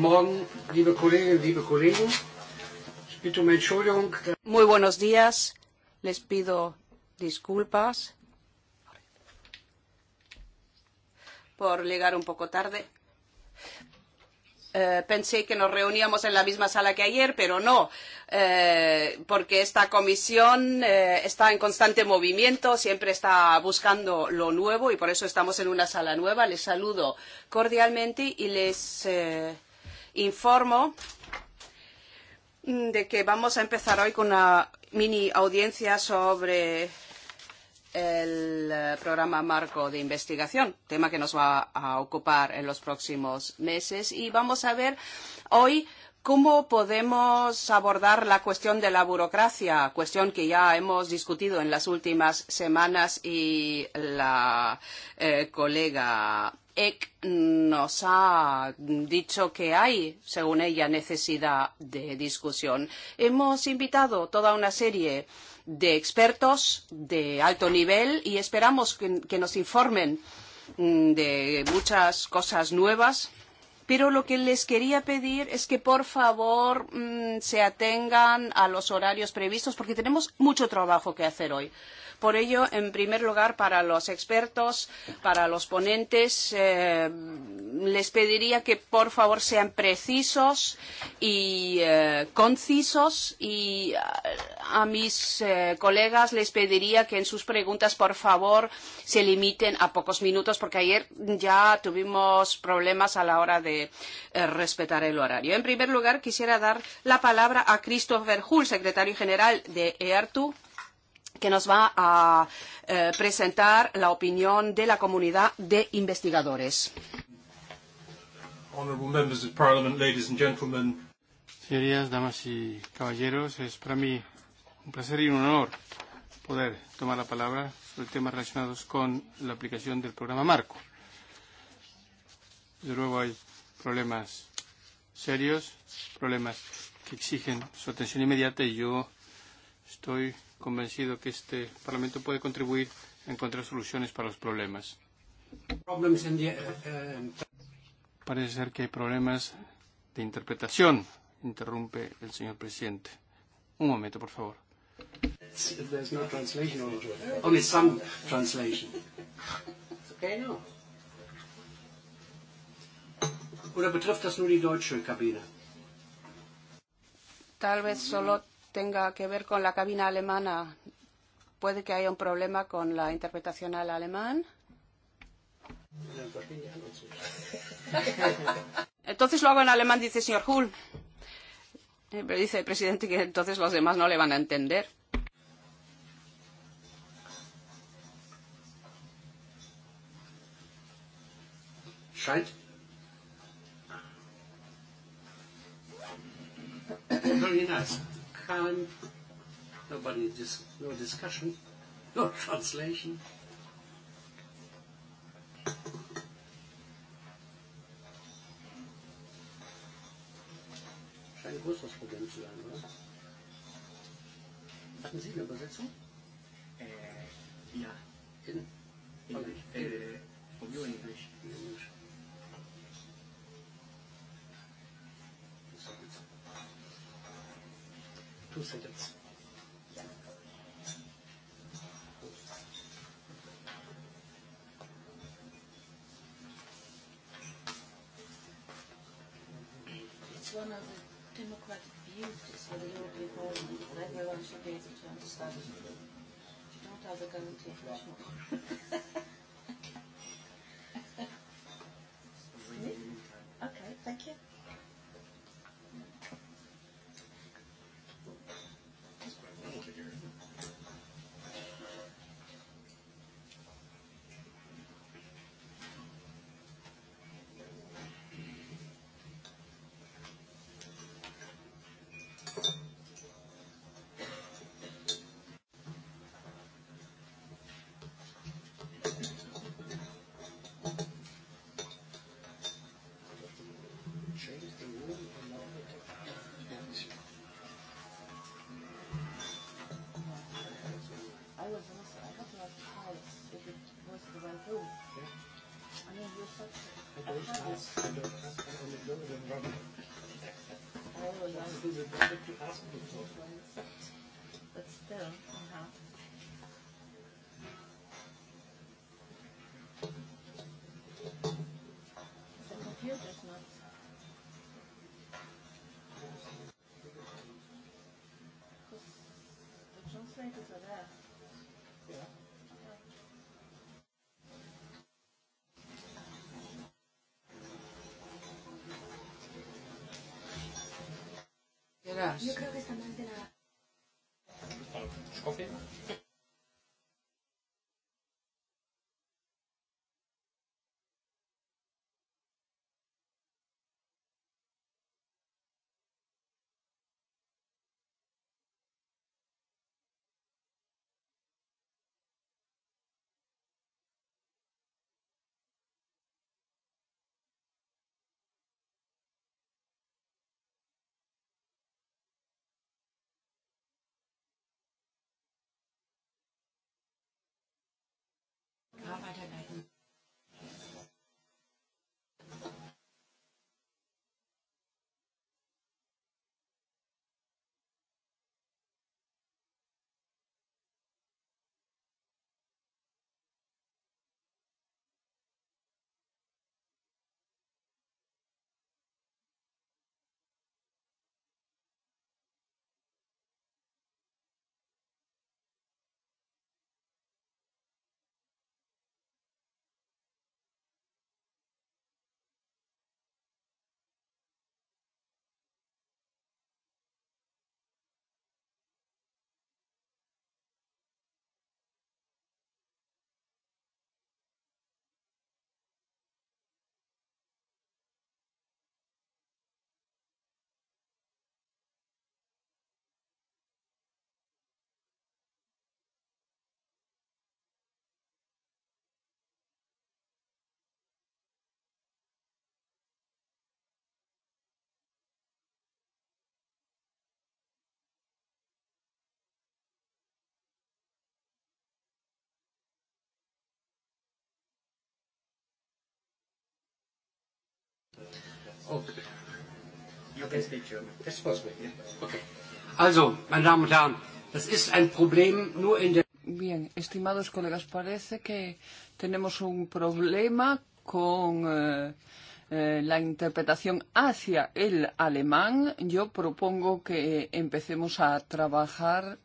Morgen, liebe Kolleginnen, liebe Kollegen. Ich bitte um Entschuldigung. Muy buenos días. Les pido disculpas por llegar un poco tarde. Eh, pensé que nos reuníamos en la misma sala que ayer, pero no, eh, porque esta comisión eh, está en constante movimiento, siempre está buscando lo nuevo y por eso estamos en una sala nueva. Les saludo cordialmente y les. Eh, informo de que vamos a empezar hoy con una mini audiencia sobre el programa marco de investigación, tema que nos va a ocupar en los próximos meses. Y vamos a ver hoy cómo podemos abordar la cuestión de la burocracia, cuestión que ya hemos discutido en las últimas semanas y la eh, colega EC nos ha dicho que hay, según ella, necesidad de discusión. Hemos invitado toda una serie de expertos de alto nivel y esperamos que, que nos informen mm, de muchas cosas nuevas. Pero lo que les quería pedir es que por favor mm, se atengan a los horarios previstos porque tenemos mucho trabajo que hacer hoy. Por ello, en primer lugar, para los expertos, para los ponentes, eh, les pediría que por favor sean precisos y eh, concisos y a, eh, a mis eh, colegas les pediría que en sus preguntas, por favor, se limiten a pocos minutos porque ayer ya tuvimos problemas a la hora de eh, respetar el horario. En primer lugar, quisiera dar la palabra a Christopher Hull, secretario general de EARTU, que nos va a eh, presentar la opinión de la comunidad de investigadores. Señorías, damas y caballeros, es para mí un placer y un honor poder tomar la palabra sobre temas relacionados con la aplicación del programa Marco. Desde luego hay problemas serios, problemas que exigen su atención inmediata y yo estoy convencido que este Parlamento puede contribuir a encontrar soluciones para los problemas. Eh, eh, Parece ser que hay problemas de interpretación, interrumpe el señor presidente. Un momento, por favor. No no. Tal vez solo tenga que ver con la cabina alemana, puede que haya un problema con la interpretación al alemán. Entonces lo hago en alemán, dice el señor Hull. Eh, pero dice el presidente que entonces los demás no le van a entender. Scheint. Very nice. Time. Nobody, dis no discussion, no translation. Scheint ein größeres Problem zu sein, oder? Hatten Sie eine Übersetzung? Äh, ja. In? In, okay. äh, from your English. In English. two seconds. It's one of the democratic beauties of the European Parliament that everyone should be able to understand. You don't have the guarantee of national. okay, thank you. But still, uh-huh. The computer's not the translators are there. atrás. Yo creo que está más de la... ¿Skopje? okay? That's possible, yeah. Okay. Also, meine Damen und Herren, das ist ein Problem nur in der... Bien, estimados colegas, parece que tenemos un problema con eh, eh, la interpretación hacia el alemán. Yo propongo que empecemos a trabajar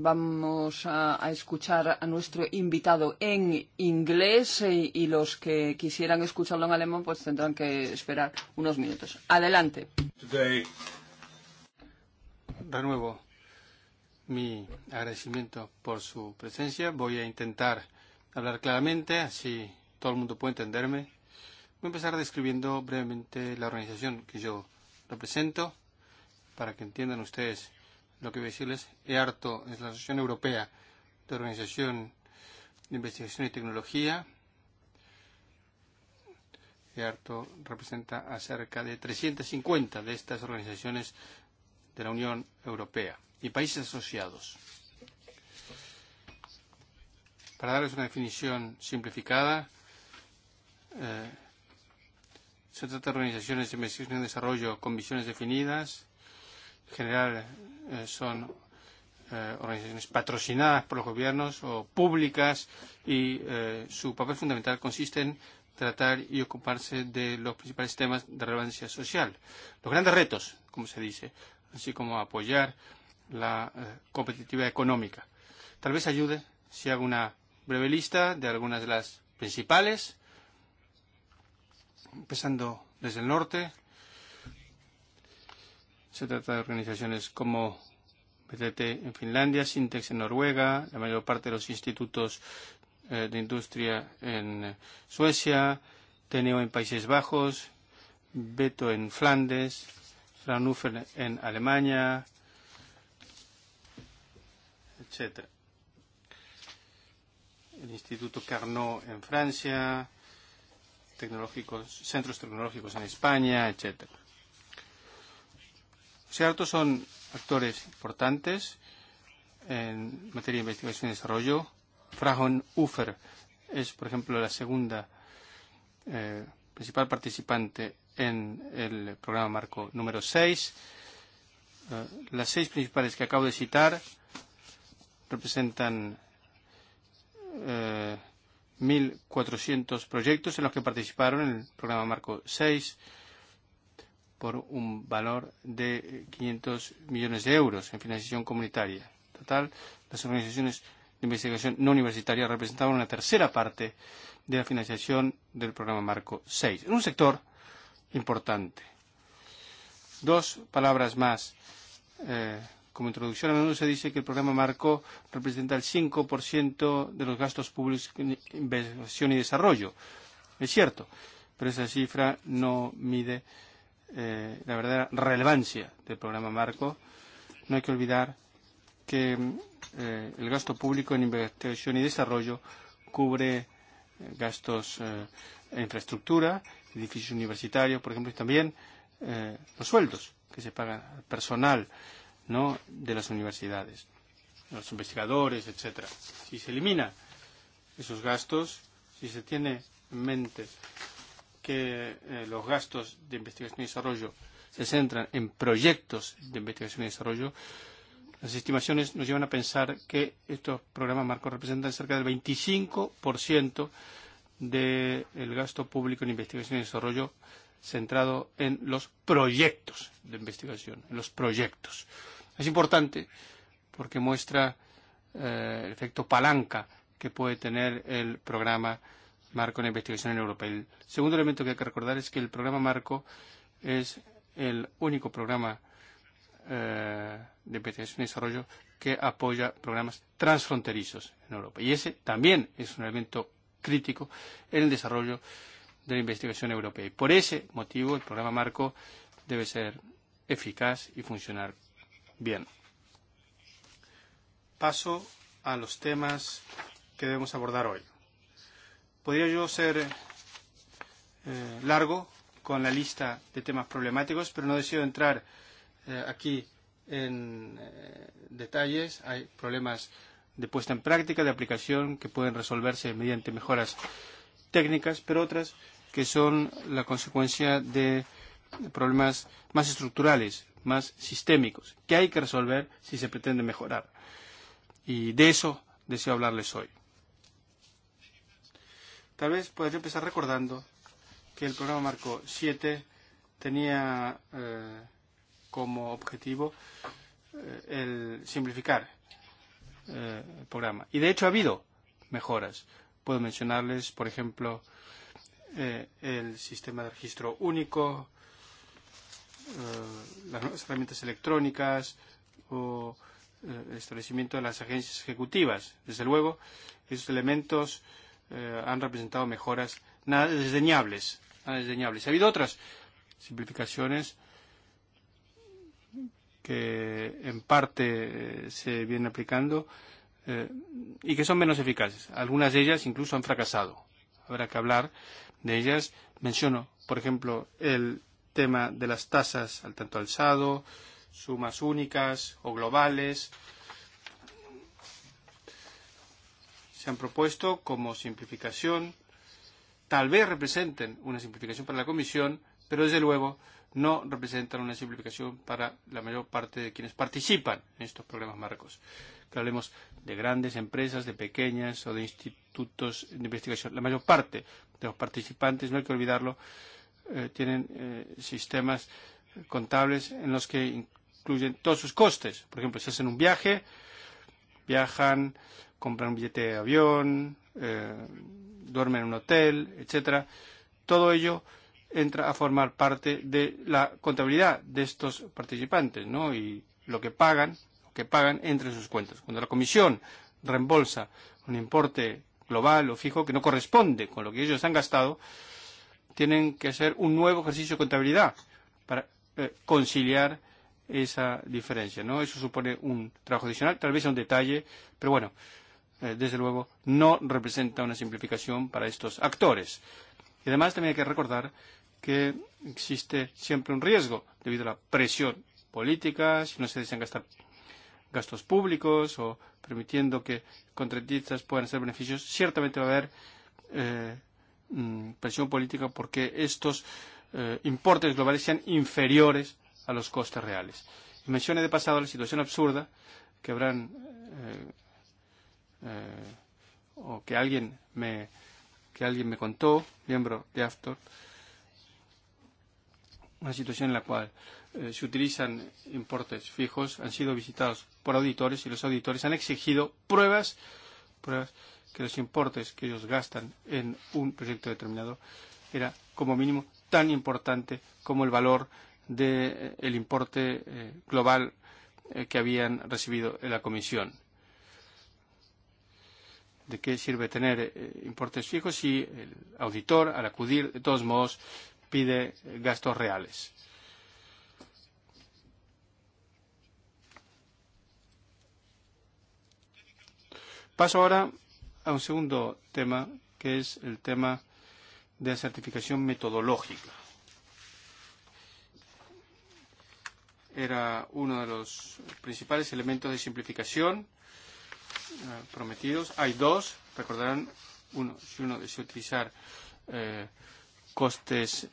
Vamos a, a escuchar a nuestro invitado en inglés y, y los que quisieran escucharlo en alemán pues tendrán que esperar unos minutos. Adelante. Today. De nuevo, mi agradecimiento por su presencia. Voy a intentar hablar claramente, así todo el mundo puede entenderme. Voy a empezar describiendo brevemente la organización que yo represento para que entiendan ustedes lo que voy a decirles, EARTO es la Asociación Europea de Organización de Investigación y Tecnología. EARTO representa a cerca de 350 de estas organizaciones de la Unión Europea y países asociados. Para darles una definición simplificada, eh, se trata de organizaciones de investigación y desarrollo con visiones definidas, generar Eh, son eh, organizaciones patrocinadas por los gobiernos o públicas y eh, su papel fundamental consiste en tratar y ocuparse de los principales temas de relevancia social. Los grandes retos, como se dice, así como apoyar la eh, competitividad económica. Tal vez ayude si hago una breve lista de algunas de las principales, empezando desde el norte, se trata de organizaciones como BTT en Finlandia, Sintex en Noruega, la mayor parte de los institutos eh, de industria en eh, Suecia, TNO en Países Bajos, Beto en Flandes, Fraunhofer en Alemania, etc. El Instituto Carnot en Francia, tecnológicos, centros tecnológicos en España, etcétera cierto, son actores importantes en materia de investigación y desarrollo. Fraunhofer es, por ejemplo, la segunda eh, principal participante en el programa marco número 6. Eh, las seis principales que acabo de citar representan eh, 1.400 proyectos en los que participaron en el programa marco 6 por un valor de 500 millones de euros en financiación comunitaria. Total, las organizaciones de investigación no universitaria representaban una tercera parte de la financiación del programa Marco 6, en un sector importante. Dos palabras más. Eh, como introducción, a menudo se dice que el programa Marco representa el 5% de los gastos públicos en investigación y desarrollo. Es cierto, pero esa cifra no mide eh, eh, la verdadera relevancia del programa marco, no hay que olvidar que mm, eh, el gasto público en investigación y desarrollo cubre eh, gastos eh, en infraestructura, edificios universitarios, por ejemplo, y también eh, los sueldos que se pagan al personal ¿no? de las universidades, los investigadores, etc. Si se elimina esos gastos, si se tiene en mente que eh, los gastos de investigación y desarrollo se centran en proyectos de investigación y desarrollo, las estimaciones nos llevan a pensar que estos programas marcos representan cerca del 25% del de gasto público en investigación y desarrollo centrado en los proyectos de investigación, en los proyectos. Es importante porque muestra eh, el efecto palanca que puede tener el programa marco en la investigación en Europa. El segundo elemento que hay que recordar es que el programa marco es el único programa eh, de investigación y desarrollo que apoya programas transfronterizos en Europa. Y ese también es un elemento crítico en el desarrollo de la investigación europea. Y por ese motivo el programa marco debe ser eficaz y funcionar bien. Paso a los temas que debemos abordar hoy. Podría yo ser eh, largo con la lista de temas problemáticos, pero no deseo entrar eh, aquí en eh, detalles. Hay problemas de puesta en práctica, de aplicación, que pueden resolverse mediante mejoras técnicas, pero otras que son la consecuencia de problemas más estructurales, más sistémicos, que hay que resolver si se pretende mejorar. Y de eso deseo hablarles hoy. Tal vez puedes empezar recordando que el programa Marco 7 tenía eh, como objetivo eh, el simplificar eh, el programa. Y de hecho ha habido mejoras. Puedo mencionarles, por ejemplo, eh, el sistema de registro único, eh, las nuevas herramientas electrónicas o eh, el establecimiento de las agencias ejecutivas. Desde luego, esos elementos eh, eh, han representado mejoras nada desdeñables, nada desdeñables. Ha habido otras simplificaciones que en parte eh, se vienen aplicando eh, y que son menos eficaces. Algunas de ellas incluso han fracasado. Habrá que hablar de ellas. Menciono, por ejemplo, el tema de las tasas al tanto alzado, sumas únicas o globales, eh, se han propuesto como simplificación tal vez representen una simplificación para la Comisión, pero desde luego no representan una simplificación para la mayor parte de quienes participan en estos programas marcos. Que hablemos de grandes empresas, de pequeñas o de institutos de investigación. La mayor parte de los participantes, no hay que olvidarlo, eh, tienen eh, sistemas contables en los que incluyen todos sus costes. Por ejemplo, si hacen un viaje, viajan compran un billete de avión, eh, duermen en un hotel, etcétera. Todo ello entra a formar parte de la contabilidad de estos participantes, ¿no? Y lo que pagan, lo que pagan entre sus cuentas. Cuando la comisión reembolsa un importe global o fijo que no corresponde con lo que ellos han gastado, tienen que hacer un nuevo ejercicio de contabilidad para eh, conciliar esa diferencia, ¿no? Eso supone un trabajo adicional, tal vez un detalle, pero bueno, eh, Eh, desde luego, no representa una simplificación para estos actores. Y además también hay que recordar que existe siempre un riesgo debido a la presión política, si no se desean gastar gastos públicos o permitiendo que contratistas puedan hacer beneficios, ciertamente va a haber eh, mm, presión política porque estos eh, importes globales sean inferiores a los costes reales. Y mencioné de pasado la situación absurda que habrán eh, eh, o que alguien me que alguien me contó, miembro de Aftor, una situación en la cual eh, se utilizan importes fijos, han sido visitados por auditores y los auditores han exigido pruebas, pruebas que los importes que ellos gastan en un proyecto determinado era como mínimo tan importante como el valor del de, eh, importe eh, global eh, que habían recibido en la comisión de qué sirve tener eh, importes fijos si el auditor, al acudir, de todos modos, pide gastos reales. Paso ahora a un segundo tema, que es el tema de certificación metodológica. Era uno de los principales elementos de simplificación Ah, prometidos. Hay dos, recordarán, uno, si uno desea utilizar eh, costes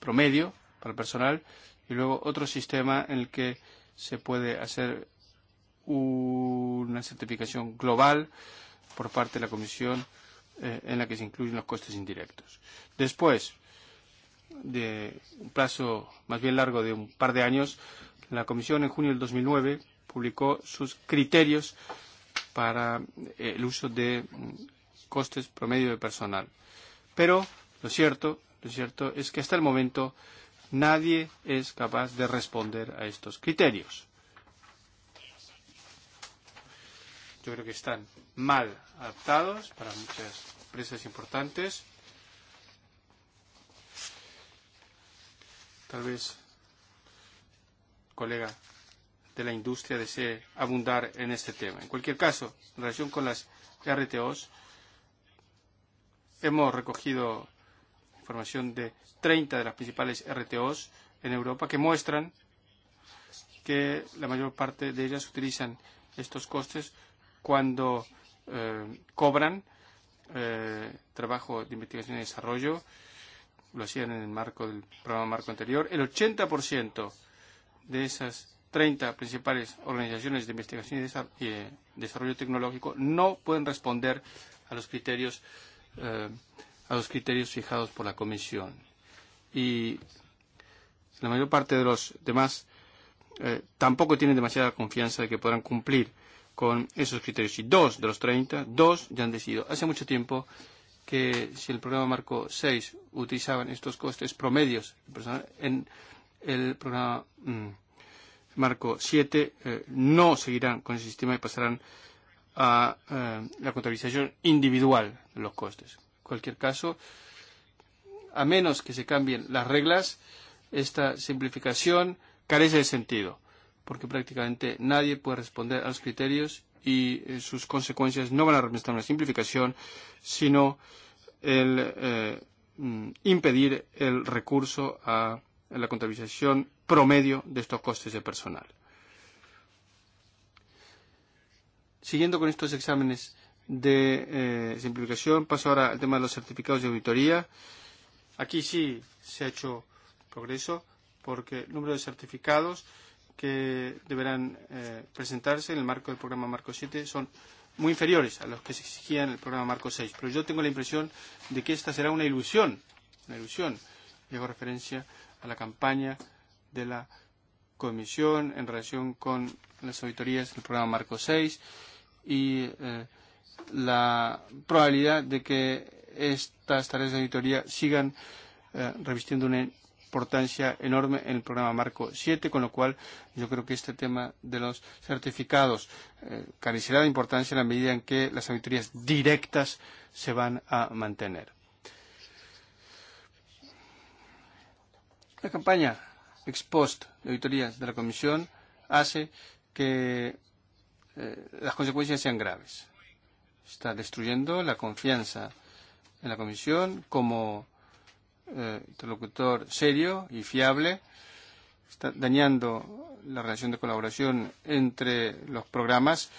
promedio para el personal y luego otro sistema en el que se puede hacer una certificación global por parte de la Comisión eh, en la que se incluyen los costes indirectos. Después de un plazo más bien largo de un par de años, la Comisión en junio del 2009 publicó sus criterios para eh, el uso de mm, costes promedio de personal. Pero lo cierto, lo cierto es que hasta el momento nadie es capaz de responder a estos criterios. Yo creo que están mal adaptados para muchas empresas importantes. Tal vez, colega, de la industria desee abundar en este tema. En cualquier caso, en relación con las RTOs, hemos recogido información de 30 de las principales RTOs en Europa que muestran que la mayor parte de ellas utilizan estos costes cuando eh, cobran eh, trabajo de investigación y desarrollo. Lo hacían en el marco del programa marco anterior. El 80% de esas 30 principales organizaciones de investigación y eh, desarrollo tecnológico no pueden responder a los criterios, eh, a los criterios fijados por la Comisión. Y la mayor parte de los demás eh, tampoco tienen demasiada confianza de que podrán cumplir con esos criterios. Y dos de los 30, dos ya han decidido hace mucho tiempo que si el programa Marco 6 utilizaban estos costes promedios en el programa. mmm, marco 7 eh, no seguirán con ese sistema y pasarán a eh, la contabilización individual de los costes. En cualquier caso, a menos que se cambien las reglas, esta simplificación carece de sentido, porque prácticamente nadie puede responder a los criterios y eh, sus consecuencias no van a representar una simplificación, sino el eh, mm, impedir el recurso a la contabilización promedio de estos costes de personal. Siguiendo con estos exámenes de eh, simplificación, paso ahora al tema de los certificados de auditoría. Aquí sí se ha hecho progreso porque el número de certificados que deberán eh, presentarse en el marco del programa Marco 7 son muy inferiores a los que se exigían en el programa Marco 6. Pero yo tengo la impresión de que esta será una ilusión, una ilusión. Y hago referencia a la campaña de la Comisión en relación con las auditorías del programa Marco 6 y eh, la probabilidad de que estas tareas de auditoría sigan eh, revistiendo una importancia enorme en el programa Marco 7, con lo cual yo creo que este tema de los certificados eh, carecerá de importancia en la medida en que las auditorías directas se van a mantener. La campaña ex post de auditorías de la Comisión hace que eh, las consecuencias sean graves. Está destruyendo la confianza en la Comisión como eh, interlocutor serio y fiable. Está dañando la relación de colaboración entre los programas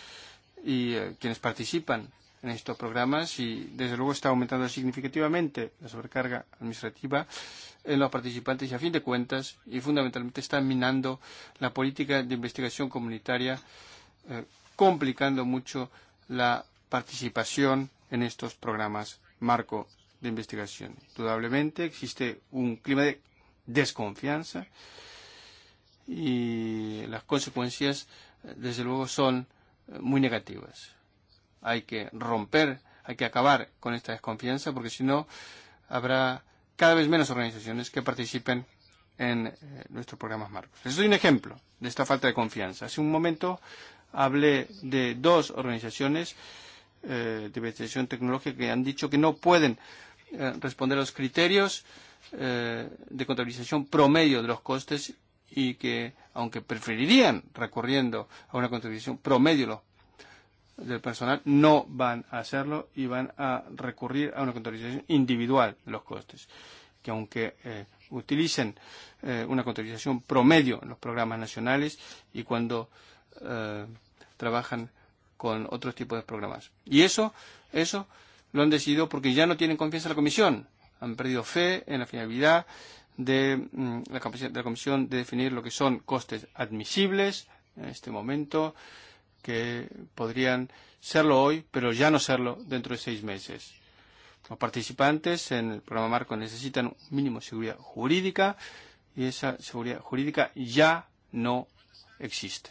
y eh, quienes participan en estos programas y desde luego está aumentando significativamente la sobrecarga administrativa en los participantes y a fin de cuentas y fundamentalmente está minando la política de investigación comunitaria eh, complicando mucho la participación en estos programas marco de investigación. Indudablemente existe un clima de desconfianza y las consecuencias eh, desde luego son eh, muy negativas. Hay que romper, hay que acabar con esta desconfianza porque si no habrá cada vez menos organizaciones que participen en eh, nuestros programas marcos. Les doy un ejemplo de esta falta de confianza. Hace un momento hablé de dos organizaciones eh, de investigación tecnológica que han dicho que no pueden eh, responder a los criterios eh, de contabilización promedio de los costes y que, aunque preferirían recurriendo a una contabilización promedio de los del personal no van a hacerlo y van a recurrir a una contabilización individual de los costes, que aunque eh, utilicen eh, una contabilización promedio en los programas nacionales y cuando eh, trabajan con otros tipos de programas. Y eso, eso lo han decidido porque ya no tienen confianza en la Comisión. Han perdido fe en la finalidad de, mm, la, de la Comisión de definir lo que son costes admisibles en este momento. Eh, que podrían serlo hoy, pero ya no serlo dentro de seis meses. Los participantes en el programa Marco necesitan un mínimo de seguridad jurídica y esa seguridad jurídica ya no existe.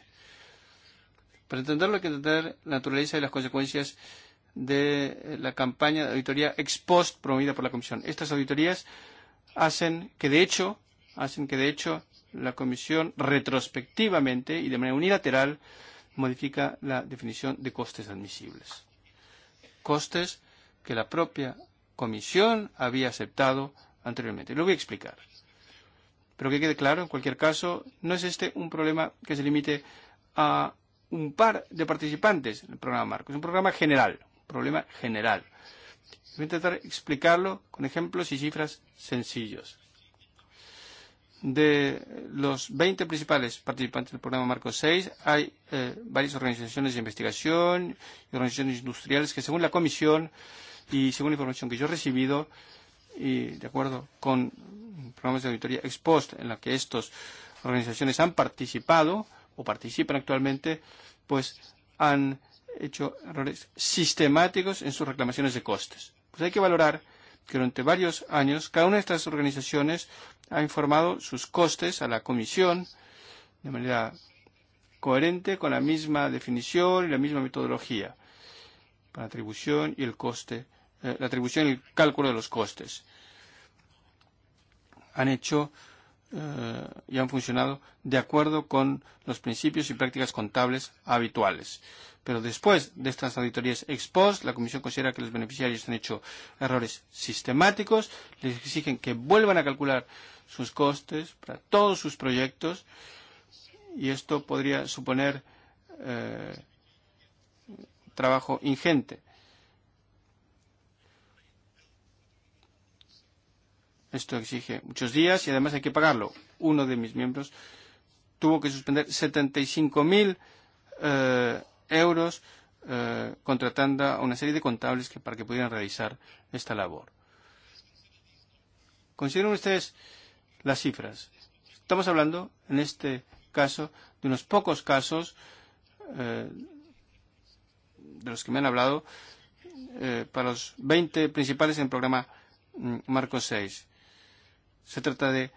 Para entenderlo hay que entender la naturaleza y las consecuencias de la campaña de auditoría ex post promovida por la Comisión. Estas auditorías hacen que de hecho, hacen que de hecho la Comisión retrospectivamente y de manera unilateral modifica la definición de costes admisibles. Costes que la propia Comisión había aceptado anteriormente. Lo voy a explicar. Pero que quede claro, en cualquier caso, no es este un problema que se limite a un par de participantes en el programa Marco. Es un programa general, un problema general. Voy a intentar explicarlo con ejemplos y cifras sencillos de los 20 principales participantes del programa Marco 6 hay eh, varias organizaciones de investigación y organizaciones industriales que según la comisión y según la información que yo he recibido y de acuerdo con programas de auditoría ex post en la que estas organizaciones han participado o participan actualmente pues han hecho errores sistemáticos en sus reclamaciones de costes. Pues hay que valorar que durante varios años cada una de estas organizaciones ha informado sus costes a la Comisión de manera coherente con la misma definición y la misma metodología para la atribución y el coste, eh, la atribución y el cálculo de los costes. Han hecho eh, y han funcionado de acuerdo con los principios y prácticas contables habituales. Pero después de estas auditorías ex post, la Comisión considera que los beneficiarios han hecho errores sistemáticos, les exigen que vuelvan a calcular sus costes para todos sus proyectos y esto podría suponer eh, trabajo ingente Esto exige muchos días y además hay que pagarlo. Uno de mis miembros tuvo que suspender 75.000 eh, euros eh, contratando a una serie de contables que, para que pudieran realizar esta labor. Consideren ustedes las cifras. Estamos hablando, en este caso, de unos pocos casos eh, de los que me han hablado eh, para los 20 principales en el programa mm, Marco 6. Se trata de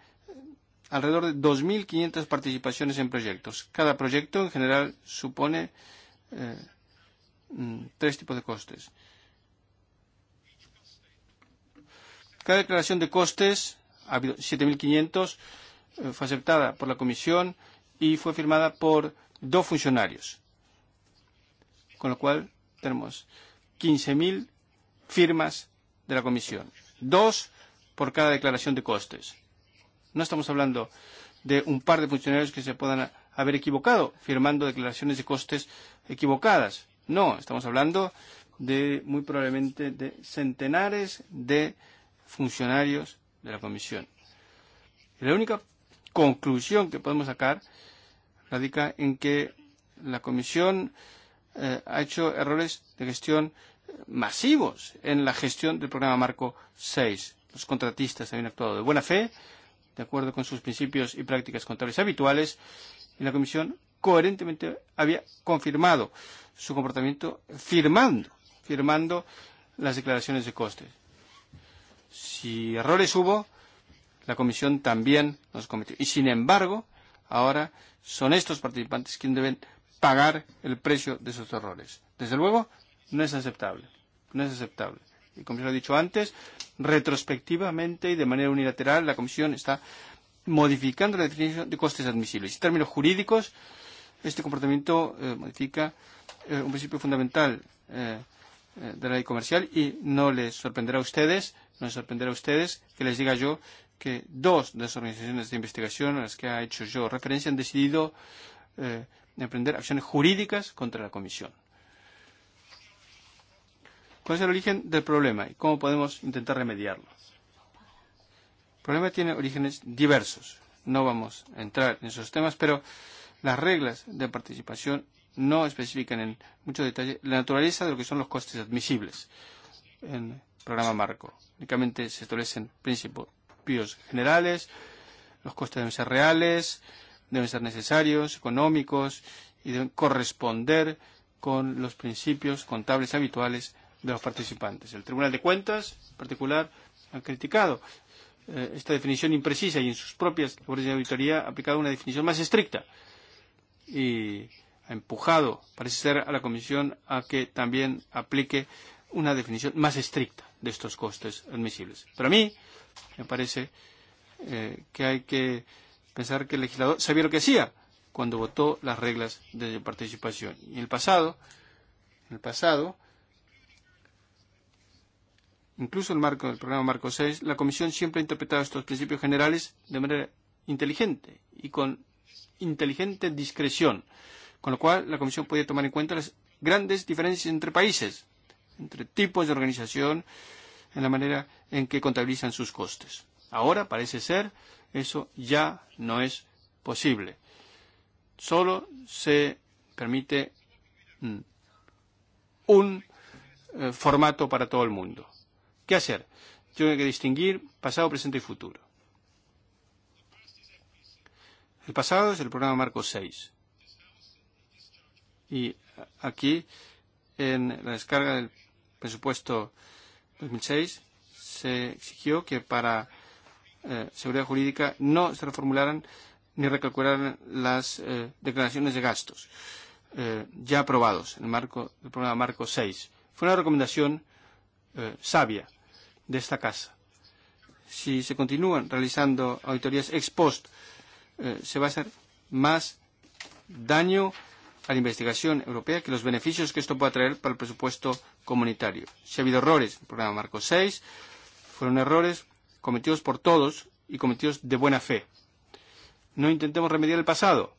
alrededor de 2.500 participaciones en proyectos. Cada proyecto en general supone eh, mm, tres tipos de costes. Cada declaración de costes, 7.500, eh, fue aceptada por la Comisión y fue firmada por dos funcionarios. Con lo cual tenemos 15.000 firmas de la Comisión. Dos por cada declaración de costes. No estamos hablando de un par de funcionarios que se puedan haber equivocado firmando declaraciones de costes equivocadas. No, estamos hablando de muy probablemente de centenares de funcionarios de la Comisión. Y la única conclusión que podemos sacar radica en que la Comisión eh, ha hecho errores de gestión masivos en la gestión del programa Marco 6 los contratistas habían actuado de buena fe, de acuerdo con sus principios y prácticas contables habituales, y la Comisión coherentemente había confirmado su comportamiento firmando, firmando las declaraciones de costes. Si errores hubo, la Comisión también los cometió. Y sin embargo, ahora son estos participantes quienes deben pagar el precio de sus errores. Desde luego, no es aceptable. No es aceptable y como se lo he dicho antes, retrospectivamente y de manera unilateral la Comisión está modificando la definición de costes admisibles. En términos jurídicos, este comportamiento eh, modifica eh, un principio fundamental eh, eh, de la ley comercial y no les sorprenderá a ustedes, no les sorprenderá a ustedes que les diga yo que dos de las organizaciones de investigación a las que ha hecho yo referencia han decidido eh, emprender acciones jurídicas contra la Comisión. ¿Cuál es el origen del problema y cómo podemos intentar remediarlo? El problema tiene orígenes diversos. No vamos a entrar en esos temas, pero las reglas de participación no especifican en mucho detalle la naturaleza de lo que son los costes admisibles en el programa marco. Únicamente se establecen principios generales, los costes deben ser reales, deben ser necesarios, económicos y deben corresponder con los principios contables habituales de los participantes. El Tribunal de Cuentas, en particular, ha criticado eh, esta definición imprecisa y en sus propias labores de auditoría ha aplicado una definición más estricta y ha empujado, parece ser, a la Comisión a que también aplique una definición más estricta de estos costes admisibles. Pero a mí me parece eh, que hay que pensar que el legislador sabía lo que hacía cuando votó las reglas de participación. Y en el pasado, en el pasado, incluso el marco del programa Marco 6, la Comisión siempre ha interpretado estos principios generales de manera inteligente y con inteligente discreción, con lo cual la Comisión puede tomar en cuenta las grandes diferencias entre países, entre tipos de organización, en la manera en que contabilizan sus costes. Ahora parece ser eso ya no es posible. Solo se permite mm, un eh, formato para todo el mundo. ¿Qué hacer? Tengo que distinguir pasado, presente y futuro. El pasado es el programa Marco 6. Y aquí, en la descarga del presupuesto 2006, se exigió que para eh, seguridad jurídica no se reformularan ni recalcularan las eh, declaraciones de gastos eh, ya aprobados en el marco del programa Marco 6. Fue una recomendación eh, sabia de esta casa. Si se continúan realizando auditorías ex post, eh, se va a hacer más daño a la investigación europea que los beneficios que esto pueda traer para el presupuesto comunitario. Si ha habido errores, el programa Marco 6 fueron errores cometidos por todos y cometidos de buena fe. No intentemos remediar el pasado.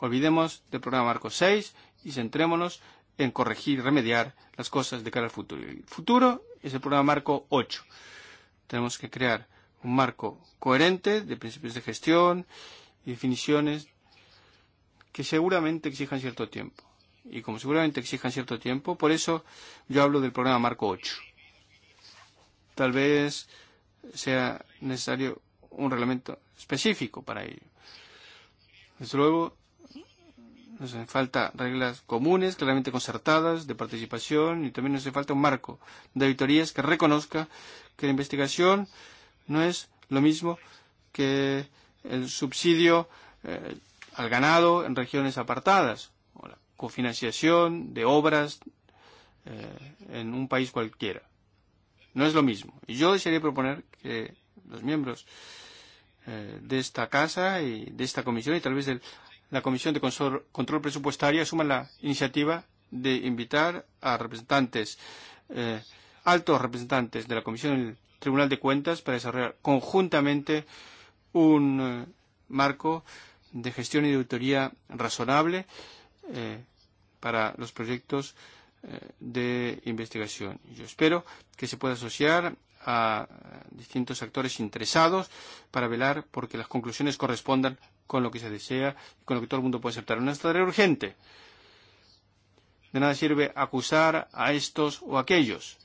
Olvidemos del programa Marco 6 y centrémonos en corregir y remediar las cosas de cara al futuro. El futuro es el programa marco 8. Tenemos que crear un marco coherente de principios de gestión y definiciones que seguramente exijan cierto tiempo. Y como seguramente exijan cierto tiempo, por eso yo hablo del programa marco 8. Tal vez sea necesario un reglamento específico para ello. Desde luego, Nos hace falta reglas comunes, claramente concertadas, de participación y también nos hace falta un marco de auditorías que reconozca que la investigación no es lo mismo que el subsidio eh, al ganado en regiones apartadas o la cofinanciación de obras eh, en un país cualquiera. No es lo mismo. Y yo desearía proponer que los miembros eh, de esta casa y de esta comisión y tal vez del la Comisión de Control Presupuestario asuma la iniciativa de invitar a representantes, eh, altos representantes de la Comisión del Tribunal de Cuentas para desarrollar conjuntamente un eh, marco de gestión y de auditoría razonable eh, para los proyectos eh, de investigación. Yo espero que se pueda asociar a distintos actores interesados para velar porque las conclusiones correspondan con lo que se desea y con lo que todo el mundo puede aceptar. Una no tarea urgente. De nada sirve acusar a estos o a aquellos.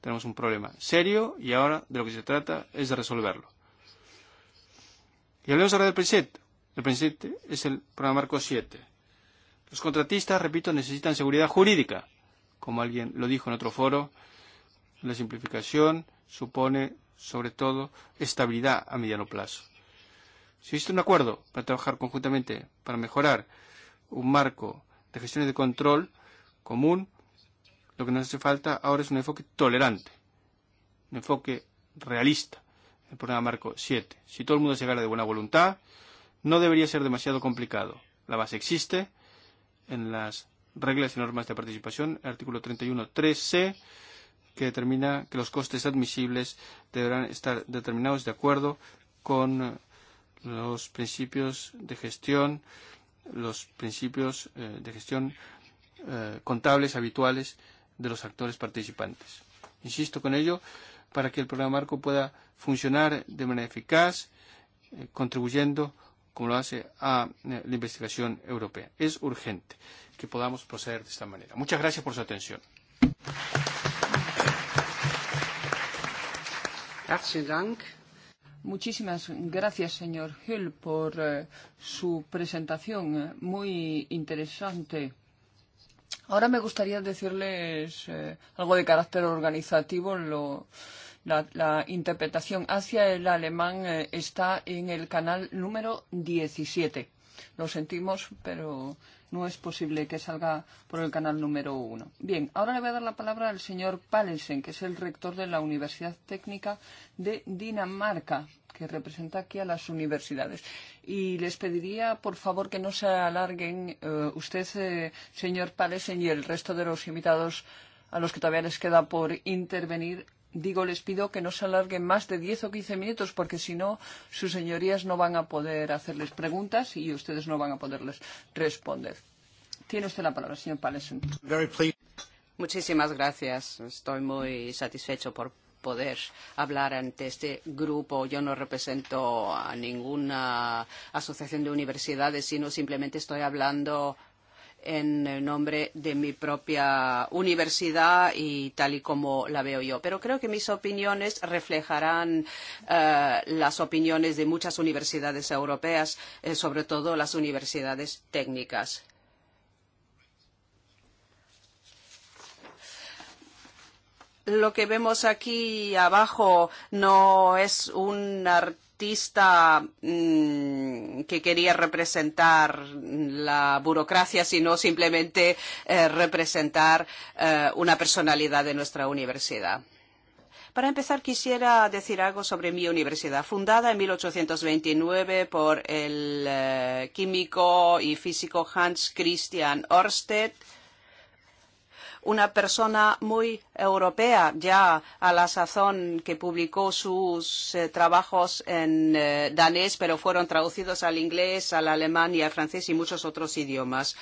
Tenemos un problema serio y ahora de lo que se trata es de resolverlo. Y hablemos ahora del PRESET. El PRESET es el programa marco 7. Los contratistas, repito, necesitan seguridad jurídica. Como alguien lo dijo en otro foro, la simplificación supone, sobre todo, estabilidad a mediano plazo. Si existe un acuerdo para trabajar conjuntamente, para mejorar un marco de gestión y de control común, lo que nos hace falta ahora es un enfoque tolerante, un enfoque realista el programa marco 7. Si todo el mundo llegara de buena voluntad, no debería ser demasiado complicado. La base existe en las reglas y normas de participación, el artículo 31.3c, que determina que los costes admisibles deberán estar determinados de acuerdo con los principios de gestión, los principios eh, de gestión eh, contables habituales de los actores participantes. Insisto con ello, para que el programa marco pueda funcionar de manera eficaz, eh, contribuyendo, como lo hace, a eh, la investigación europea. Es urgente que podamos proceder de esta manera. Muchas gracias por su atención. Herzlichen Dank. Muchísimas gracias, señor Hill, por eh, su presentación muy interesante. Ahora me gustaría decirles eh, algo de carácter organizativo. Lo, la, la interpretación hacia el alemán eh, está en el canal número 17. Lo sentimos, pero Eh, no es posible que salga por el canal número uno. Bien, ahora le voy a dar la palabra al señor Palensen, que es el rector de la Universidad Técnica de Dinamarca, que representa aquí a las universidades. Y les pediría, por favor, que no se alarguen eh, usted, eh, señor Palensen, y el resto de los invitados a los que todavía les queda por intervenir digo, les pido que no se alarguen más de 10 o 15 minutos, porque si no, sus señorías no van a poder hacerles preguntas y ustedes no van a poderles responder. Tiene usted la palabra, señor Palesen. Muchísimas gracias. Estoy muy satisfecho por poder hablar ante este grupo. Yo no represento a ninguna asociación de universidades, sino simplemente estoy hablando en nombre de mi propia universidad y tal y como la veo yo. Pero creo que mis opiniones reflejarán uh, las opiniones de muchas universidades europeas, eh, sobre todo las universidades técnicas. lo que vemos aquí abajo no es un artículo artista mmm, que quería representar la burocracia, sino simplemente eh, representar eh, una personalidad de nuestra universidad. Para empezar, quisiera decir algo sobre mi universidad, fundada en 1829 por el eh, químico y físico Hans Christian Orsted. Eh, una persona muy europea ya a la sazón que publicó sus eh, trabajos en eh, danés, pero fueron traducidos al inglés, al alemán y al francés y muchos otros idiomas.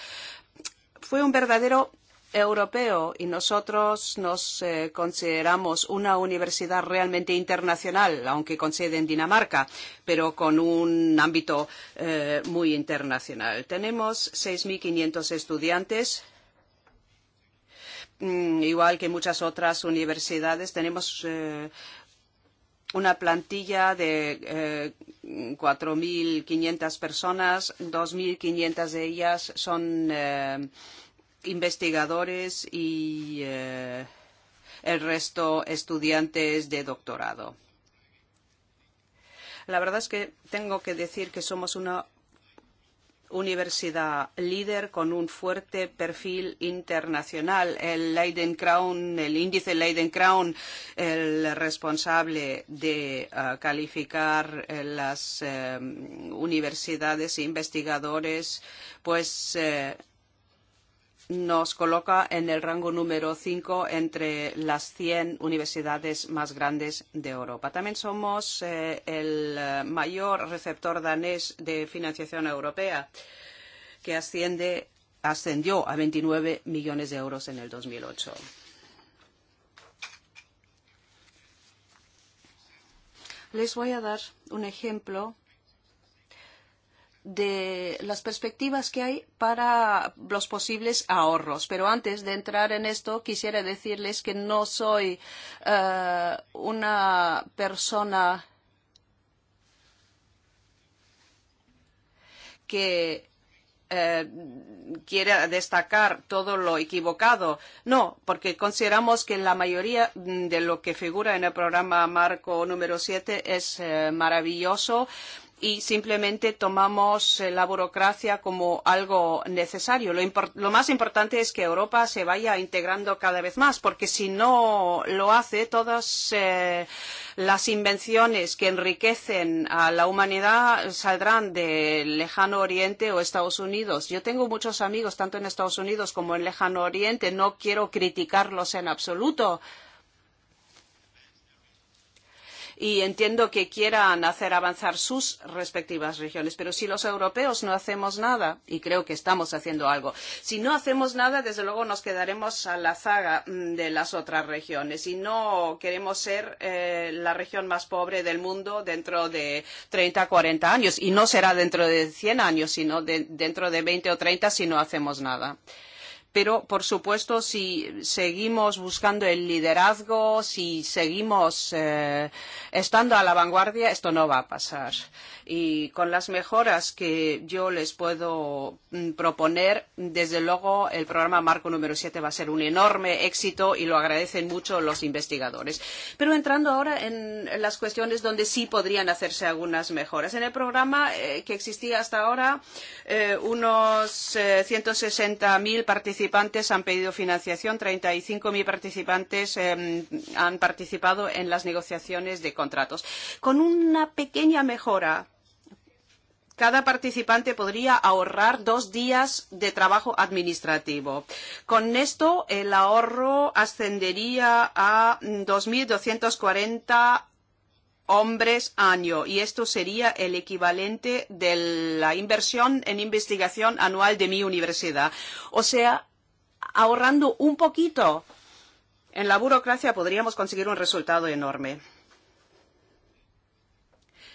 Fue un verdadero europeo y nosotros nos eh, consideramos una universidad realmente internacional, aunque con sede en Dinamarca, pero con un ámbito eh, muy internacional. Tenemos 6.500 estudiantes Mm, igual que muchas otras universidades, tenemos eh, una plantilla de eh, 4.500 personas, 2.500 de ellas son eh, investigadores y eh, el resto estudiantes de doctorado. La verdad es que tengo que decir que somos una universidad líder con un fuerte perfil internacional. El Leiden Crown, el índice Leiden Crown, el responsable de uh, calificar eh, las uh, universidades e investigadores, pues uh, nos coloca en el rango número 5 entre las 100 universidades más grandes de Europa. También somos eh, el mayor receptor danés de financiación europea, que asciende, ascendió a 29 millones de euros en el 2008. Les voy a dar un ejemplo de las perspectivas que hay para los posibles ahorros. Pero antes de entrar en esto, quisiera decirles que no soy uh, una persona que eh, quiere destacar todo lo equivocado. No, porque consideramos que la mayoría de lo que figura en el programa Marco número 7 es eh, maravilloso y simplemente tomamos eh, la burocracia como algo necesario. Lo, lo más importante es que Europa se vaya integrando cada vez más, porque si no lo hace, todas eh, las invenciones que enriquecen a la humanidad saldrán del lejano oriente o Estados Unidos. Yo tengo muchos amigos tanto en Estados Unidos como en lejano oriente. No quiero criticarlos en absoluto y entiendo que quieran hacer avanzar sus respectivas regiones. Pero si los europeos no hacemos nada, y creo que estamos haciendo algo, si no hacemos nada, desde luego nos quedaremos a la zaga mm, de las otras regiones y no queremos ser eh, la región más pobre del mundo dentro de 30, 40 años. Y no será dentro de 100 años, sino de, dentro de 20 o 30 si no hacemos nada. Nada. Pero, por supuesto, si seguimos buscando el liderazgo, si seguimos eh, estando a la vanguardia, esto no va a pasar y con las mejoras que yo les puedo mm, proponer, desde luego el programa Marco número 7 va a ser un enorme éxito y lo agradecen mucho los investigadores. Pero entrando ahora en las cuestiones donde sí podrían hacerse algunas mejoras. En el programa eh, que existía hasta ahora, eh, unos eh, 160.000 participantes han pedido financiación, 35.000 participantes eh, han participado en las negociaciones de contratos. Con una pequeña mejora cada participante podría ahorrar dos días de trabajo administrativo. Con esto, el ahorro ascendería a 2.240 hombres año y esto sería el equivalente de la inversión en investigación anual de mi universidad. O sea, ahorrando un poquito en la burocracia podríamos conseguir un resultado enorme.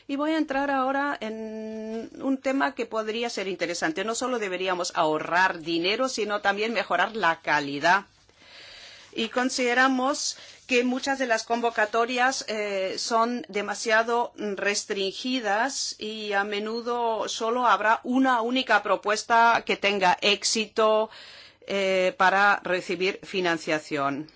Y voy a entrar ahora en un tema que podría ser interesante. No solo deberíamos ahorrar dinero, sino también mejorar la calidad. Y consideramos que muchas de las convocatorias eh, son demasiado restringidas y a menudo solo habrá una única propuesta que tenga éxito eh, para recibir financiación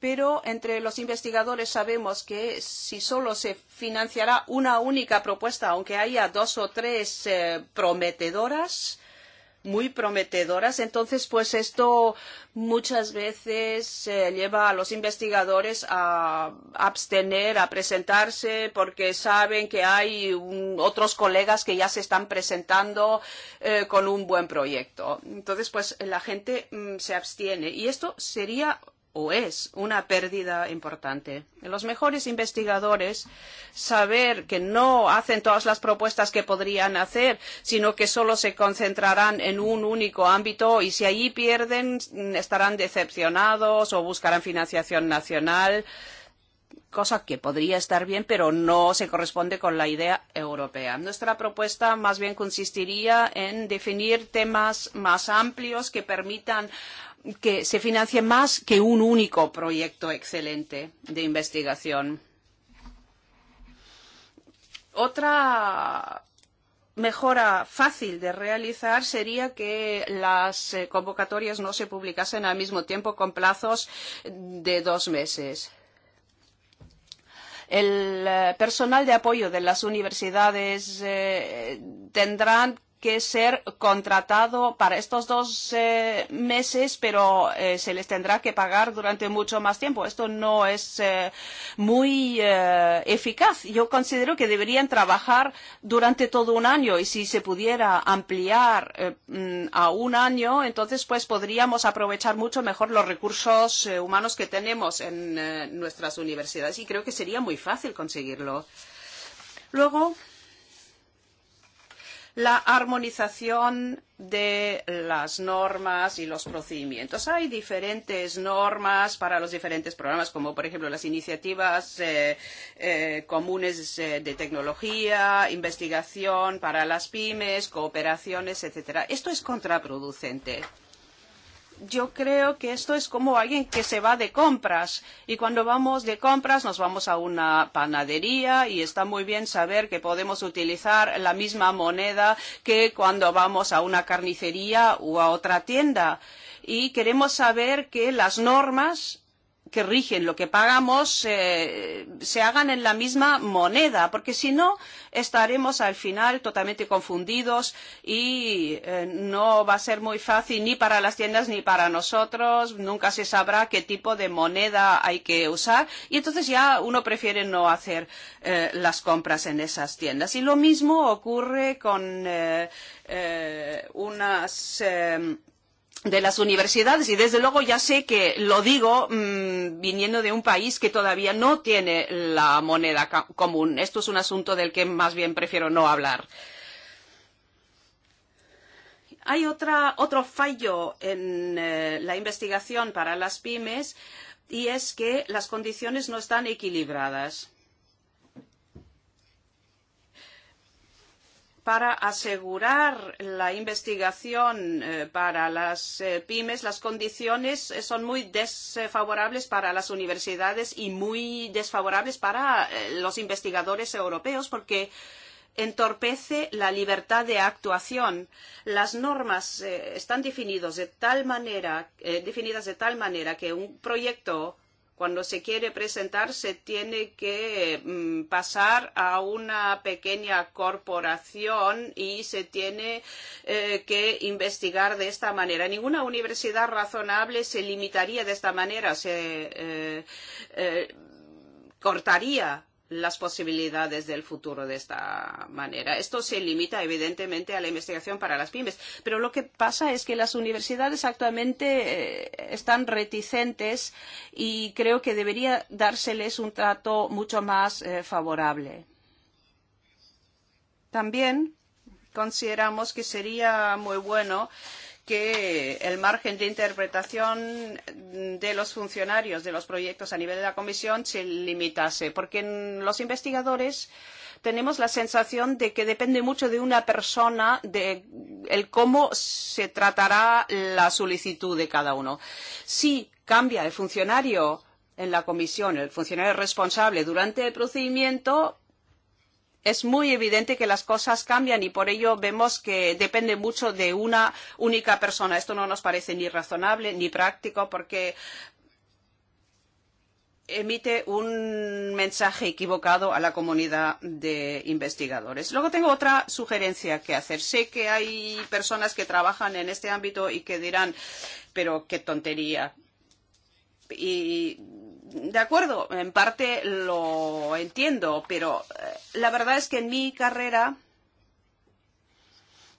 pero entre los investigadores sabemos que si solo se financiará una única propuesta, aunque haya dos o tres eh, prometedoras, muy prometedoras, entonces pues esto muchas veces eh, lleva a los investigadores a abstener, a presentarse, porque saben que hay un, otros colegas que ya se están presentando eh, con un buen proyecto. Entonces pues la gente mm, se abstiene y esto sería o es una pérdida importante. Los mejores investigadores saber que no hacen todas las propuestas que podrían hacer, sino que solo se concentrarán en un único ámbito y si allí pierden estarán decepcionados o buscarán financiación nacional. Eh, cosa que podría estar bien, pero no se corresponde con la idea europea. Nuestra propuesta más bien consistiría en definir temas más amplios que permitan que se financie más que un único proyecto excelente de investigación. Otra mejora fácil de realizar sería que las eh, convocatorias no se publicasen al mismo tiempo con plazos de dos meses El personal de apoyo de las universidades eh, tendrán que ser contratado para estos dos eh, meses, pero eh, se les tendrá que pagar durante mucho más tiempo. Esto no es eh, muy eh, eficaz. Yo considero que deberían trabajar durante todo un año y si se pudiera ampliar eh, mm, a un año, entonces pues podríamos aprovechar mucho mejor los recursos eh, humanos que tenemos en eh, nuestras universidades y creo que sería muy fácil conseguirlo. Luego, la armonización de las normas y los procedimientos. Hay diferentes normas para los diferentes programas, como por ejemplo las iniciativas eh, eh, comunes eh, de tecnología, investigación para las pymes, cooperaciones, etcétera. Esto es contraproducente yo creo que esto es como alguien que se va de compras y cuando vamos de compras nos vamos a una panadería y está muy bien saber que podemos utilizar la misma moneda que cuando vamos a una carnicería o a otra tienda. Y queremos saber que las normas que rigen lo que pagamos eh, se hagan en la misma moneda, porque si no estaremos al final totalmente confundidos y eh, no va a ser muy fácil ni para las tiendas ni para nosotros. Nunca se sabrá qué tipo de moneda hay que usar y entonces ya uno prefiere no hacer eh, las compras en esas tiendas. Y lo mismo ocurre con eh, eh, unas. Eh, de las universidades y desde luego ya sé que lo digo mmm, viniendo de un país que todavía no tiene la moneda común. Esto es un asunto del que más bien prefiero no hablar. Hay otra, otro fallo en eh, la investigación para las pymes y es que las condiciones no están equilibradas para asegurar la investigación eh, para las eh, pymes, las condiciones eh, son muy desfavorables para las universidades y muy desfavorables para los investigadores europeos porque entorpece la libertad de actuación. Las normas están definidos de tal manera, definidas de tal manera que un proyecto Cuando se quiere presentar se tiene que mm, pasar a una pequeña corporación y se tiene eh, que investigar de esta manera. Ninguna universidad razonable se limitaría de esta manera, se eh, eh, cortaría las posibilidades del futuro de esta manera. Esto se limita evidentemente a la investigación para las pymes, pero lo que pasa es que las universidades actualmente eh, están reticentes y creo que debería dárseles un trato mucho más eh, favorable. También consideramos que sería muy bueno eh, que el margen de interpretación de los funcionarios de los proyectos a nivel de la comisión se limitase, porque en los investigadores tenemos la sensación de que depende mucho de una persona de el cómo se tratará la solicitud de cada uno. Si cambia el funcionario en la comisión, el funcionario responsable durante el procedimiento, es muy evidente que las cosas cambian y por ello vemos que depende mucho de una única persona. Esto no nos parece ni razonable ni práctico porque emite un mensaje equivocado a la comunidad de investigadores. Luego tengo otra sugerencia que hacer. Sé que hay personas que trabajan en este ámbito y que dirán, pero qué tontería. Y de acuerdo, en parte lo entiendo, pero eh, la verdad es que en mi carrera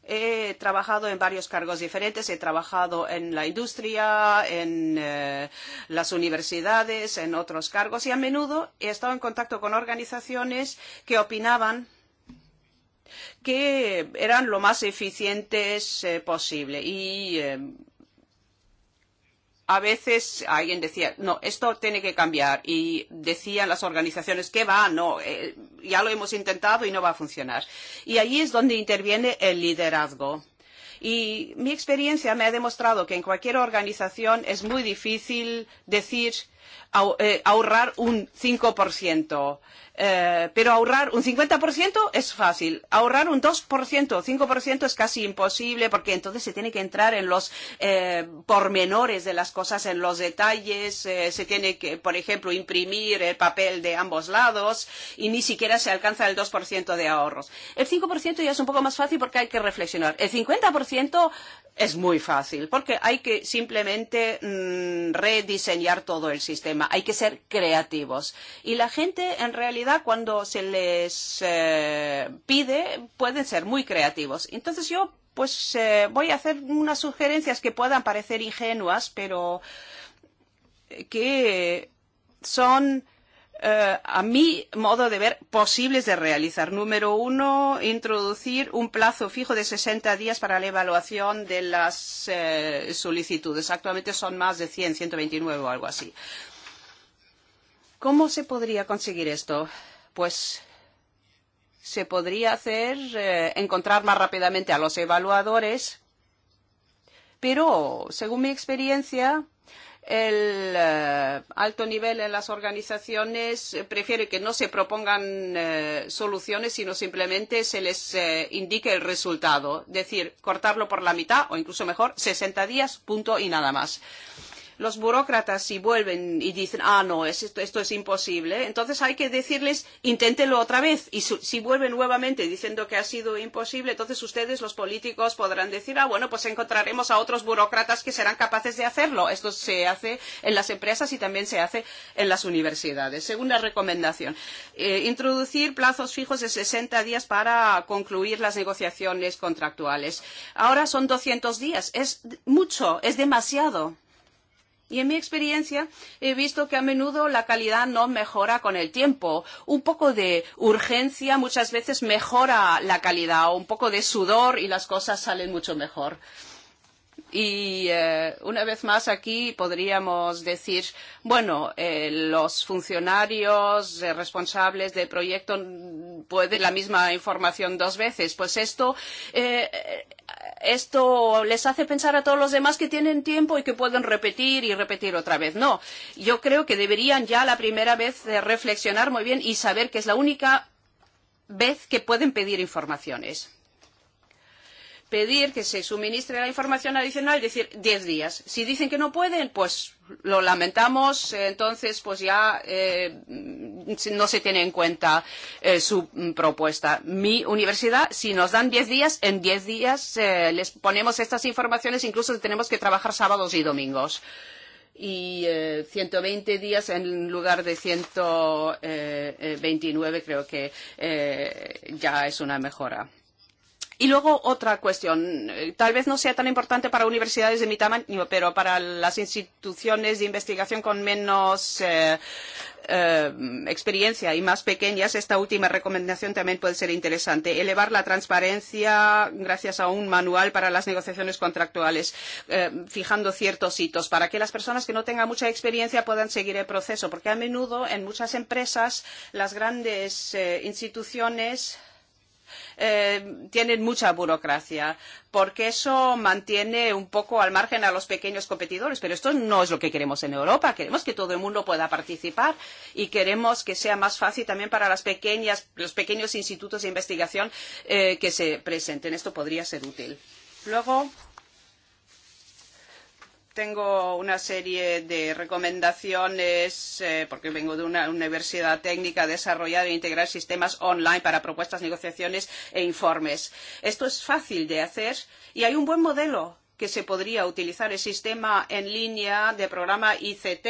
he trabajado en varios cargos diferentes, he trabajado en la industria, en eh, las universidades, en otros cargos y a menudo he estado en contacto con organizaciones que opinaban que eran lo más eficientes eh, posible y eh, a veces alguien decía, no, esto tiene que cambiar y decían las organizaciones que va, no, eh, ya lo hemos intentado y no va a funcionar. Y ahí es donde interviene el liderazgo. Y mi experiencia me ha demostrado que en cualquier organización es muy difícil decir eh, ahorrar un 5%. Eh, pero ahorrar un 50% es fácil. Ahorrar un 2% 5% es casi imposible porque entonces se tiene que entrar en los eh, pormenores de las cosas, en los detalles. Eh, se tiene que, por ejemplo, imprimir el papel de ambos lados y ni siquiera se alcanza el 2% de ahorros. El 5% ya es un poco más fácil porque hay que reflexionar. El 50% es muy fácil porque hay que simplemente mmm, rediseñar todo el sistema. Hay que ser creativos. Y la gente en realidad realidad cuando se les eh, pide pueden ser muy creativos. Entonces yo pues eh, voy a hacer unas sugerencias que puedan parecer ingenuas, pero que son eh, a mi modo de ver, posibles de realizar. Número uno, introducir un plazo fijo de 60 días para la evaluación de las eh, solicitudes. Actualmente son más de 100, 129 o algo así. Eh, ¿Cómo se podría conseguir esto? Pues se podría hacer eh, encontrar más rápidamente a los evaluadores, pero según mi experiencia, el eh, alto nivel en las organizaciones eh, prefiere que no se propongan eh, soluciones, sino simplemente se les eh, indique el resultado, es decir, cortarlo por la mitad o incluso mejor, 60 días, punto y nada más. Eh, los burócratas si vuelven y dicen, ah, no, esto, esto es imposible, entonces hay que decirles, inténtelo otra vez. Y su, si vuelven nuevamente diciendo que ha sido imposible, entonces ustedes, los políticos, podrán decir, ah, bueno, pues encontraremos a otros burócratas que serán capaces de hacerlo. Esto se hace en las empresas y también se hace en las universidades. Segunda recomendación, eh, introducir plazos fijos de 60 días para concluir las negociaciones contractuales. Ahora son 200 días. Es mucho, es demasiado. Y en mi experiencia he visto que a menudo la calidad no mejora con el tiempo. Un poco de urgencia muchas veces mejora la calidad, un poco de sudor y las cosas salen mucho mejor. Y eh, una vez más aquí podríamos decir, bueno, eh, los funcionarios eh, responsables del proyecto pueden la misma información dos veces. Pues esto, eh, eh, esto les hace pensar a todos los demás que tienen tiempo y que pueden repetir y repetir otra vez. No, yo creo que deberían ya la primera vez eh, reflexionar muy bien y saber que es la única vez que pueden pedir informaciones pedir que se suministre la información adicional, es decir 10 días. Si dicen que no pueden, pues lo lamentamos, entonces pues ya eh, no se tiene en cuenta eh, su propuesta. Mi universidad, si nos dan 10 días, en 10 días eh, les ponemos estas informaciones, incluso tenemos que trabajar sábados y domingos. Y eh, 120 días en lugar de 129 eh, eh, creo que eh, ya es una mejora. Y luego otra cuestión, tal vez no sea tan importante para universidades de mi tamaño, pero para las instituciones de investigación con menos eh, eh, experiencia y más pequeñas, esta última recomendación también puede ser interesante. Elevar la transparencia gracias a un manual para las negociaciones contractuales, eh, fijando ciertos hitos para que las personas que no tengan mucha experiencia puedan seguir el proceso, porque a menudo en muchas empresas las grandes eh, instituciones eh, tienen mucha burocracia, porque eso mantiene un poco al margen a los pequeños competidores, pero esto no es lo que queremos en Europa. Queremos que todo el mundo pueda participar y queremos que sea más fácil también para las pequeñas, los pequeños institutos de investigación eh, que se presenten. Esto podría ser útil. Luego, tengo una serie de recomendaciones, eh, porque vengo de una universidad técnica, desarrollar e integrar sistemas online para propuestas, negociaciones e informes. Esto es fácil de hacer y hay un buen modelo que se podría utilizar, el sistema en línea de programa ICT.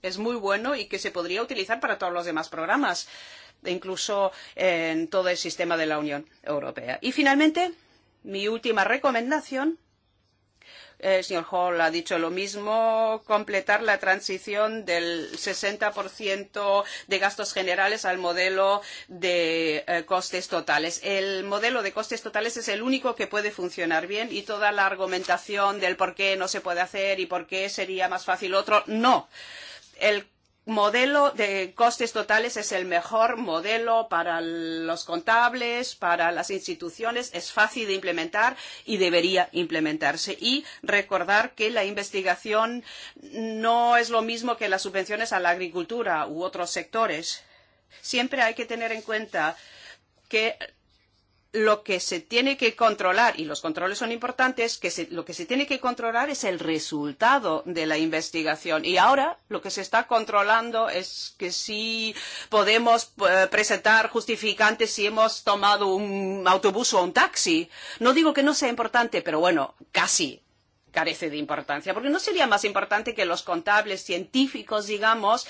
Es muy bueno y que se podría utilizar para todos los demás programas, e incluso en todo el sistema de la Unión Europea. Y finalmente, mi última recomendación el eh, señor Hall ha dicho lo mismo, completar la transición del 60% de gastos generales al modelo de eh, costes totales. El modelo de costes totales es el único que puede funcionar bien y toda la argumentación del por qué no se puede hacer y por qué sería más fácil otro, no. El modelo de costes totales es el mejor modelo para los contables, para las instituciones, es fácil de implementar y debería implementarse. Y recordar que la investigación no es lo mismo que las subvenciones a la agricultura u otros sectores. Siempre hay que tener en cuenta que lo que se tiene que controlar, y los controles son importantes, que se, lo que se tiene que controlar es el resultado de la investigación. Y ahora lo que se está controlando es que si podemos uh, presentar justificantes si hemos tomado un autobús o un taxi. No digo que no sea importante, pero bueno, casi carece de importancia, porque no sería más importante que los contables científicos, digamos,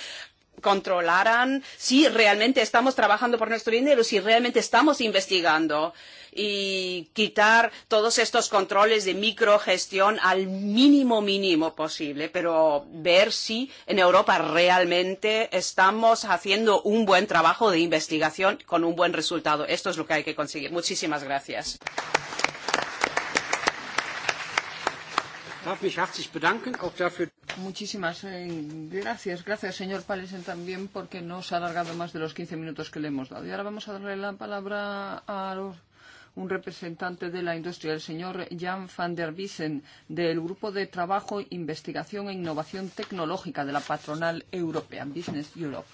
controlaran si realmente estamos trabajando por nuestro dinero, si realmente estamos investigando y quitar todos estos controles de microgestión al mínimo mínimo posible, pero ver si en Europa realmente estamos haciendo un buen trabajo de investigación con un buen resultado. Esto es lo que hay que conseguir. Muchísimas gracias. darf mich herzlich bedanken, auch dafür. Muchísimas eh, gracias. Gracias, señor Palesen, también porque no se ha alargado más de los 15 minutos que le hemos dado. Y ahora vamos a darle la palabra a un representante de la industria, el señor Jan van der Wiesen, del Grupo de Trabajo, Investigación e Innovación Tecnológica de la Patronal Europea, Business Europe.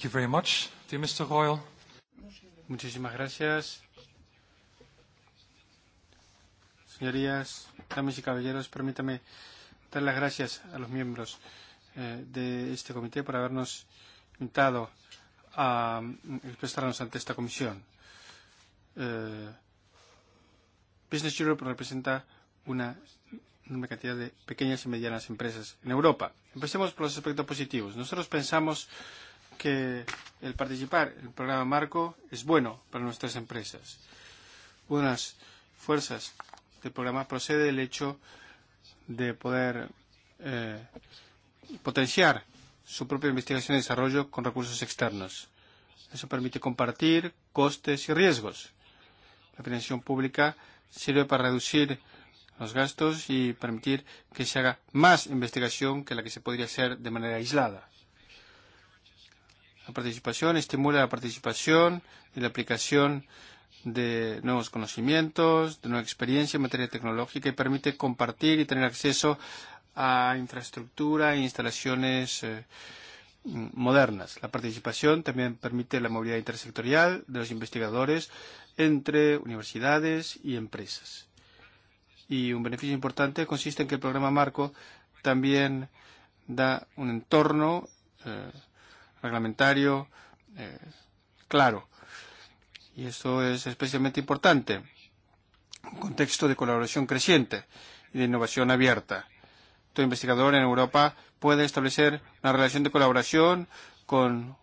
Thank you very much, dear Mr. Royal. Muchísimas gracias. Señorías, damas y caballeros, permítame dar las gracias a los miembros eh, de este comité por habernos invitado a mm, expresarnos ante esta comisión. Eh, Business Europe representa una enorme cantidad de pequeñas y medianas empresas en Europa. Empecemos por los aspectos positivos. Nosotros pensamos que el participar en el programa Marco es bueno para nuestras empresas. Unas fuerzas del programa procede del hecho de poder eh, potenciar su propia investigación y desarrollo con recursos externos. Eso permite compartir costes y riesgos. La financiación pública sirve para reducir los gastos y permitir que se haga más investigación que la que se podría hacer de manera aislada. La participación estimula la participación y la aplicación de nuevos conocimientos, de nueva experiencia en materia tecnológica y permite compartir y tener acceso a infraestructura e instalaciones eh, modernas. La participación también permite la movilidad intersectorial de los investigadores entre universidades y empresas. Y un beneficio importante consiste en que el programa Marco también da un entorno eh, reglamentario eh, claro. Y esto es especialmente importante en un contexto de colaboración creciente y de innovación abierta. Todo investigador en Europa puede establecer una relación de colaboración con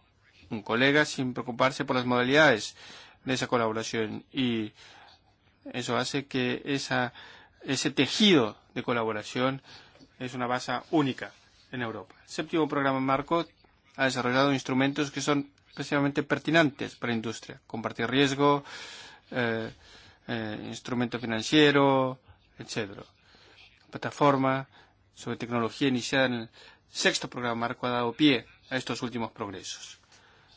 un colega sin preocuparse por las modalidades de esa colaboración y eso hace que esa, ese tejido de colaboración es una base única en Europa. El séptimo programa marco ha desarrollado instrumentos que son especialmente pertinentes para la industria. Compartir riesgo, eh, eh, instrumento financiero, etc. Plataforma sobre tecnología iniciada en el sexto programa marco ha dado pie a estos últimos progresos.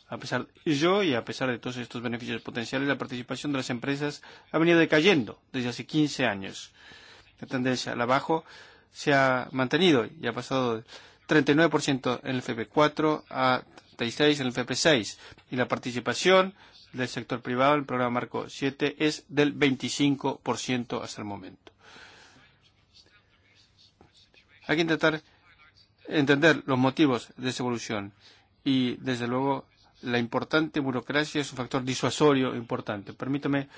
A pesar de ello y a pesar de todos estos beneficios potenciales, la participación de las empresas ha venido decayendo desde hace 15 años. La tendencia al abajo se ha mantenido y ha pasado de 39% en el FP4 a 36 en el FP6 y la participación del sector privado en el programa Marco 7 es del 25% hasta el momento. Hay que intentar entender los motivos de esa evolución y, desde luego, la importante burocracia es un factor disuasorio importante. Permítame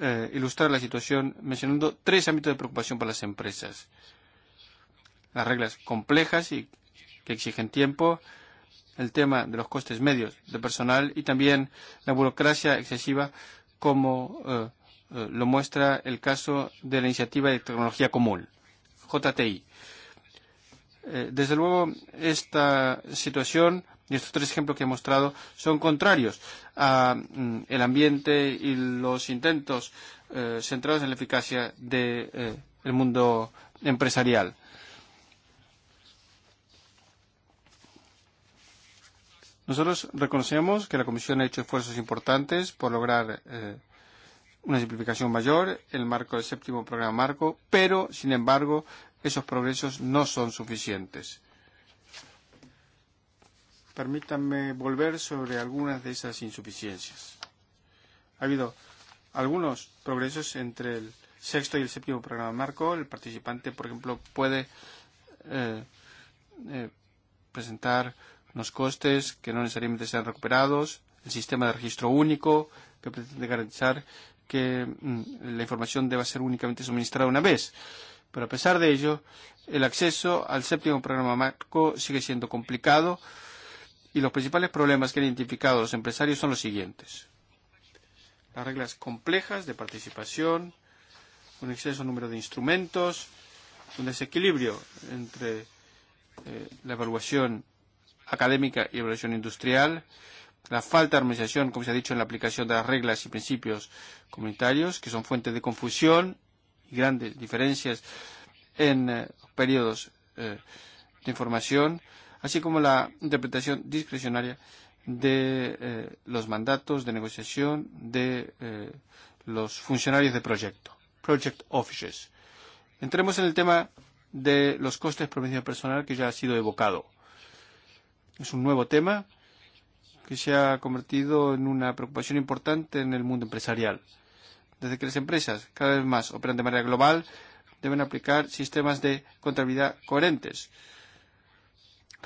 eh, ilustrar la situación mencionando tres ámbitos de preocupación para las empresas. Eh, las reglas complejas y que exigen tiempo, el tema de los costes medios de personal y también la burocracia excesiva como eh, eh, lo muestra el caso de la iniciativa de tecnología común, JTI. Eh, desde luego, esta situación y estos tres ejemplos que he mostrado son contrarios a mm, el ambiente y los intentos eh, centrados en la eficacia del de, eh, el mundo empresarial. Nosotros reconocemos que la Comisión ha hecho esfuerzos importantes por lograr eh, una simplificación mayor, en el marco del séptimo programa marco, pero, sin embargo, esos progresos no son suficientes. Permítanme volver sobre algunas de esas insuficiencias. Ha habido algunos progresos entre el sexto y el séptimo programa marco. El participante, por ejemplo, puede eh, eh, presentar los costes que no necesariamente sean recuperados, el sistema de registro único que pretende garantizar que mm, la información deba ser únicamente suministrada una vez. Pero a pesar de ello, el acceso al séptimo programa marco sigue siendo complicado y los principales problemas que han identificado los empresarios son los siguientes. Las reglas complejas de participación, un exceso número de instrumentos, un desequilibrio entre eh, la evaluación académica y evaluación industrial, la falta de armonización, como se ha dicho, en la aplicación de las reglas y principios comunitarios, que son fuentes de confusión y grandes diferencias en eh, periodos eh, de información, así como la interpretación discrecionaria de eh, los mandatos de negociación de eh, los funcionarios de proyecto, project officers. Entremos en el tema de los costes de promedio personal que ya ha sido evocado. Es un nuevo tema que se ha convertido en una preocupación importante en el mundo empresarial. Desde que las empresas cada vez más operan de manera global, deben aplicar sistemas de contabilidad coherentes,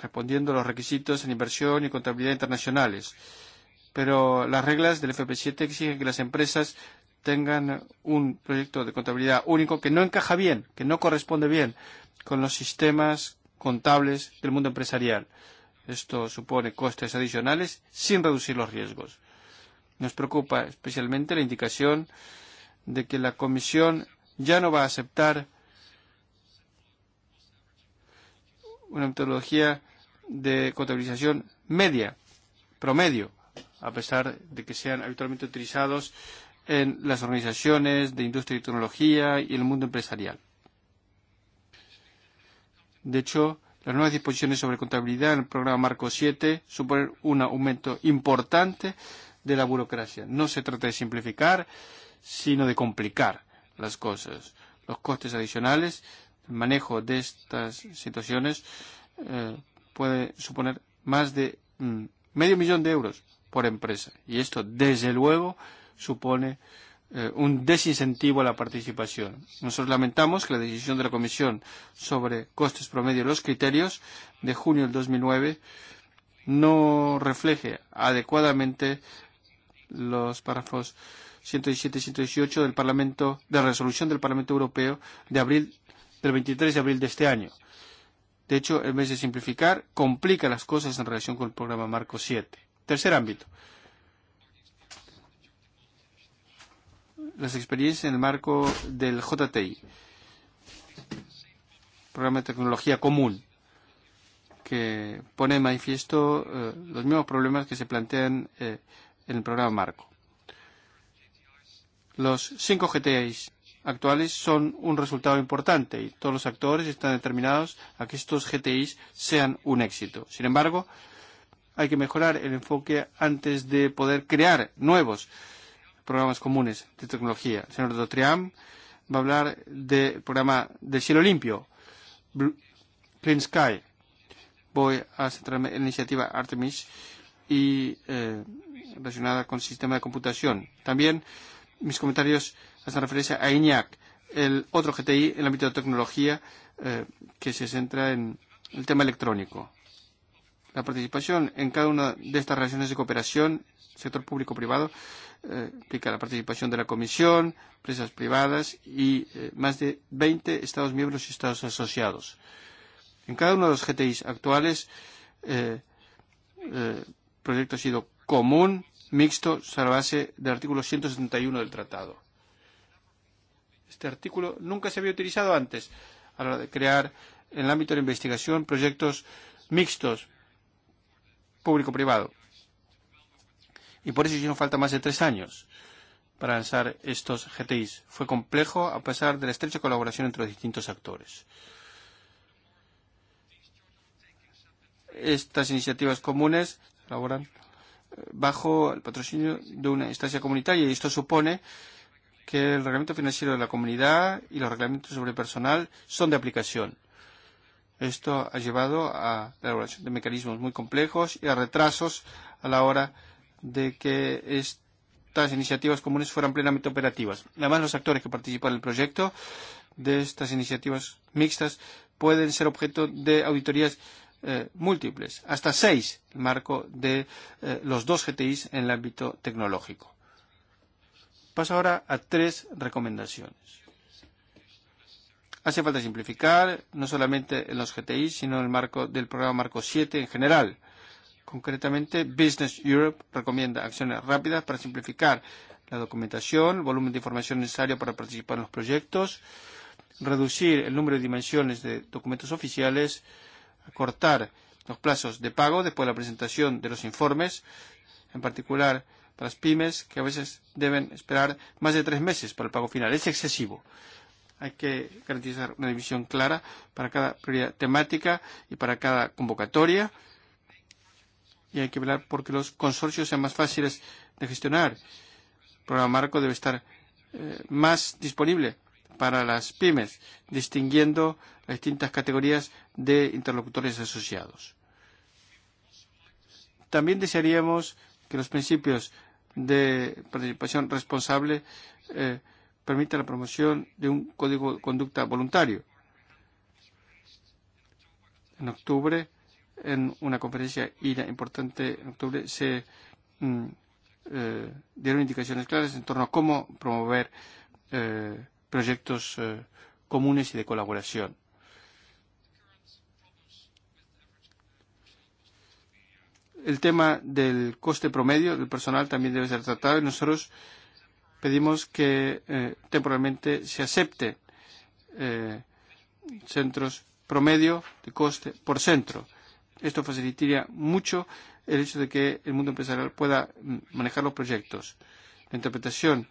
respondiendo a los requisitos en inversión y contabilidad internacionales. Pero las reglas del FP7 exigen que las empresas tengan un proyecto de contabilidad único que no encaja bien, que no corresponde bien con los sistemas contables del mundo empresarial esto supone costes adicionales sin reducir los riesgos. Nos preocupa especialmente la indicación de que la Comisión ya no va a aceptar una metodología de contabilización media, promedio, a pesar de que sean habitualmente utilizados en las organizaciones de industria y tecnología y el mundo empresarial. De hecho, Las nuevas disposiciones sobre contabilidad en el programa Marco 7 suponen un aumento importante de la burocracia. No se trata de simplificar, sino de complicar las cosas. Los costes adicionales, el manejo de estas situaciones eh, puede suponer más de mm, medio millón de euros por empresa. Y esto, desde luego, supone eh, Eh, un desincentivo a la participación. Nosotros lamentamos que la decisión de la Comisión sobre costes promedio de los criterios de junio del 2009 no refleje adecuadamente los párrafos 117 y 118 del Parlamento, de resolución del Parlamento Europeo de abril, del 23 de abril de este año. De hecho, en vez de simplificar, complica las cosas en relación con el programa Marco 7. Tercer ámbito, las experiencias en el marco del JTI, Programa de Tecnología Común, que pone en manifiesto eh, los mismos problemas que se plantean eh, en el programa marco. Los cinco GTIs actuales son un resultado importante y todos los actores están determinados a que estos GTIs sean un éxito. Sin embargo, hay que mejorar el enfoque antes de poder crear nuevos GTIs programas comunes de tecnología. El señor Dotriam va a hablar del programa del cielo limpio, Blue, Clean Sky. Voy a centrarme en la iniciativa Artemis y eh, relacionada con el sistema de computación. También mis comentarios hacen referencia a ENIAC, el otro GTI en el ámbito de tecnología eh, que se centra en el tema electrónico la participación en cada una de estas relaciones de cooperación, sector público-privado, eh, implica la participación de la Comisión, empresas privadas y eh, más de 20 Estados miembros y Estados asociados. En cada uno de los GTIs actuales, eh, eh, el proyecto ha sido común, mixto, sobre la base del artículo 171 del tratado. Este artículo nunca se había utilizado antes a la hora de crear en el ámbito de la investigación proyectos mixtos, público-privado. Y por eso hicieron falta más de tres años para lanzar estos GTIs. Fue complejo a pesar de la estrecha colaboración entre los distintos actores. Estas iniciativas comunes laboran eh, bajo el patrocinio de una instancia comunitaria y esto supone que el reglamento financiero de la comunidad y los reglamentos sobre personal son de aplicación. Esto ha llevado a la elaboración de mecanismos muy complejos y a retrasos a la hora de que estas iniciativas comunes fueran plenamente operativas. Además, los actores que participan en el proyecto de estas iniciativas mixtas pueden ser objeto de auditorías eh, múltiples, hasta seis, el marco de eh, los dos GTIs en el ámbito tecnológico. Paso ahora a tres recomendaciones. Hace falta simplificar, no solamente en los GTI, sino en el marco del programa Marco 7 en general. Concretamente, Business Europe recomienda acciones rápidas para simplificar la documentación, volumen de información necesario para participar en los proyectos, reducir el número de dimensiones de documentos oficiales, acortar los plazos de pago después de la presentación de los informes, en particular para las pymes que a veces deben esperar más de tres meses para el pago final. Es excesivo. Hay que garantizar una división clara para cada prioridad temática y para cada convocatoria. Y hay que velar porque los consorcios sean más fáciles de gestionar. El programa marco debe estar eh, más disponible para las pymes, distinguiendo las distintas categorías de interlocutores asociados. También desearíamos que los principios de participación responsable eh, permite la promoción de un código de conducta voluntario. En octubre, en una conferencia IRA importante en octubre, se mm, eh, dieron indicaciones claras en torno a cómo promover eh, proyectos eh, comunes y de colaboración. El tema del coste promedio del personal también debe ser tratado y nosotros eh, pedimos que eh, temporalmente se acepte eh, centros promedio de coste por centro. Esto facilitaría mucho el hecho de que el mundo empresarial pueda mm, manejar los proyectos. La interpretación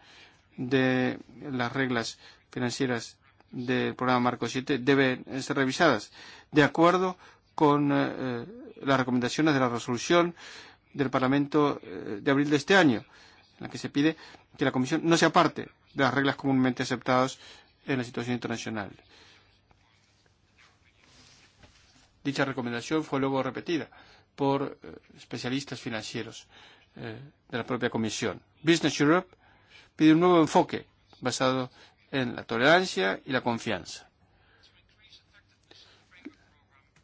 de las reglas financieras del programa Marco 7 deben ser revisadas de acuerdo con eh, eh, las recomendaciones de la resolución del Parlamento eh, de abril de este año en la que se pide que la Comisión no se aparte de las reglas comúnmente aceptadas en la situación internacional. Dicha recomendación fue luego repetida por eh, especialistas financieros eh, de la propia Comisión. Business Europe pide un nuevo enfoque basado en la tolerancia y la confianza.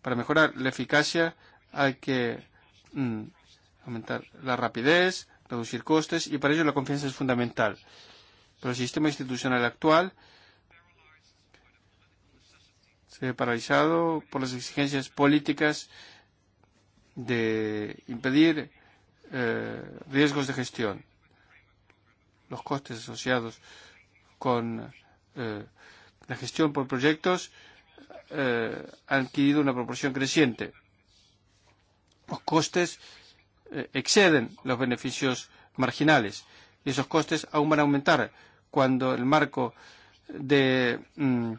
Para mejorar la eficacia hay que mm, aumentar la rapidez, reducir costes y para ello la confianza es fundamental. Pero el sistema institucional actual se ve paralizado por las exigencias políticas de impedir eh, riesgos de gestión. Los costes asociados con eh, la gestión por proyectos eh, han adquirido una proporción creciente. Los costes eh, exceden los beneficios marginales y esos costes aún van a aumentar cuando el marco de mm,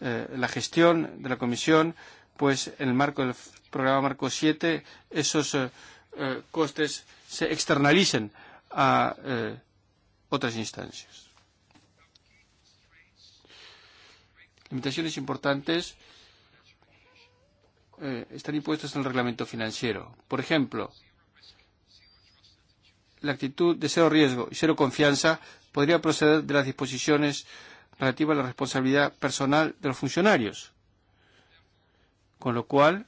eh, la gestión de la Comisión, pues en el marco del programa Marco 7, esos eh, eh, costes se externalicen a eh, otras instancias. Limitaciones importantes eh, están impuestas en el reglamento financiero. Por ejemplo, la actitud de cero riesgo y cero confianza podría proceder de las disposiciones relativas a la responsabilidad personal de los funcionarios. Con lo cual,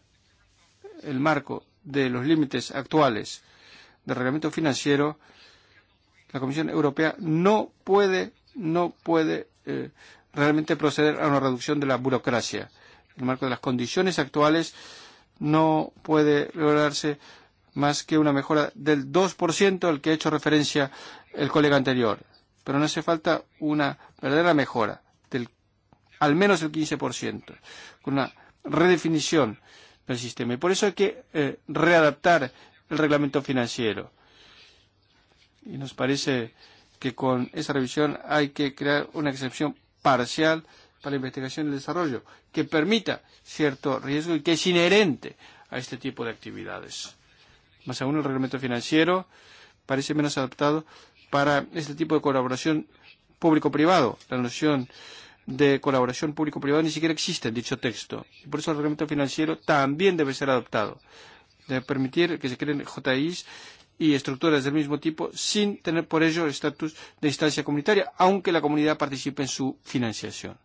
el marco de los límites actuales del reglamento financiero, la Comisión Europea no puede, no puede eh, realmente proceder a una reducción de la burocracia. En el marco de las condiciones actuales no puede lograrse más que una mejora del 2% al que ha hecho referencia el colega anterior. Pero no hace falta una verdadera mejora del al menos el 15%, con una redefinición del sistema. Y por eso hay que eh, readaptar el reglamento financiero. Y nos parece que con esa revisión hay que crear una excepción parcial para la investigación y el desarrollo, que permita cierto riesgo y que es inherente a este tipo de actividades más aún el reglamento financiero parece menos adaptado para este tipo de colaboración público-privado. La noción de colaboración público privado ni siquiera existe en dicho texto. Y por eso el reglamento financiero también debe ser adoptado. Debe permitir que se creen JIs y estructuras del mismo tipo sin tener por ello el estatus de instancia comunitaria, aunque la comunidad participe en su financiación.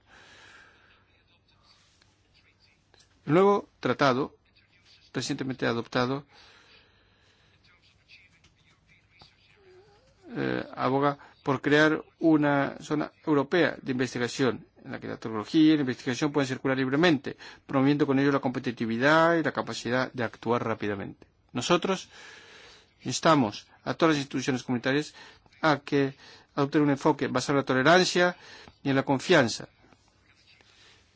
El nuevo tratado, recientemente adoptado, eh, aboga por crear una zona europea de investigación en la que la tecnología y la investigación pueden circular libremente, promoviendo con ello la competitividad y la capacidad de actuar rápidamente. Nosotros instamos a todas las instituciones comunitarias a que adopten un enfoque basado en la tolerancia y en la confianza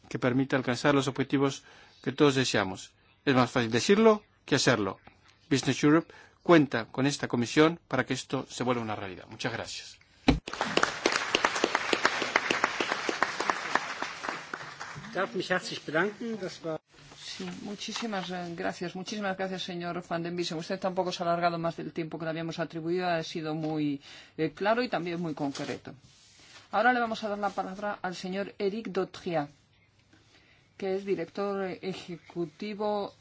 que permita alcanzar los objetivos que todos deseamos. Es más fácil decirlo que hacerlo. Business Europe cuenta con esta comisión para que esto se vuelva una realidad. Muchas gracias. Sí, muchísimas eh, gracias, muchísimas gracias, señor Van den Bissen. Usted tampoco se ha alargado más del tiempo que le habíamos atribuido. Ha sido muy eh, claro y también muy concreto. Ahora le vamos a dar la palabra al señor Eric Dotria, que es director ejecutivo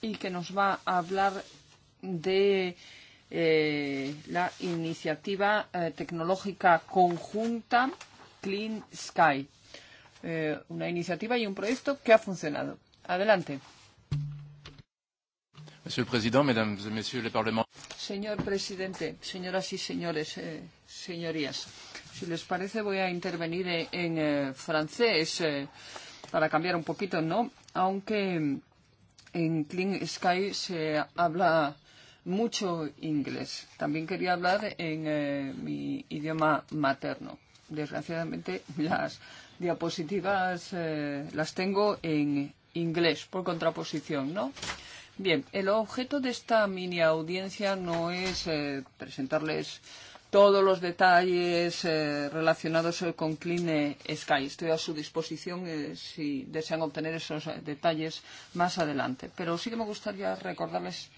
y que nos va a hablar de eh, la iniciativa eh, tecnológica conjunta Clean Sky. Eh, una iniciativa y un proyecto que ha funcionado. Adelante. Monsieur le Président, Mesdames et Messieurs les Parlements. Señor presidente, señoras y señores, eh, señorías, si les parece voy a intervenir en, eh, en eh, francés eh, para cambiar un poquito, ¿no? Aunque en Clean Sky se habla mucho inglés. También quería hablar en eh, mi idioma materno. Desgraciadamente las diapositivas eh, las tengo en inglés por contraposición, ¿no? Bien, el objeto de esta mini audiencia no es eh, presentarles eh, todos los detalles eh, relacionados eh, con Clean eh, Sky. Estoy a su disposición eh, si desean obtener esos eh, detalles más adelante. Pero sí que me gustaría recordarles eh,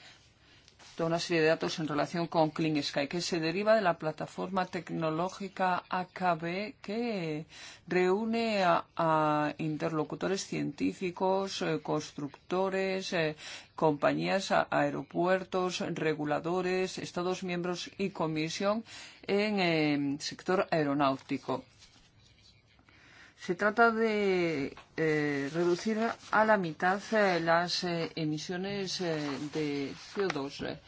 toda una serie de datos en relación con Clean Sky, que se deriva de la plataforma tecnológica AKB que reúne a, a interlocutores científicos, eh, constructores, eh, compañías, a, aeropuertos, reguladores, Estados miembros y Comisión en el eh, sector aeronáutico. Se trata de eh, reducir a la mitad eh, las eh, emisiones eh, de CO2 eh.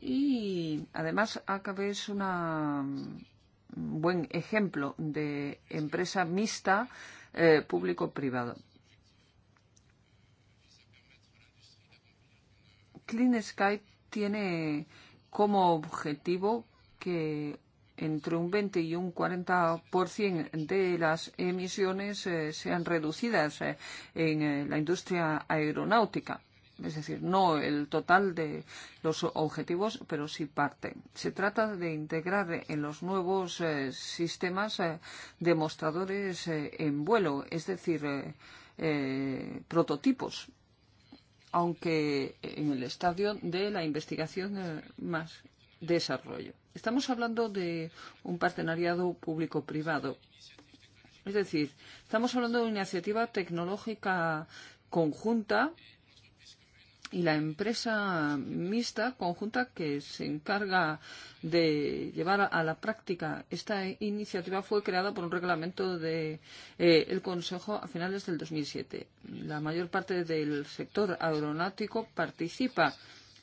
y además AKB es una, un mm, buen ejemplo de empresa mixta eh, público-privado. Clean Sky tiene como objetivo que entre un 20 y un 40% de las emisiones eh, sean reducidas eh, en eh, la industria aeronáutica. Es decir, no el total de los objetivos, pero sí parte. Se trata de integrar en los nuevos eh, sistemas eh, demostradores eh, en vuelo, es decir, eh, eh, prototipos aunque en el estadio de la investigación eh, más desarrollo. Estamos hablando de un partenariado público-privado. Es decir, estamos hablando de una iniciativa tecnológica conjunta y la empresa mixta conjunta que se encarga de llevar a la práctica esta iniciativa fue creada por un reglamento del de, eh, el Consejo a finales del 2007. La mayor parte del sector aeronáutico participa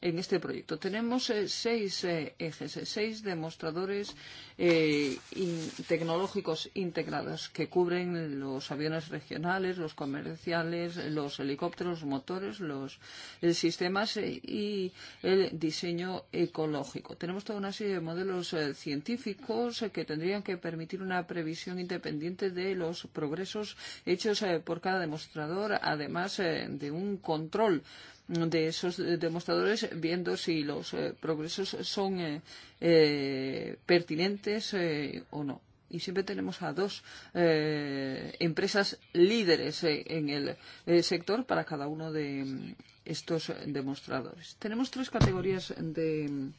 en este proyecto. Tenemos eh, seis eh, ejes, eh, seis demostradores eh, in, tecnológicos integrados que cubren los aviones regionales, los comerciales, los helicópteros, motores, los eh, sistemas eh, y el diseño ecológico. Tenemos toda una serie de modelos eh, científicos eh, que tendrían que permitir una previsión independiente de los progresos hechos eh, por cada demostrador, además eh, de un control de esos demostradores viendo si los eh, progresos son eh, eh, pertinentes eh, o no. Y siempre tenemos a dos eh, empresas líderes eh, en el eh, sector para cada uno de mm, estos demostradores. Tenemos tres categorías de mm,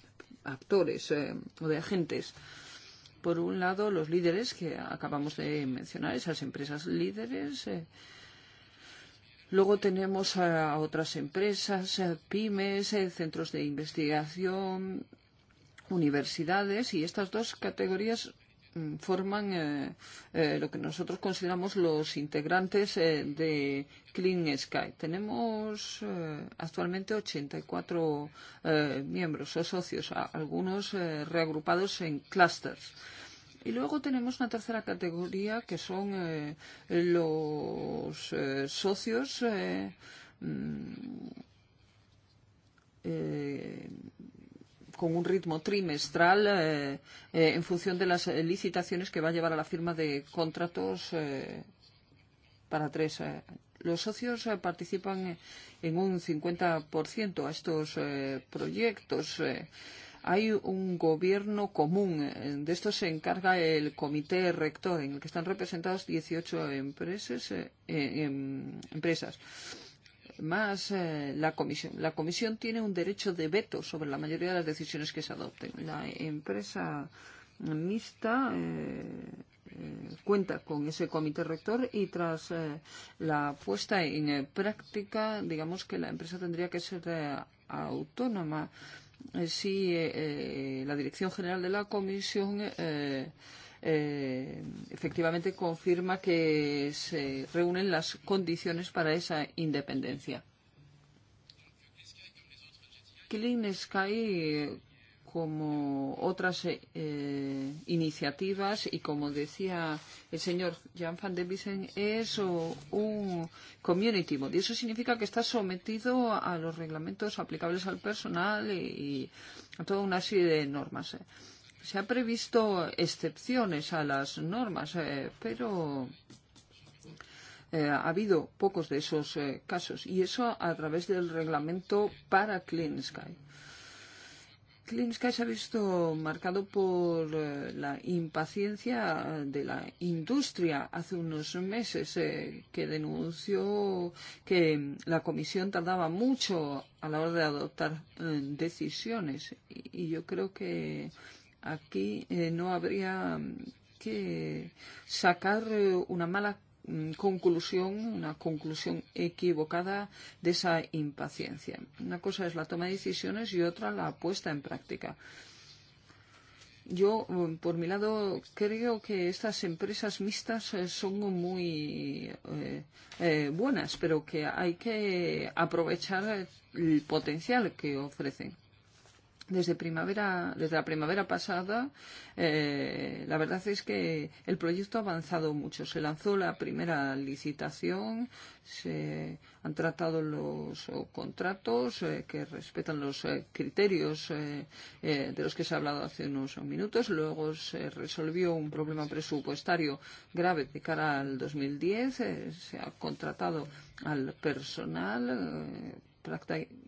actores eh, o de agentes. Por un lado, los líderes que acabamos de mencionar, esas empresas líderes. Eh, Luego tenemos a otras empresas, pymes, centros de investigación, universidades y estas dos categorías mm, forman eh, eh, lo que nosotros consideramos los integrantes eh, de Clean Sky. Tenemos eh, actualmente 84 eh, miembros o socios, algunos eh, reagrupados en clusters. Eh, Y luego tenemos una tercera categoría que son eh, los eh, socios eh, mm, eh, con un ritmo trimestral eh, eh, en función de las eh, licitaciones que va a llevar a la firma de contratos eh, para tres años. Eh, los socios eh, participan en un 50% a estos eh, proyectos. Eh, hay un gobierno común. Eh, de esto se encarga el comité rector, en el que están representadas 18 empresas. Eh, eh, empresas más eh, la comisión. La comisión tiene un derecho de veto sobre la mayoría de las decisiones que se adopten. La empresa mixta eh, eh, cuenta con ese comité rector y tras eh, la puesta en eh, práctica, digamos que la empresa tendría que ser eh, autónoma. Eh, si eh, eh, la Dirección General de la Comisión eh, eh, efectivamente confirma que se reúnen las condiciones para esa independencia. Clean Sky, como otras eh, iniciativas y como decía el señor Jan van de Vissen es o, un community mode. Y Eso significa que está sometido a los reglamentos aplicables al personal y, y a toda una serie de normas. Se han previsto excepciones a las normas, eh, pero eh, ha habido pocos de esos eh, casos y eso a través del reglamento para Clean Sky. Eh, clínica se ha visto marcado por eh, la impaciencia de la industria hace unos meses eh, que denunció que mm, la comisión tardaba mucho a la hora de adoptar eh, decisiones y, y yo creo que aquí eh, no habría mm, que sacar eh, una mala Mm, conclusión, una conclusión equivocada de esa impaciencia. Una cosa es la toma de decisiones y otra la puesta en práctica. Yo, mm, por mi lado, creo que estas empresas mixtas eh, son muy eh, eh, buenas, pero que hay que aprovechar el potencial que ofrecen. Desde, primavera, desde la primavera pasada, eh, la verdad es que el proyecto ha avanzado mucho. Se lanzó la primera licitación, se han tratado los contratos eh, que respetan los eh, criterios eh, eh, de los que se ha hablado hace unos minutos. Luego se resolvió un problema presupuestario grave de cara al 2010. Eh, se ha contratado al personal eh,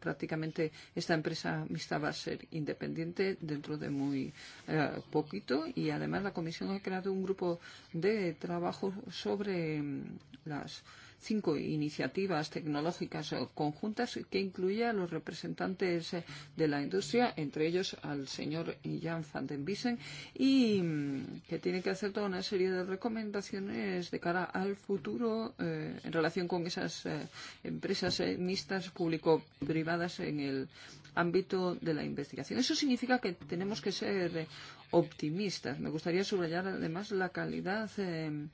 prácticamente esta empresa mixta va a ser independiente dentro de muy eh, poquito y además la Comisión ha creado un grupo de trabajo sobre mm, las eh, cinco iniciativas tecnológicas conjuntas que incluye a los representantes eh, de la industria, entre ellos al señor Jan van den Biesen, y mm, que tiene que hacer toda una serie de recomendaciones de cara al futuro eh, en relación con esas eh, empresas eh, mixtas público-privadas en el ámbito de la investigación. Eso significa que tenemos que ser eh, optimistas. Me gustaría subrayar además la calidad. Eh,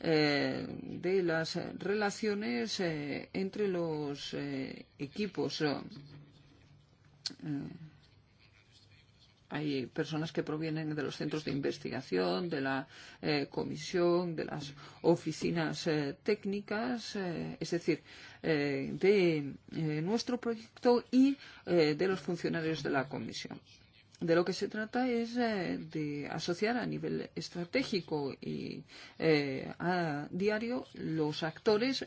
eh, de las relaciones eh, entre los eh, equipos. Eh, hay personas que provienen de los centros de investigación, de la eh, comisión, de las oficinas eh, técnicas, eh, es decir, eh, de eh, nuestro proyecto y eh, de los funcionarios de la comisión de lo que se trata es eh, de asociar a nivel estratégico y eh, a diario los actores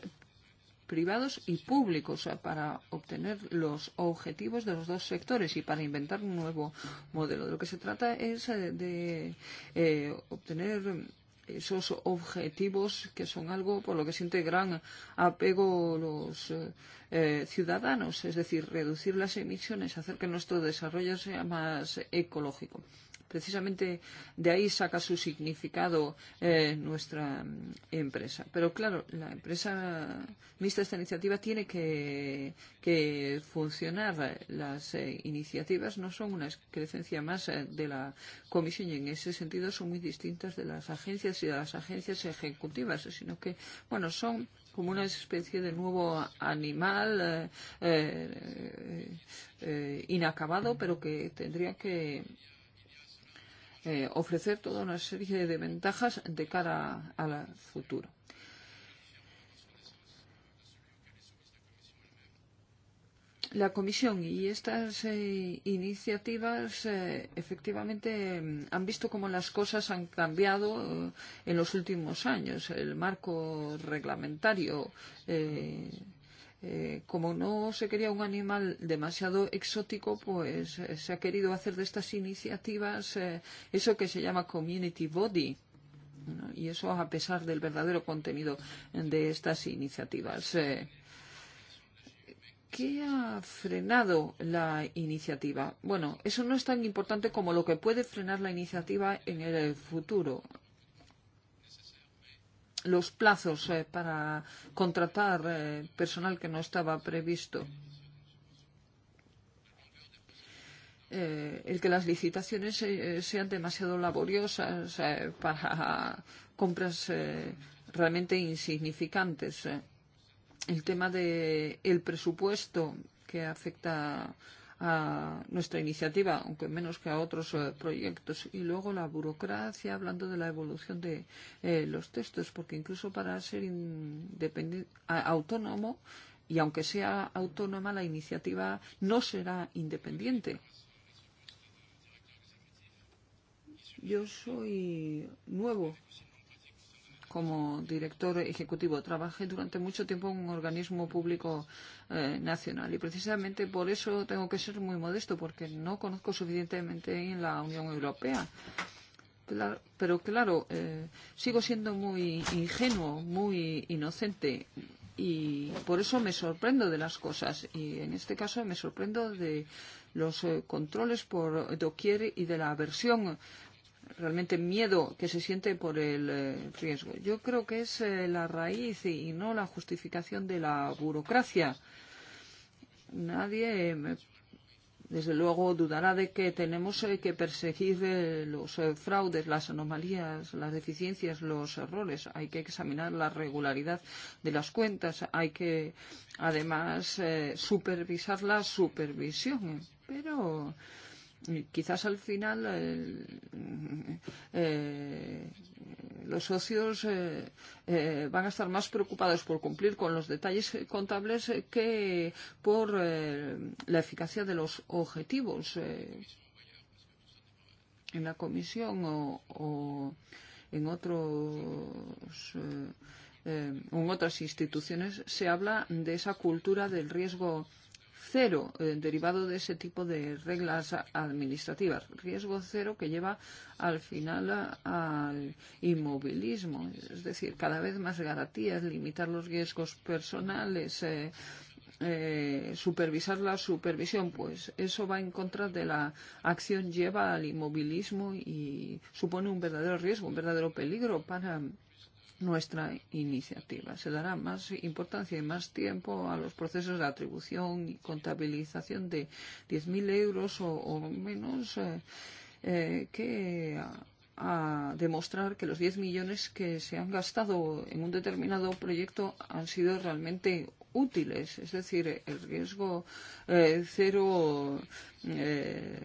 privados y públicos para obtener los objetivos de los dos sectores y para inventar un nuevo modelo. De lo que se trata es eh, de eh, obtener esos objetivos que son algo por lo que siente gran apego los eh, ciudadanos, es decir, reducir las emisiones, hacer que nuestro desarrollo sea más ecológico precisamente de ahí saca su significado eh, nuestra mm, empresa. Pero claro, la empresa mixta, esta iniciativa, tiene que, que funcionar. Las eh, iniciativas no son una crecencia más eh, de la comisión y en ese sentido son muy distintas de las agencias y de las agencias ejecutivas, sino que, bueno, son como una especie de nuevo animal eh, eh, eh, eh inacabado, pero que tendría que eh, ofrecer toda una serie de ventajas de cara al futuro. la Comisión y estas eh, iniciativas eh, efectivamente mm, han visto cómo las cosas han cambiado eh, en los últimos años. El marco reglamentario eh, Eh, como no se quería un animal demasiado exótico, pues eh, se ha querido hacer de estas iniciativas eh, eso que se llama community body. ¿no? Y eso a pesar del verdadero contenido de estas iniciativas. Eh, ¿Qué ha frenado la iniciativa? Bueno, eso no es tan importante como lo que puede frenar la iniciativa en el futuro los plazos eh, para contratar eh, personal que no estaba previsto. Eh, el que las licitaciones eh, sean demasiado laboriosas eh, para compras eh, realmente insignificantes. Eh. El tema del de presupuesto que afecta a nuestra iniciativa, aunque menos que a otros eh, proyectos. Y luego la burocracia, hablando de la evolución de eh, los textos, porque incluso para ser independiente, autónomo, y aunque sea autónoma, la iniciativa no será independiente. Yo soy nuevo como director ejecutivo. Trabajé durante mucho tiempo en un organismo público eh, nacional y precisamente por eso tengo que ser muy modesto porque no conozco suficientemente en la Unión Europea. Claro, pero claro, eh, sigo siendo muy ingenuo, muy inocente y por eso me sorprendo de las cosas y en este caso me sorprendo de los eh, controles por doquier y de la aversión realmente miedo que se siente por el eh, riesgo. Yo creo que es eh, la raíz y no la justificación de la burocracia. Nadie desde luego dudará de que tenemos eh, que perseguir los fraudes, las anomalías, las deficiencias, los errores. Hay que examinar la regularidad de las cuentas. Hay que, además, supervisar la supervisión. Pero quizás al final eh, eh, los socios eh, eh, van a estar más preocupados por cumplir con los detalles contables que por eh, la eficacia de los objetivos eh, en la comisión o, o en otros. Eh, eh, en otras instituciones se habla de esa cultura del riesgo eh, cero eh, derivado de ese tipo de reglas administrativas. Riesgo cero que lleva al final a, al inmovilismo, es decir, cada vez más garantías, limitar los riesgos personales. Eh, eh, supervisar la supervisión, pues eso va en contra de la acción, lleva al inmovilismo y supone un verdadero riesgo, un verdadero peligro para nuestra iniciativa. Se dará más importancia y más tiempo a los procesos de atribución y contabilización de 10.000 euros o, o menos eh, eh, que a, a demostrar que los 10 millones que se han gastado en un determinado proyecto han sido realmente útiles, es decir, el riesgo eh, cero eh,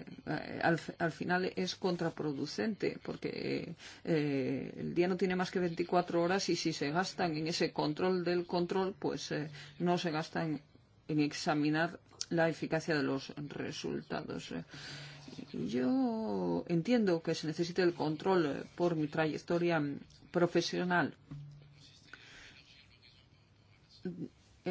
al, al final es contraproducente porque eh, eh el día no tiene más que 24 horas y si se gastan en ese control del control, pues eh, no se gastan en, en examinar la eficacia de los resultados. Yo entiendo que se necesite el control eh, por mi trayectoria profesional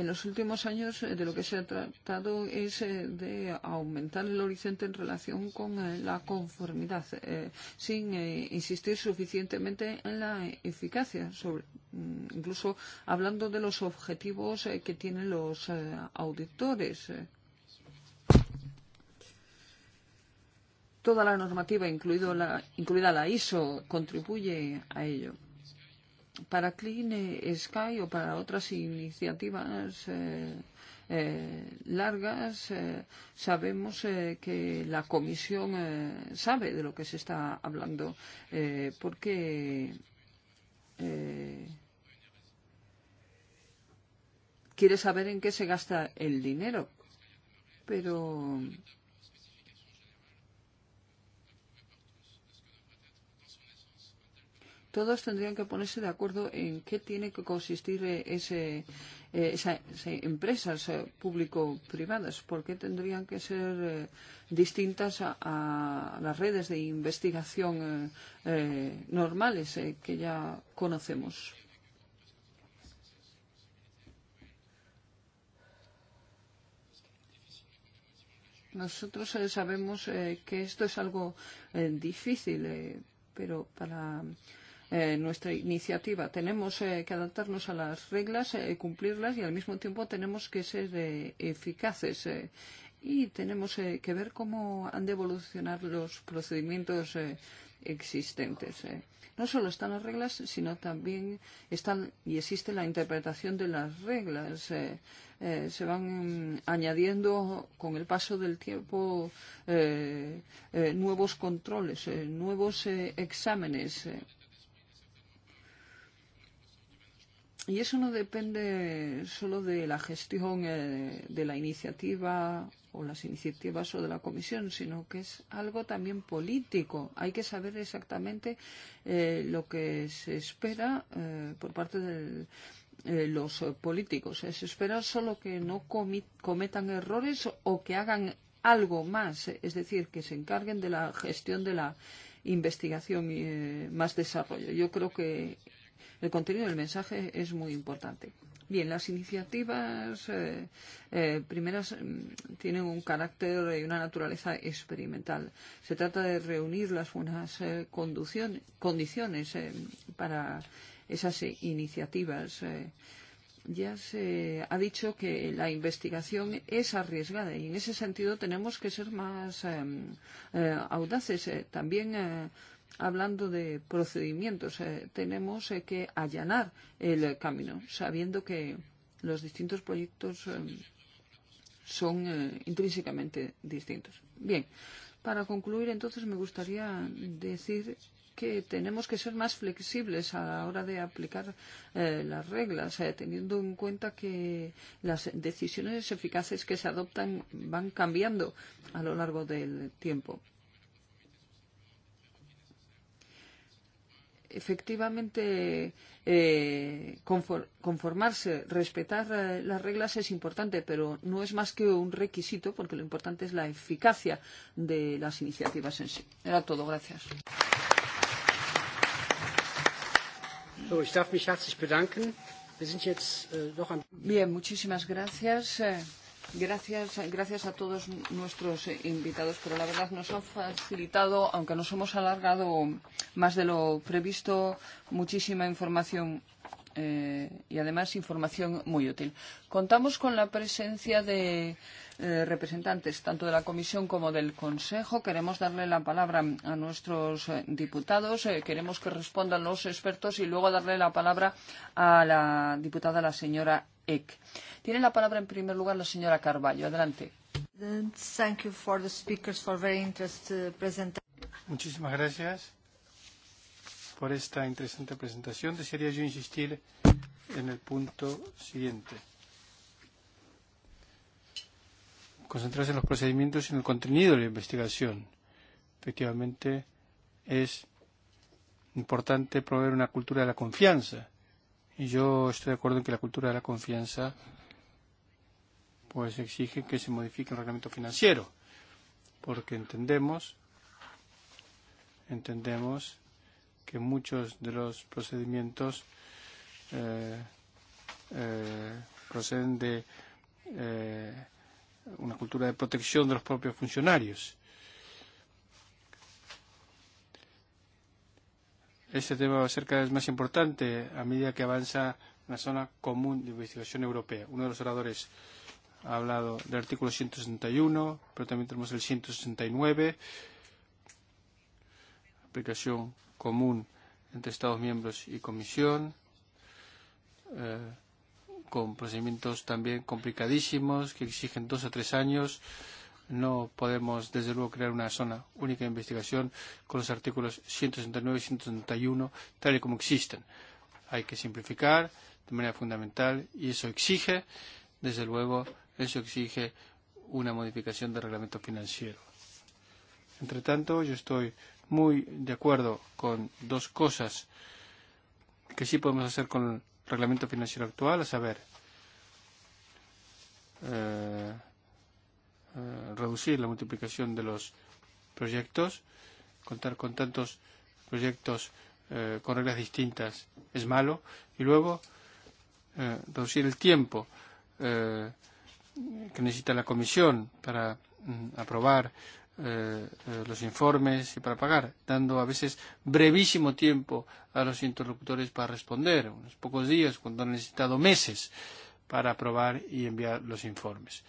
en los últimos años eh, de lo que se ha tratado es eh, de aumentar el horizonte en relación con eh, la conformidad, eh, sin eh, insistir suficientemente en la eficacia, sobre, mm, incluso hablando de los objetivos eh, que tienen los eh, auditores. Toda la normativa, incluido la, incluida la ISO, contribuye a ello para Clean Sky o para otras iniciativas eh, eh, largas, eh, sabemos eh, que la Comisión eh, sabe de lo que se está hablando, eh, porque eh, quiere saber en qué se gasta el dinero. Pero todos tendrían que ponerse de acuerdo en qué tiene que consistir ese, eh, empresa, empresas público-privadas, por qué tendrían que ser eh, distintas a, a las redes de investigación eh, eh, normales eh, que ya conocemos. Nosotros eh, sabemos eh, que esto es algo eh, difícil, eh, pero para eh, eh, nuestra iniciativa. Tenemos eh, que adaptarnos a las reglas, eh, cumplirlas y al mismo tiempo tenemos que ser eh, eficaces Eh, y tenemos eh, que ver cómo han de evolucionar los procedimientos eh, existentes. Eh. No solo están las reglas, sino también están y existe la interpretación de las reglas. Eh, eh, se van mm, añadiendo con el paso del tiempo eh, eh, nuevos controles, eh, nuevos eh, exámenes. Eh Y eso no depende solo de la gestión eh, de la iniciativa o las iniciativas o de la comisión, sino que es algo también político. Hay que saber exactamente eh, lo que se espera eh, por parte de eh, los políticos. Se espera solo que no cometan errores o que hagan algo más, es decir, que se encarguen de la gestión de la investigación y eh, más desarrollo. Yo creo que el contenido del mensaje es muy importante. Bien, las iniciativas eh, eh, primeras mm, tienen un carácter y una naturaleza experimental. Se trata de reunir las buenas eh, condiciones eh, para esas eh, iniciativas. Eh, ya se ha dicho que la investigación es arriesgada y en ese sentido tenemos que ser más eh, eh, audaces. Eh, también eh, hablando de procedimientos, eh, tenemos eh, que allanar el camino, sabiendo que los distintos proyectos eh, son eh, intrínsecamente distintos. Bien, para concluir entonces me gustaría decir que tenemos que ser más flexibles a la hora de aplicar eh, las reglas, eh, teniendo en cuenta que las decisiones eficaces que se adoptan van cambiando a lo largo del tiempo. efectivamente eh, conformarse, respetar eh, las reglas es importante, pero no es más que un requisito, porque lo importante es la eficacia de las iniciativas en sí. Era todo. Gracias. So, ich darf mich herzlich bedanken. Wir sind jetzt, äh, noch an Bien, muchísimas gracias. Eh. Gracias, gracias a todos nuestros invitados, pero la verdad nos han facilitado, aunque nos hemos alargado más de lo previsto, muchísima información eh, y además información muy útil. Contamos con la presencia de eh, representantes tanto de la Comisión como del Consejo. Queremos darle la palabra a nuestros diputados, eh, queremos que respondan los expertos y luego darle la palabra a la diputada, la señora EC. Tiene la palabra en primer lugar la señora Carballo. Adelante. Thank you for the speakers for very interesting Muchísimas gracias por esta interesante presentación. Desearía yo insistir en el punto siguiente. Concentrarse en los procedimientos y en el contenido de la investigación. Efectivamente, es importante proveer una cultura de la confianza Yo estoy de acuerdo en que la cultura de la confianza pues exige que se modifique el reglamento financiero, porque entendemos entendemos que muchos de los procedimientos eh, eh, proceden de eh, una cultura de protección de los propios funcionarios este tema va a ser cada vez más importante a medida que avanza la zona común de investigación europea. Uno de los oradores ha hablado del artículo 161, pero también tenemos el 169, aplicación común entre Estados miembros y Comisión, eh, con procedimientos también complicadísimos que exigen dos a tres años. No podemos, desde luego, crear una zona única de investigación con los artículos 169 y 171 tal y como existen. Hay que simplificar de manera fundamental y eso exige, desde luego, eso exige una modificación del reglamento financiero. Entre tanto, yo estoy muy de acuerdo con dos cosas que sí podemos hacer con el reglamento financiero actual, a saber, eh, Eh, reducir la multiplicación de los proyectos, contar con tantos proyectos eh, con reglas distintas es malo, y luego eh, reducir el tiempo eh, que necesita la comisión para mm, aprobar eh, eh, los informes y para pagar, dando a veces brevísimo tiempo a los interlocutores para responder, unos pocos días cuando han necesitado meses para aprobar y enviar los informes.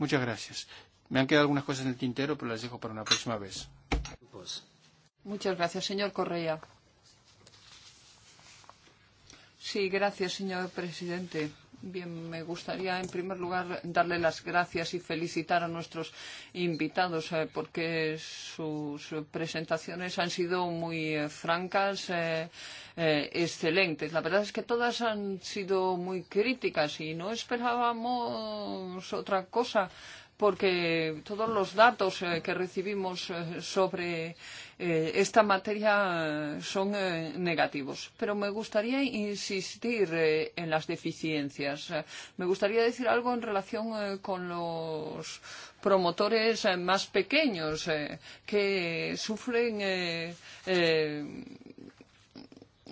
Muchas gracias. Me han quedado algunas cosas en el tintero, pero las dejo para una próxima vez. Muchas gracias, señor Correa. Sí, gracias, señor presidente. Bien, me gustaría en primer lugar darle las gracias y felicitar a nuestros invitados eh, porque sus presentaciones han sido muy eh, francas, eh, eh, excelentes. La verdad es que todas han sido muy críticas y no esperábamos otra cosa porque todos los datos eh, que recibimos eh, sobre eh, esta materia son eh, negativos. Pero me gustaría insistir eh, en las deficiencias. Me gustaría decir algo en relación eh, con los promotores eh, más pequeños eh, que sufren Eh, eh,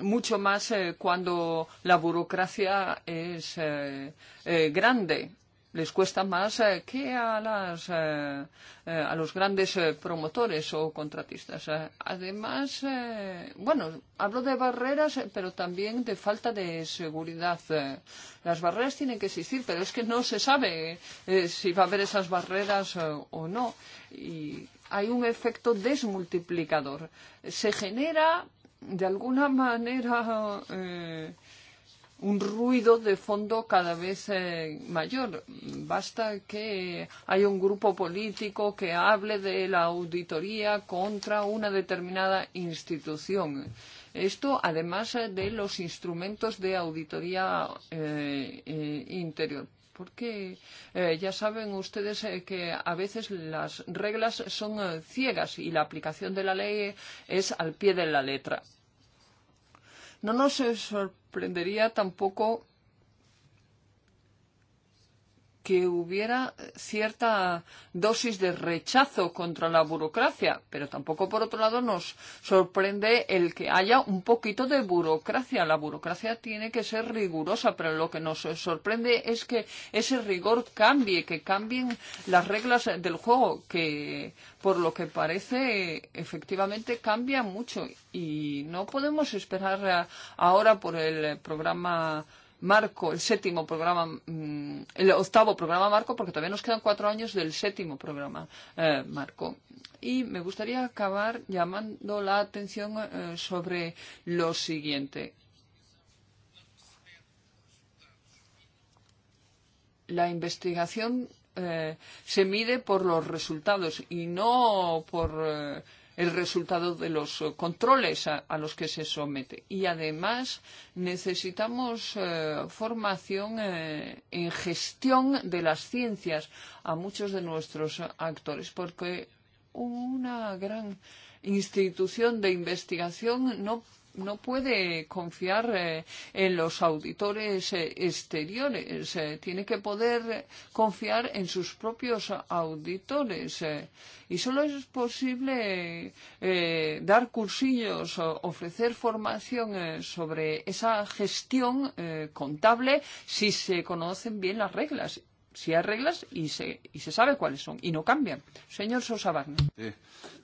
mucho más eh, cuando la burocracia es eh, eh, grande les cuesta más eh, que a, las, eh, eh, a los grandes eh, promotores o contratistas. Eh, además, eh, bueno, hablo de barreras, eh, pero también de falta de seguridad. Eh, las barreras tienen que existir, pero es que no se sabe eh, si va a haber esas barreras eh, o no. Y hay un efecto desmultiplicador. Se genera, de alguna manera, eh, un ruido de fondo cada vez eh, mayor. Basta que haya un grupo político que hable de la auditoría contra una determinada institución. Esto, además eh, de los instrumentos de auditoría eh, eh, interior. Porque eh, ya saben ustedes eh, que a veces las reglas son eh, ciegas y la aplicación de la ley es al pie de la letra. No nos sorprendería tampoco que hubiera cierta dosis de rechazo contra la burocracia, pero tampoco por otro lado nos sorprende el que haya un poquito de burocracia. La burocracia tiene que ser rigurosa, pero lo que nos sorprende es que ese rigor cambie, que cambien las reglas del juego, que por lo que parece efectivamente cambia mucho y no podemos esperar ahora por el programa marco, el séptimo programa, mm, el octavo programa marco, porque todavía nos quedan cuatro años del séptimo programa eh, marco. Y me gustaría acabar llamando la atención eh, sobre lo siguiente. La investigación eh, se mide por los resultados y no por. Eh, el resultado de los eh, controles a, a los que se somete. Y además necesitamos eh, formación eh, en gestión de las ciencias a muchos de nuestros eh, actores, porque una gran institución de investigación no no puede confiar eh, en los auditores eh, exteriores, eh, tiene que poder confiar en sus propios auditores. Eh, y solo es posible eh, dar cursillos, o ofrecer formación eh, sobre esa gestión eh, contable si se conocen bien las reglas si hay reglas y se, y se sabe cuáles son y no cambian. Señor Sosa Wagner. Eh,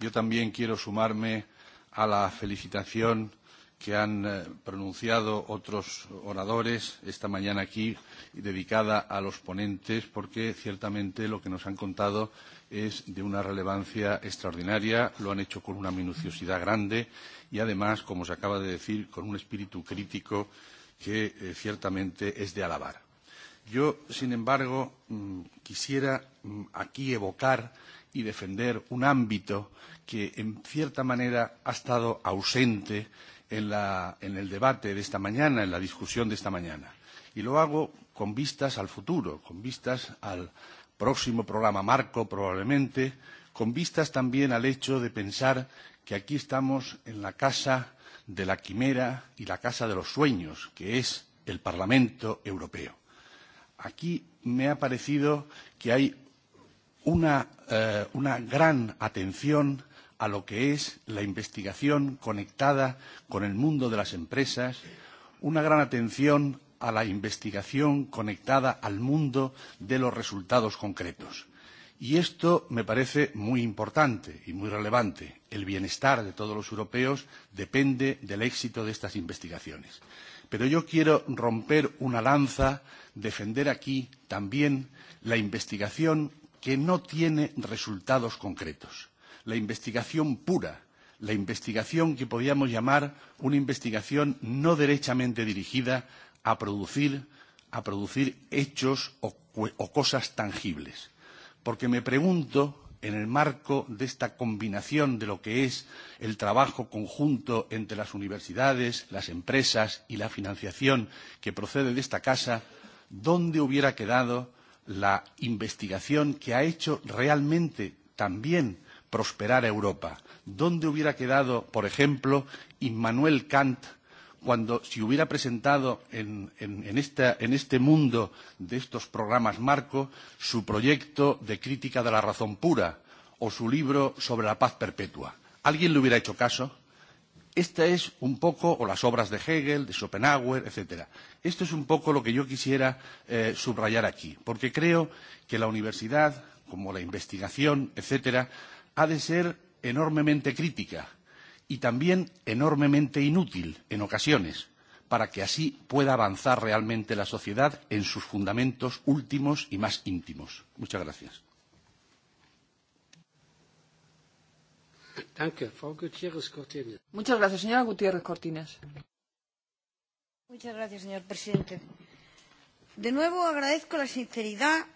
yo también quiero sumarme a la felicitación que han eh, pronunciado otros oradores esta mañana aquí, dedicada a los ponentes, porque ciertamente lo que nos han contado es de una relevancia extraordinaria, lo han hecho con una minuciosidad grande y además, como se acaba de decir, con un espíritu crítico que eh, ciertamente es de alabar. Yo, sin embargo, mm, quisiera mm, aquí evocar y defender un ámbito que, en cierta manera, ha estado ausente en, la, en el debate de esta mañana, en la discusión de esta mañana. Y lo hago con vistas al futuro, con vistas al próximo programa marco probablemente, con vistas también al hecho de pensar que aquí estamos en la casa de la quimera y la casa de los sueños, que es el Parlamento Europeo. Aquí me ha parecido que hay una, eh, una gran atención a lo que es la investigación conectada con el mundo de las empresas, una gran atención a la investigación conectada al mundo de los resultados concretos. Y esto me parece muy importante y muy relevante. El bienestar de todos los europeos depende del éxito de estas investigaciones. Pero yo quiero romper una lanza, defender aquí también la investigación que no tiene resultados concretos la investigación pura, la investigación que podíamos llamar una investigación no derechamente dirigida a producir, a producir hechos o, o cosas tangibles. Porque me pregunto, en el marco de esta combinación de lo que es el trabajo conjunto entre las universidades, las empresas y la financiación que procede de esta casa, ¿dónde hubiera quedado la investigación que ha hecho realmente también prosperara Europa. ¿Dónde hubiera quedado, por ejemplo, Immanuel Kant cuando se hubiera presentado en, en, en, esta, en este mundo de estos programas marco su proyecto de crítica de la razón pura o su libro sobre la paz perpetua? ¿Alguien le hubiera hecho caso? Esta es un poco, o las obras de Hegel, de Schopenhauer, etc. Esto es un poco lo que yo quisiera eh, subrayar aquí, porque creo que la universidad, como la investigación, etcétera, ha de ser enormemente crítica y también enormemente inútil en ocasiones para que así pueda avanzar realmente la sociedad en sus fundamentos últimos y más íntimos. Muchas gracias. Danke, Frau Gutiérrez Cortines. Muchas gracias, señora Gutiérrez Cortines. Muchas gracias, señor presidente. De nuevo agradezco la sinceridad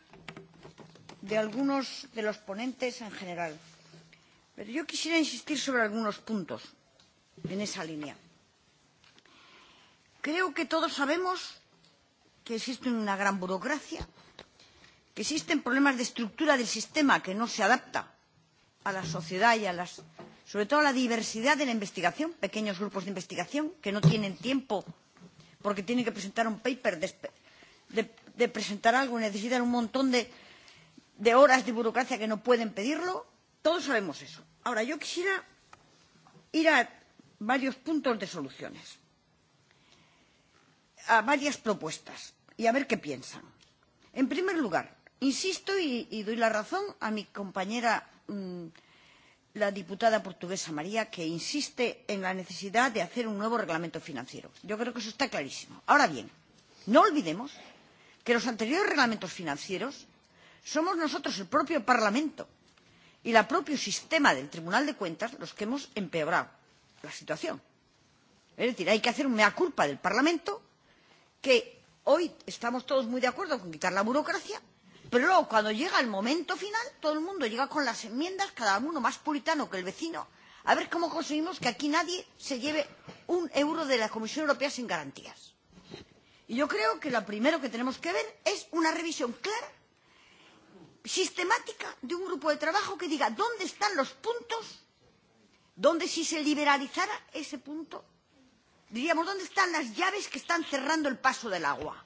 de algunos de los ponentes en general. Pero yo quisiera insistir sobre algunos puntos en esa línea. Creo que todos sabemos que existe una gran burocracia, que existen problemas de estructura del sistema que no se adapta a la sociedad y a las, sobre todo a la diversidad de la investigación, pequeños grupos de investigación que no tienen tiempo porque tienen que presentar un paper, de, de, de presentar algo, necesitan un montón de, de horas de burocracia que no pueden pedirlo Todos sabemos eso. Ahora, yo quisiera ir a varios puntos de soluciones, a varias propuestas y a ver qué piensan. En primer lugar, insisto y, y doy la razón a mi compañera, mmm, la diputada portuguesa María, que insiste en la necesidad de hacer un nuevo reglamento financiero. Yo creo que eso está clarísimo. Ahora bien, no olvidemos que los anteriores reglamentos financieros somos nosotros, el propio Parlamento, y el propio sistema del tribunal de cuentas los que hemos empeorado la situación. es decir hay que hacer un mea culpa del parlamento que hoy estamos todos muy de acuerdo con quitar la burocracia pero luego cuando llega el momento final todo el mundo llega con las enmiendas cada uno más puritano que el vecino a ver cómo conseguimos que aquí nadie se lleve un euro de la comisión europea sin garantías. y yo creo que lo primero que tenemos que ver es una revisión clara sistemática de un grupo de trabajo que diga dónde están los puntos donde si se liberalizara ese punto, diríamos dónde están las llaves que están cerrando el paso del agua.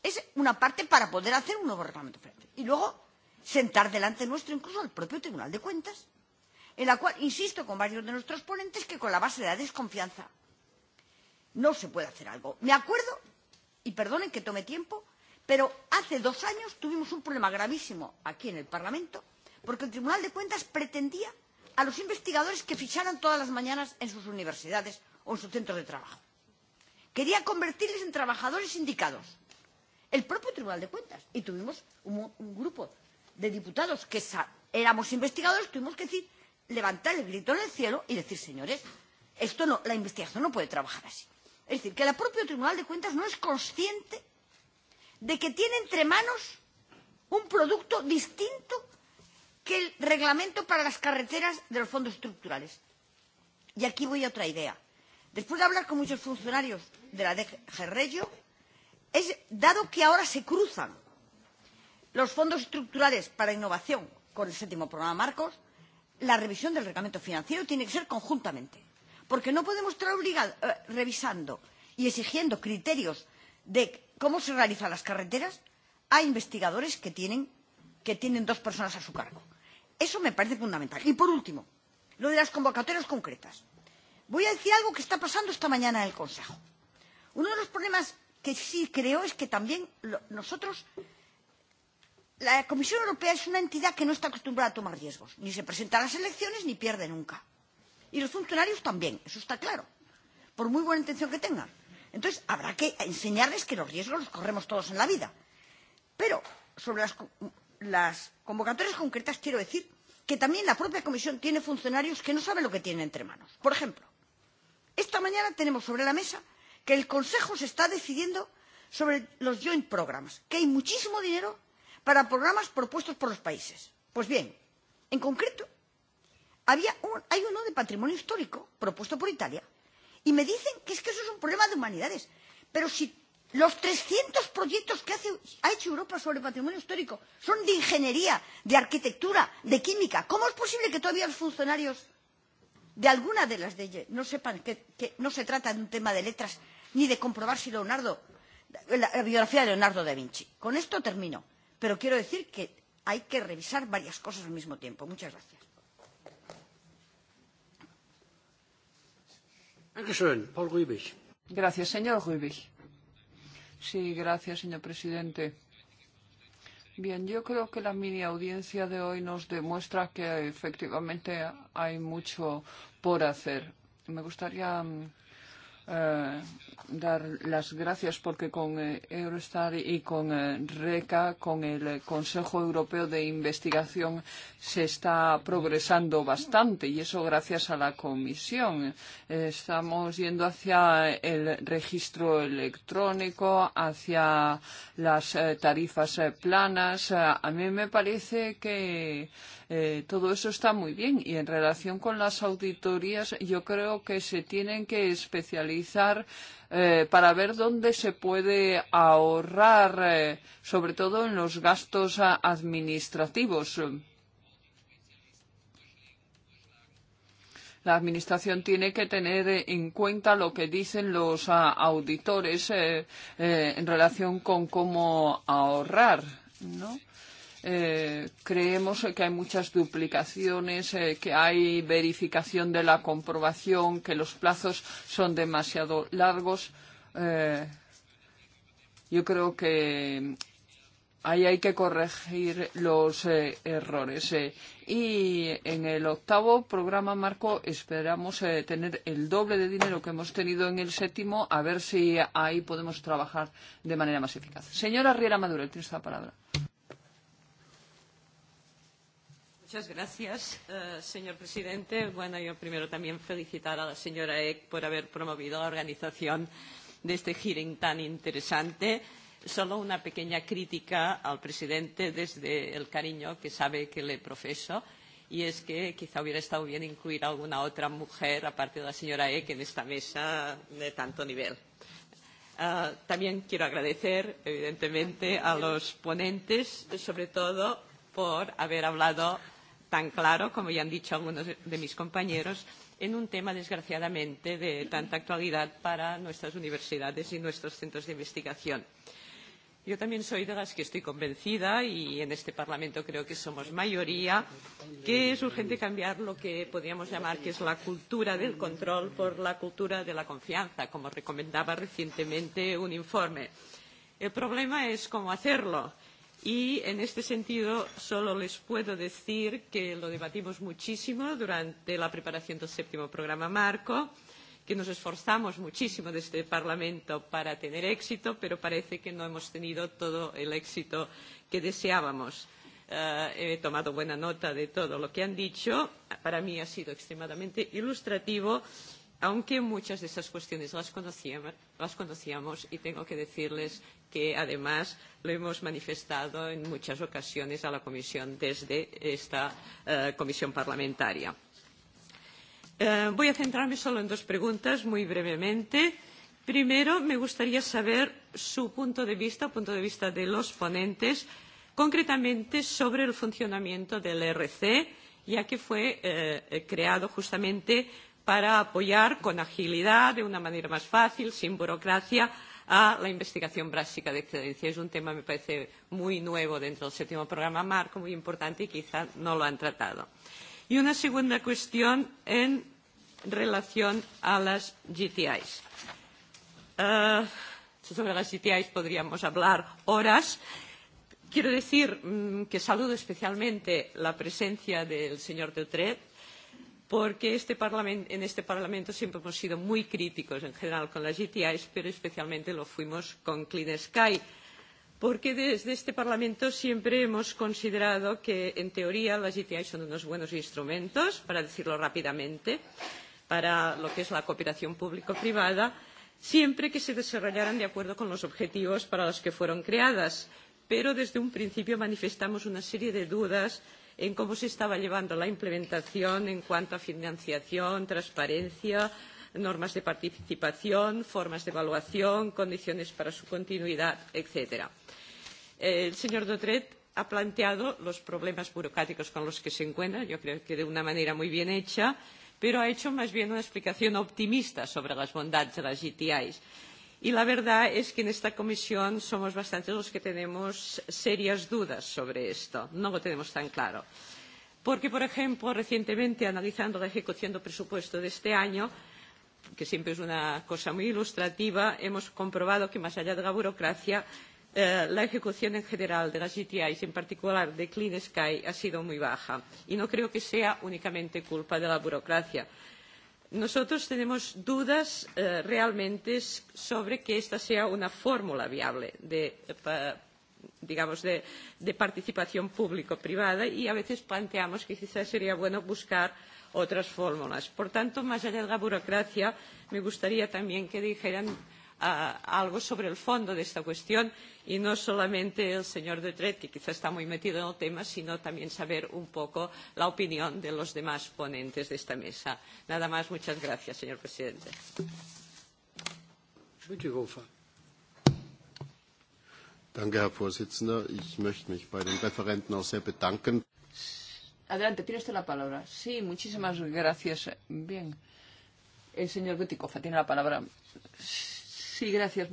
Es una parte para poder hacer un nuevo reglamento. Y luego sentar delante nuestro incluso al propio Tribunal de Cuentas, en la cual insisto con varios de nuestros ponentes que con la base de la desconfianza no se puede hacer algo. Me acuerdo, y perdonen que tome tiempo, Pero hace dos años tuvimos un problema gravísimo aquí en el Parlamento porque el Tribunal de Cuentas pretendía a los investigadores que ficharan todas las mañanas en sus universidades o en sus centros de trabajo. Quería convertirles en trabajadores sindicados. El propio Tribunal de Cuentas. Y tuvimos un, un grupo de diputados que éramos investigadores, tuvimos que decir, levantar el grito en el cielo y decir, señores, esto no, la investigación no puede trabajar así. Es decir, que el propio Tribunal de Cuentas no es consciente de que tiene entre manos un producto distinto que el reglamento para las carreteras de los fondos estructurales. Y aquí voy a otra idea. Después de hablar con muchos funcionarios de la DG Regio, es dado que ahora se cruzan los fondos estructurales para innovación con el séptimo programa Marcos, la revisión del reglamento financiero tiene que ser conjuntamente, porque no podemos estar obligado, eh, revisando y exigiendo criterios de cómo se realizan las carreteras hay investigadores que tienen, que tienen dos personas a su cargo. Eso me parece fundamental. Y por último, lo de las convocatorias concretas. Voy a decir algo que está pasando esta mañana en el Consejo. Uno de los problemas que sí creo es que también nosotros, la Comisión Europea es una entidad que no está acostumbrada a tomar riesgos. Ni se presenta a las elecciones ni pierde nunca. Y los funcionarios también, eso está claro, por muy buena intención que tengan. Entonces, habrá que enseñarles que los riesgos los corremos todos en la vida. Pero sobre las, las convocatorias concretas quiero decir que también la propia Comisión tiene funcionarios que no saben lo que tienen entre manos. Por ejemplo, esta mañana tenemos sobre la mesa que el Consejo se está decidiendo sobre los joint programs, que hay muchísimo dinero para programas propuestos por los países. Pues bien, en concreto, había un, hay uno de patrimonio histórico propuesto por Italia Y me dicen que es que eso es un problema de humanidades. Pero si los 300 proyectos que hace, ha hecho Europa sobre patrimonio histórico son de ingeniería, de arquitectura, de química, ¿cómo es posible que todavía los funcionarios de alguna de las leyes no sepan que, que no se trata de un tema de letras ni de comprobar si Leonardo, la, la biografía de Leonardo da Vinci? Con esto termino, pero quiero decir que hay que revisar varias cosas al mismo tiempo. Muchas gracias. Rübig. Gracias, señor Rübig. Sí, gracias, señor presidente. Bien, yo creo que la mini audiencia de hoy nos demuestra que efectivamente hay mucho por hacer. Me gustaría mm, Eh, dar las gracias porque con eh, Eurostar y con eh, RECA, con el eh, Consejo Europeo de Investigación, se está progresando bastante y eso gracias a la Comisión. Eh, estamos yendo hacia el registro electrónico, hacia las eh, tarifas eh, planas. A mí me parece que Eh, todo eso está muy bien. Y en relación con las auditorías, yo creo que se tienen que especializar eh, para ver dónde se puede ahorrar, eh, sobre todo en los gastos eh, administrativos. La Administración tiene que tener en cuenta lo que dicen los eh, auditores eh, eh, en relación con cómo ahorrar, ¿no? Eh, creemos que hay muchas duplicaciones, eh, que hay verificación de la comprobación, que los plazos son demasiado largos. Eh, yo creo que ahí hay que corregir los eh, errores. Eh. Y en el octavo programa marco esperamos eh, tener el doble de dinero que hemos tenido en el séptimo, a ver si ahí podemos trabajar de manera más eficaz. Señora Riera Maduro, tiene esta palabra. Muchas gracias, eh, señor presidente. Bueno, yo primero también felicitar a la señora Eck por haber promovido la organización de este hearing tan interesante. Solo una pequeña crítica al presidente desde el cariño que sabe que le profeso y es que quizá hubiera estado bien incluir a alguna otra mujer, aparte de la señora Eck, en esta mesa de tanto nivel. Uh, también quiero agradecer, evidentemente, a los ponentes, sobre todo por haber hablado tan claro, como ya han dicho algunos de mis compañeros, en un tema, desgraciadamente, de tanta actualidad para nuestras universidades y nuestros centros de investigación. Yo también soy de las que estoy convencida, y en este Parlamento creo que somos mayoría, que es urgente cambiar lo que podríamos llamar que es la cultura del control por la cultura de la confianza, como recomendaba recientemente un informe. El problema es cómo hacerlo Y en este sentido, solo les puedo decir que lo debatimos muchísimo durante la preparación del séptimo programa Marco, que nos esforzamos muchísimo desde el Parlamento para tener éxito, pero parece que no hemos tenido todo el éxito que deseábamos. Uh, he tomado buena nota de todo lo que han dicho. Para mí ha sido extremadamente ilustrativo, aunque muchas de esas cuestiones las conocíamos, las conocíamos y tengo que decirles que además lo hemos manifestado en muchas ocasiones a la Comisión desde esta eh, Comisión parlamentaria. Eh, voy a centrarme solo en dos preguntas muy brevemente. Primero, me gustaría saber su punto de vista, punto de vista de los ponentes, concretamente sobre el funcionamiento del RC, ya que fue eh, creado justamente para apoyar con agilidad, de una manera más fácil, sin burocracia, a la investigación básica de excelencia. Es un tema, me parece, muy nuevo dentro del séptimo programa marco, muy importante y quizá no lo han tratado. Y una segunda cuestión en relación a las GTIs. Uh, eh, sobre las GTIs podríamos hablar horas. Quiero decir mmm, que saludo especialmente la presencia del señor Deutret, porque este en este Parlamento siempre hemos sido muy críticos en general con las GTIs, e pero especialmente lo fuimos con Clean Sky, porque desde este Parlamento siempre hemos considerado que, en teoría, las GTIs e son unos buenos instrumentos, para decirlo rápidamente, para lo que es la cooperación público-privada, siempre que se desarrollaran de acuerdo con los objetivos para los que fueron creadas. Pero desde un principio manifestamos una serie de dudas en cómo se estaba llevando la implementación en cuanto a financiación, transparencia, normas de participación, formas de evaluación, condiciones para su continuidad, etc. El señor Dotret ha planteado los problemas burocráticos con los que se encuentra, yo creo que de una manera muy bien hecha, pero ha hecho más bien una explicación optimista sobre las bondades de las GTIs Y la verdad es que en esta comisión somos bastantes los que tenemos serias dudas sobre esto. No lo tenemos tan claro. Porque, por ejemplo, recientemente, analizando la ejecución del presupuesto de este año, que siempre es una cosa muy ilustrativa, hemos comprobado que más allá de la burocracia, eh, la ejecución en general de las GTIs, en particular de Clean Sky, ha sido muy baja. Y no creo que sea únicamente culpa de la burocracia nosotros tenemos dudas eh, realmente sobre que esta sea una fórmula viable de, eh, pa, digamos, de, de participación público-privada y a veces planteamos que quizás sería bueno buscar otras fórmulas. Por tanto, más allá de la burocracia, me gustaría también que dijeran a, algo sobre el fondo de esta cuestión y no solamente el señor que quizá está muy metido en el tema, sino también saber un poco la opinión de los demás ponentes de esta mesa. Nada más, muchas gracias, señor presidente. Danke, Herr Vorsitzender. Ich möchte mich bei den Referenten auch sehr bedanken. Adelante, tiene usted la palabra. Sí, muchísimas gracias. Bien. El señor Butikofa tiene la palabra. Sí. Sí, gracias.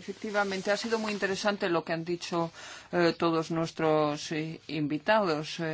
Efectivamente, ha sido muy interesante lo que han dicho eh, todos nuestros eh, invitados. Eh,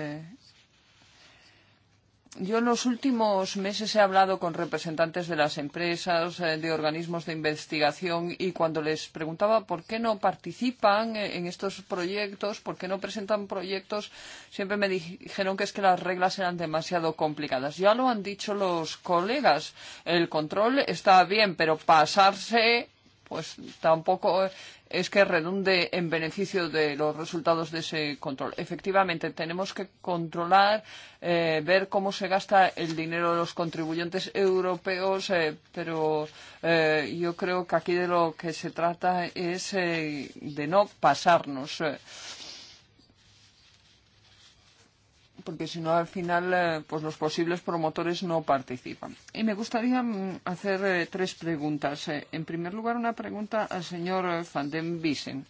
Yo en los últimos meses he hablado con representantes de las empresas, eh, de organismos de investigación y cuando les preguntaba por qué no participan eh, en estos proyectos, por qué no presentan proyectos, siempre me dijeron que es que las reglas eran demasiado complicadas. Ya lo han dicho los colegas, el control está bien, pero pasarse pues tampoco es que redunde en beneficio de los resultados de ese control. Efectivamente, tenemos que controlar, eh, ver cómo se gasta el dinero de los contribuyentes europeos, eh, pero eh, yo creo que aquí de lo que se trata es eh, de no pasarnos. Eh, porque si no al final eh, pues los posibles promotores no participan. Y me gustaría mm, hacer eh, tres preguntas. Eh, en primer lugar, una pregunta al señor Van den Wiesen.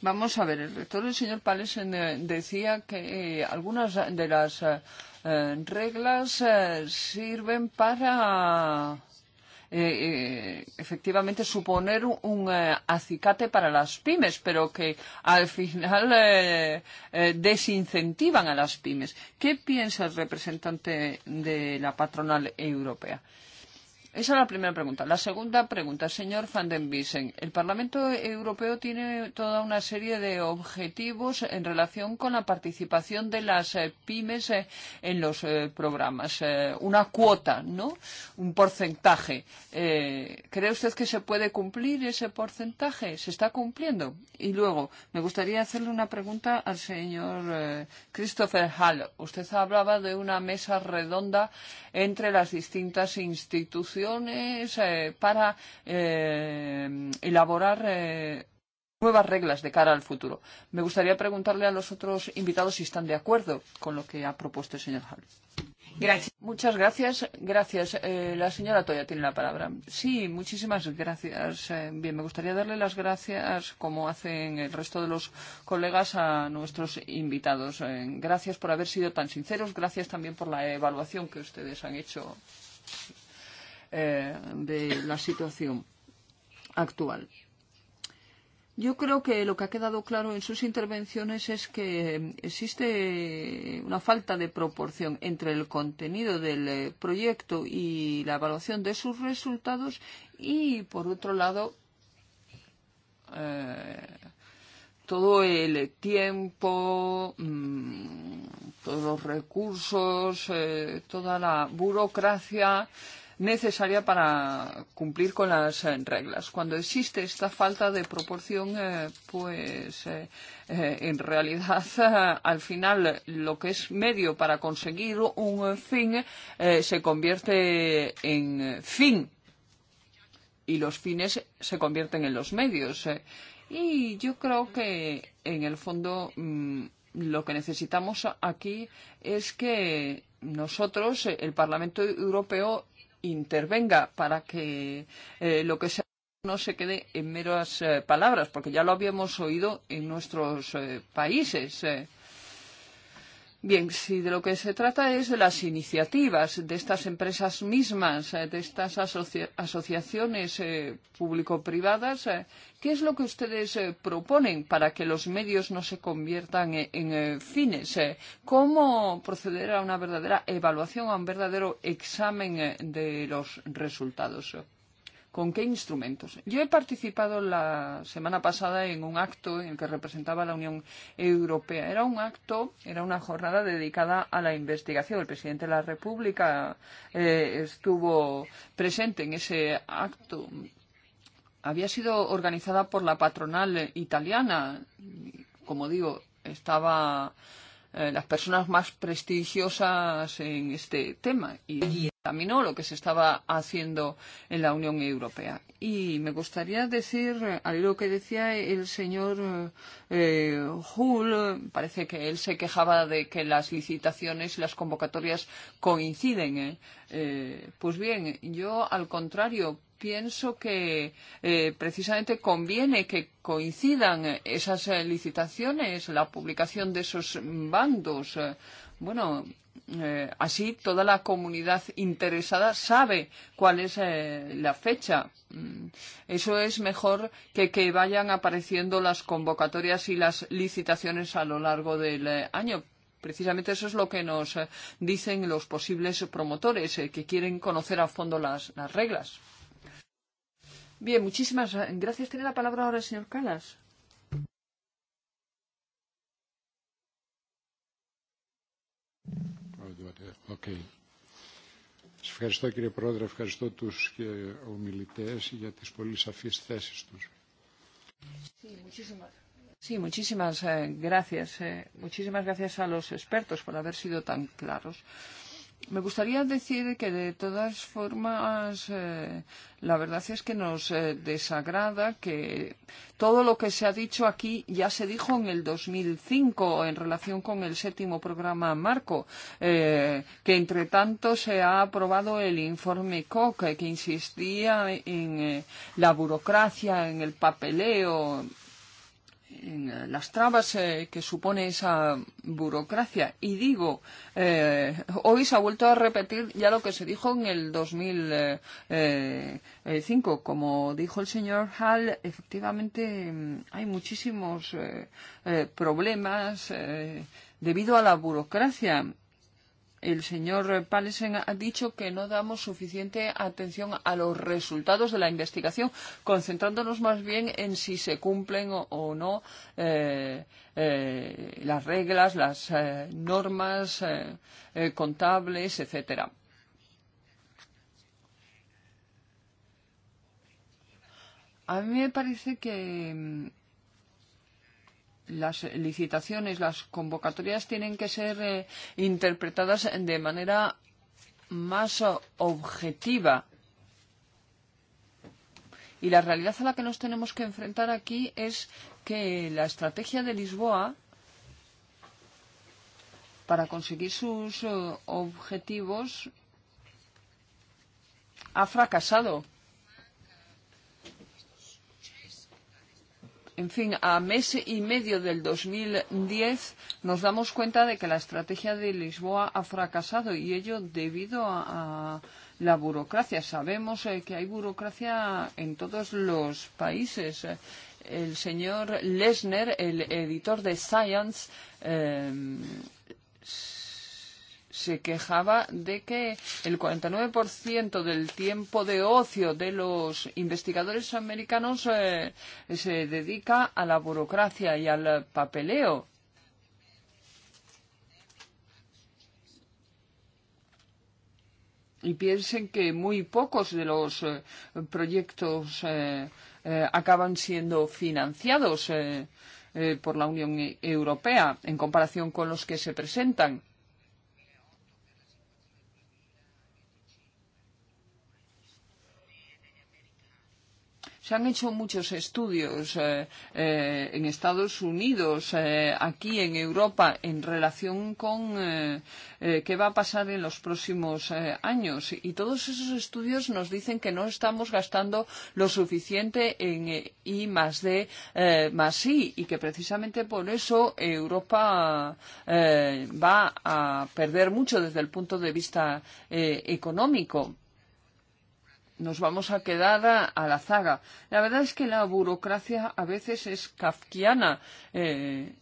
Vamos a ver, el rector del señor Palesen eh, decía que eh, algunas de las eh, eh reglas eh, sirven para Eh, eh, efectivamente suponer un, un eh, acicate para las pymes, pero que al final eh, eh, desincentivan a las pymes. ¿Qué piensa el representante de la patronal europea? Eh, Esa es la primera pregunta. La segunda pregunta, señor Van den Biesen. El Parlamento Europeo tiene toda una serie de objetivos en relación con la participación de las eh, pymes eh, en los eh, programas. Una cuota, ¿no? Un porcentaje. ¿Cree usted que se puede cumplir ese porcentaje? ¿Se está cumpliendo? Y luego, me gustaría hacerle una pregunta al señor Christopher Hall. Usted hablaba de una mesa redonda entre las distintas instituciones regulaciones eh, para eh, elaborar eh, nuevas reglas de cara al futuro. Me gustaría preguntarle a los otros invitados si están de acuerdo con lo que ha propuesto el señor Hall. Gracias. Muchas gracias. Gracias. Eh, la señora Toya tiene la palabra. Sí, muchísimas gracias. Eh, bien, me gustaría darle las gracias, como hacen el resto de los colegas, a nuestros invitados. Eh, gracias por haber sido tan sinceros. Gracias también por la evaluación que ustedes han hecho eh, de la situación actual. Yo creo que lo que ha quedado claro en sus intervenciones es que existe una falta de proporción entre el contenido del eh, proyecto y la evaluación de sus resultados y, por otro lado, eh, todo el tiempo, mmm, todos los recursos, eh, toda la burocracia eh, necesaria para cumplir con las eh, reglas. Cuando existe esta falta de proporción, eh, pues eh, eh, en realidad eh, al final lo que es medio para conseguir un fin eh, se convierte en fin y los fines se convierten en los medios. Eh. Y yo creo que en el fondo mmm, lo que necesitamos aquí es que nosotros, el Parlamento Europeo, intervenga para que eh, lo que sea no se quede en meras eh, palabras, porque ya lo habíamos oído en nuestros eh, países. Eh, Bien, si de lo que se trata es de las iniciativas de estas empresas mismas, eh, de estas asocia asociaciones eh, público-privadas, eh, ¿qué es lo que ustedes eh, proponen para que los medios no se conviertan en, en eh, fines? Eh, ¿Cómo proceder a una verdadera evaluación, a un verdadero examen eh, de los resultados? Eh? ¿Con qué instrumentos? Yo he participado la semana pasada en un acto en el que representaba a la Unión Europea. Era un acto, era una jornada dedicada a la investigación. El presidente de la República eh, estuvo presente en ese acto. Había sido organizada por la patronal italiana. Como digo, estaba eh, Eh, las personas más prestigiosas en este tema y examinó lo que se estaba haciendo en la Unión Europea. Y me gustaría decir, eh, algo lo que decía el señor eh, Hull, parece que él se quejaba de que las licitaciones y las convocatorias coinciden. ¿eh? Eh, pues bien, yo al contrario pienso que eh, precisamente conviene que coincidan esas eh, licitaciones, la publicación de esos bandos. Eh, bueno, eh, así toda la comunidad interesada sabe cuál es eh, la fecha. Mm, eso es mejor que que vayan apareciendo las convocatorias y las licitaciones a lo largo del eh, año. Precisamente eso es lo que nos eh, dicen los posibles promotores, eh, que quieren conocer a fondo las, las reglas. Bien, muchísimas gracias. Tiene la palabra ahora el señor Calas. Okay. ευχαριστώ κύριε Πρόεδρε, ευχαριστώ τους και ομιλητές για τις πολύ σαφείς θέσεις τους. Sí, muchísimas eh, gracias. Eh, muchísimas gracias a los expertos por haber sido tan claros. Me gustaría decir que de todas formas, eh, la verdad es que nos eh, desagrada que todo lo que se ha dicho aquí ya se dijo en el 2005 en relación con el séptimo programa Marco, eh, que entre tanto se ha aprobado el informe Koch, eh, que insistía en eh, la burocracia, en el papeleo, en las trabas eh, que supone esa burocracia. Y digo, eh, hoy se ha vuelto a repetir ya lo que se dijo en el 2005. Eh, eh, Como dijo el señor Hall, efectivamente mm, hay muchísimos eh, eh, problemas eh, debido a la burocracia el señor Palesen ha dicho que no damos suficiente atención a los resultados de la investigación, concentrándonos más bien en si se cumplen o, o no eh, eh, las reglas, las eh, normas eh, eh, contables, etcétera. A mí me parece que mm, las licitaciones, las convocatorias tienen que ser eh, interpretadas de manera más objetiva. Y la realidad a la que nos tenemos que enfrentar aquí es que la estrategia de Lisboa, para conseguir sus eh, objetivos, ha fracasado. en fin, a mes y medio del 2010 nos damos cuenta de que la estrategia de Lisboa ha fracasado y ello debido a, a la burocracia. Sabemos eh, que hay burocracia en todos los países. El señor Lesner, el editor de Science, eh, se quejaba de que el 49% del tiempo de ocio de los investigadores americanos eh, se dedica a la burocracia y al papeleo. Y piensen que muy pocos de los eh, proyectos eh, eh, acaban siendo financiados eh, eh, por la Unión Europea en comparación con los que se presentan. Se han hecho muchos estudios eh, eh, en Estados Unidos, eh, aquí en Europa, en relación con eh, eh, qué va a pasar en los próximos eh, años. Y todos esos estudios nos dicen que no estamos gastando lo suficiente en eh, I más D eh, más I y que precisamente por eso Europa eh, va a perder mucho desde el punto de vista eh, económico nos vamos a quedar a, a la zaga. La verdad es que la burocracia a veces es kafkiana. Eh,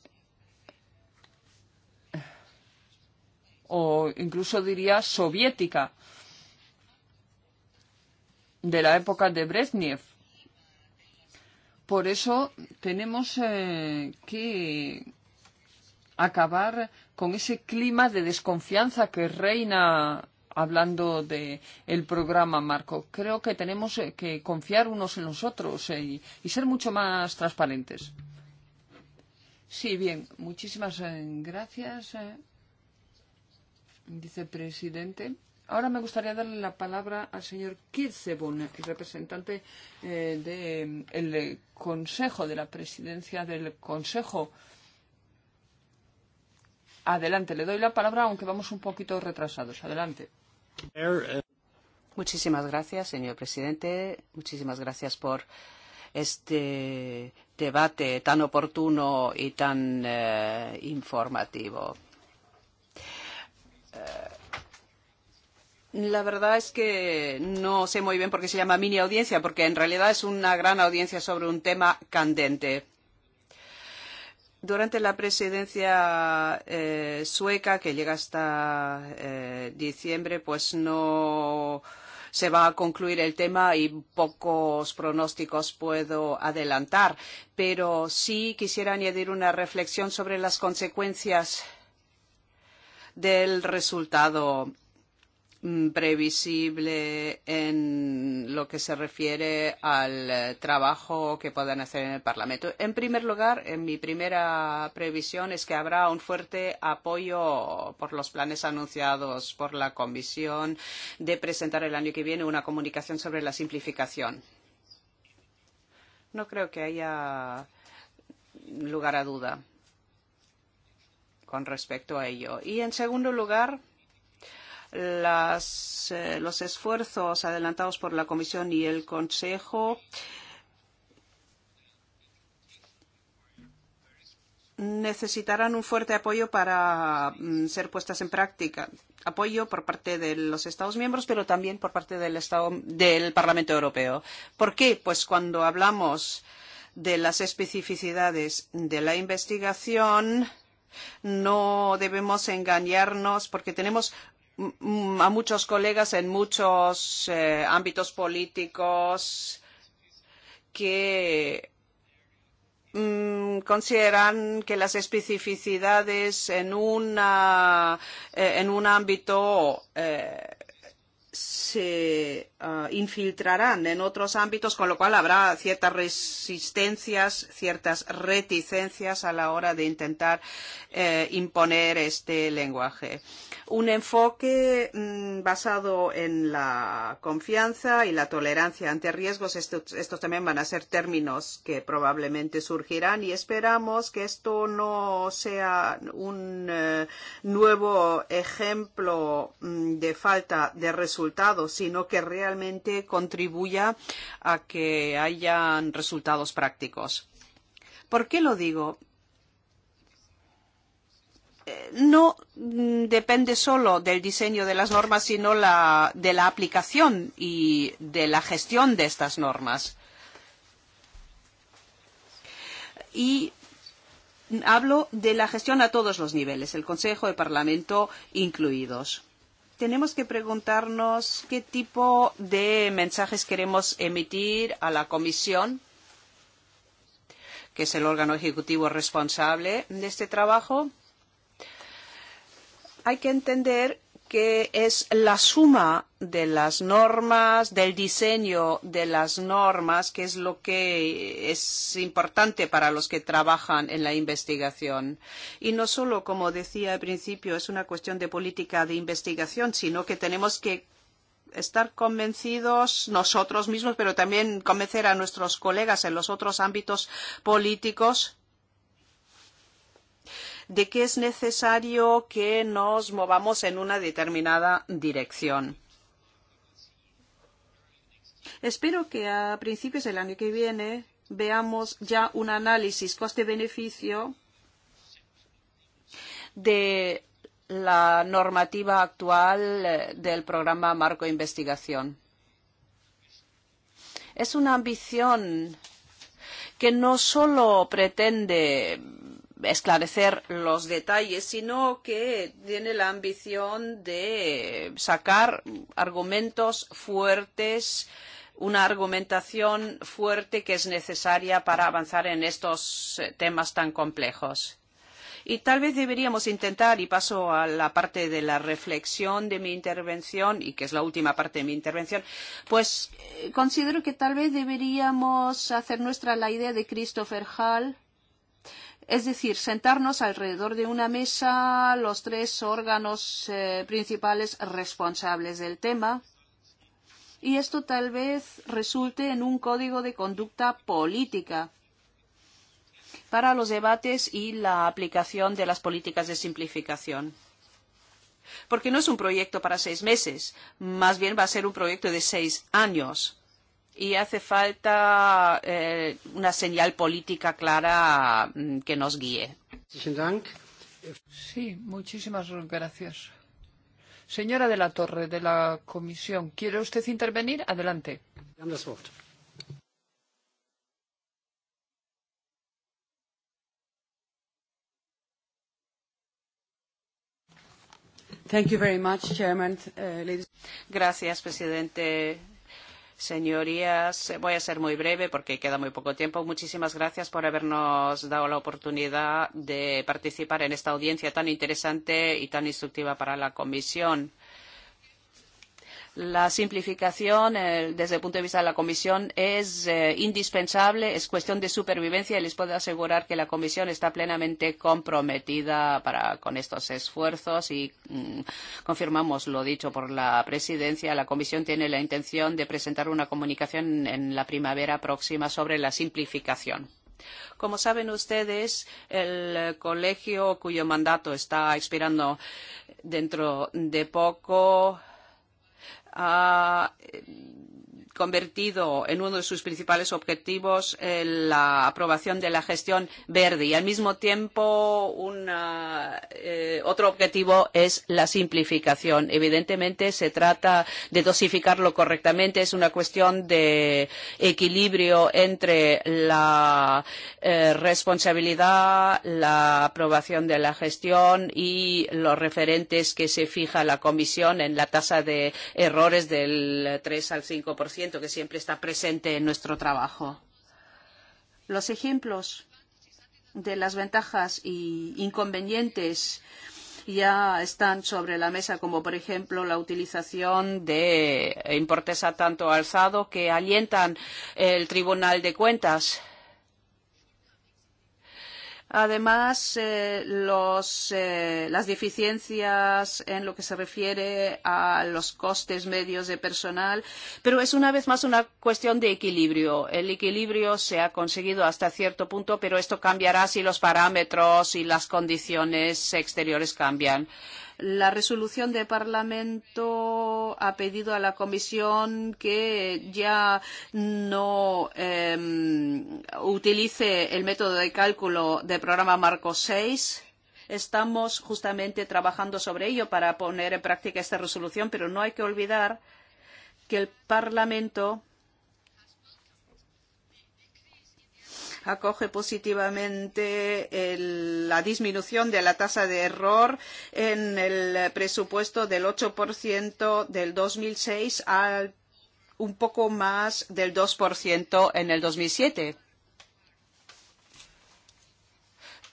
o incluso diría soviética de la época de Brezhnev. Por eso tenemos eh, que acabar con ese clima de desconfianza que reina hablando de el programa Marco. Creo que tenemos eh, que confiar unos en los otros eh, y, y ser mucho más transparentes. Sí, bien. Muchísimas eh, gracias, vicepresidente. Ahora me gustaría darle la palabra al señor Kirzebon, representante del de, Consejo, de la presidencia del Consejo. Adelante, le doy la palabra, aunque vamos un poquito retrasados. Adelante. Muchísimas gracias, señor presidente. Muchísimas gracias por este debate tan oportuno y tan eh, informativo. Eh, la verdad es que no sé muy bien por qué se llama mini audiencia, porque en realidad es una gran audiencia sobre un tema candente Durante la presidencia eh, sueca, que llega hasta eh, diciembre, pues no se va a concluir el tema y pocos pronósticos puedo adelantar. Pero sí quisiera añadir una reflexión sobre las consecuencias del resultado previsible en lo que se refiere al trabajo que puedan hacer en el Parlamento. En primer lugar, en mi primera previsión es que habrá un fuerte apoyo por los planes anunciados por la Comisión de presentar el año que viene una comunicación sobre la simplificación. No creo que haya lugar a duda con respecto a ello. Y en segundo lugar, las, eh, los esfuerzos adelantados por la Comisión y el Consejo necesitarán un fuerte apoyo para mm, ser puestas en práctica. Apoyo por parte de los Estados miembros, pero también por parte del, Estado, del Parlamento Europeo. ¿Por qué? Pues cuando hablamos de las especificidades de la investigación, no debemos engañarnos porque tenemos a muchos colegas en muchos eh, ámbitos políticos que mm, consideran que las especificidades en, una, eh, en un ámbito eh, se uh, infiltrarán en otros ámbitos, con lo cual habrá ciertas resistencias, ciertas reticencias a la hora de intentar eh, imponer este lenguaje un enfoque mm, basado en la confianza y la tolerancia ante riesgos. Estos, estos también van a ser términos que probablemente surgirán y esperamos que esto no sea un eh, nuevo ejemplo mm, de falta de resultados, sino que realmente contribuya a que hayan resultados prácticos. ¿Por qué lo digo? no depende solo del diseño de las normas, sino la, de la aplicación y de la gestión de estas normas. Y hablo de la gestión a todos los niveles, el Consejo y el Parlamento incluidos. Tenemos que preguntarnos qué tipo de mensajes queremos emitir a la Comisión, que es el órgano ejecutivo responsable de este trabajo hay que entender que es la suma de las normas, del diseño de las normas, que es lo que es importante para los que trabajan en la investigación. Y no solo, como decía al principio, es una cuestión de política de investigación, sino que tenemos que estar convencidos nosotros mismos, pero también convencer a nuestros colegas en los otros ámbitos políticos de que es necesario que nos movamos en una determinada dirección. Espero que a principios del año que viene veamos ya un análisis coste-beneficio de la normativa actual eh, del programa Marco Investigación. Es una ambición que no solo pretende esclarecer los detalles, sino que tiene la ambición de sacar argumentos fuertes, una argumentación fuerte que es necesaria para avanzar en estos eh, temas tan complejos. Y tal vez deberíamos intentar, y paso a la parte de la reflexión de mi intervención, y que es la última parte de mi intervención, pues eh, considero que tal vez deberíamos hacer nuestra la idea de Christopher Hall, eh, Es decir, sentarnos alrededor de una mesa los tres órganos eh, principales responsables del tema. Y esto tal vez resulte en un código de conducta política para los debates y la aplicación de las políticas de simplificación. Porque no es un proyecto para seis meses, más bien va a ser un proyecto de seis años y hace falta eh, una señal política clara mm, que nos guíe. Sí, muchísimas gracias. Señora de la Torre, de la Comisión, ¿quiere usted intervenir? Adelante. Thank you very much, Chairman. Uh, ladies... Gracias, presidente. Señorías, voy a ser muy breve porque queda muy poco tiempo. Muchísimas gracias por habernos dado la oportunidad de participar en esta audiencia tan interesante y tan instructiva para la Comisión. La simplificación eh, desde el punto de vista de la Comisión es eh, indispensable, es cuestión de supervivencia y les puedo asegurar que la Comisión está plenamente comprometida para, con estos esfuerzos y mm, confirmamos lo dicho por la Presidencia. La Comisión tiene la intención de presentar una comunicación en la primavera próxima sobre la simplificación. Como saben ustedes, el colegio cuyo mandato está expirando dentro de poco a convertido en uno de sus principales objetivos eh, la aprobación de la gestión verde y al mismo tiempo una, eh, otro objetivo es la simplificación. Evidentemente se trata de dosificarlo correctamente, es una cuestión de equilibrio entre la eh, responsabilidad, la aprobación de la gestión y los referentes que se fija la Comisión en la tasa de errores del 3 al 5% 1% que siempre está presente en nuestro trabajo. Los ejemplos de las ventajas e inconvenientes ya están sobre la mesa, como por ejemplo la utilización de importes a tanto alzado que alientan el Tribunal de Cuentas Además, eh, los, eh, las deficiencias en lo que se refiere a los costes medios de personal, pero es una vez más una cuestión de equilibrio. El equilibrio se ha conseguido hasta cierto punto, pero esto cambiará si los parámetros y las condiciones exteriores cambian. Eh, La resolución de Parlamento ha pedido a la Comisión que ya no eh, utilice el método de cálculo del programa Marco 6. Estamos justamente trabajando sobre ello para poner en práctica esta resolución, pero no hay que olvidar que el Parlamento acoge positivamente el, la disminución de la tasa de error en el presupuesto del 8% del 2006 al un poco más del 2% en el 2007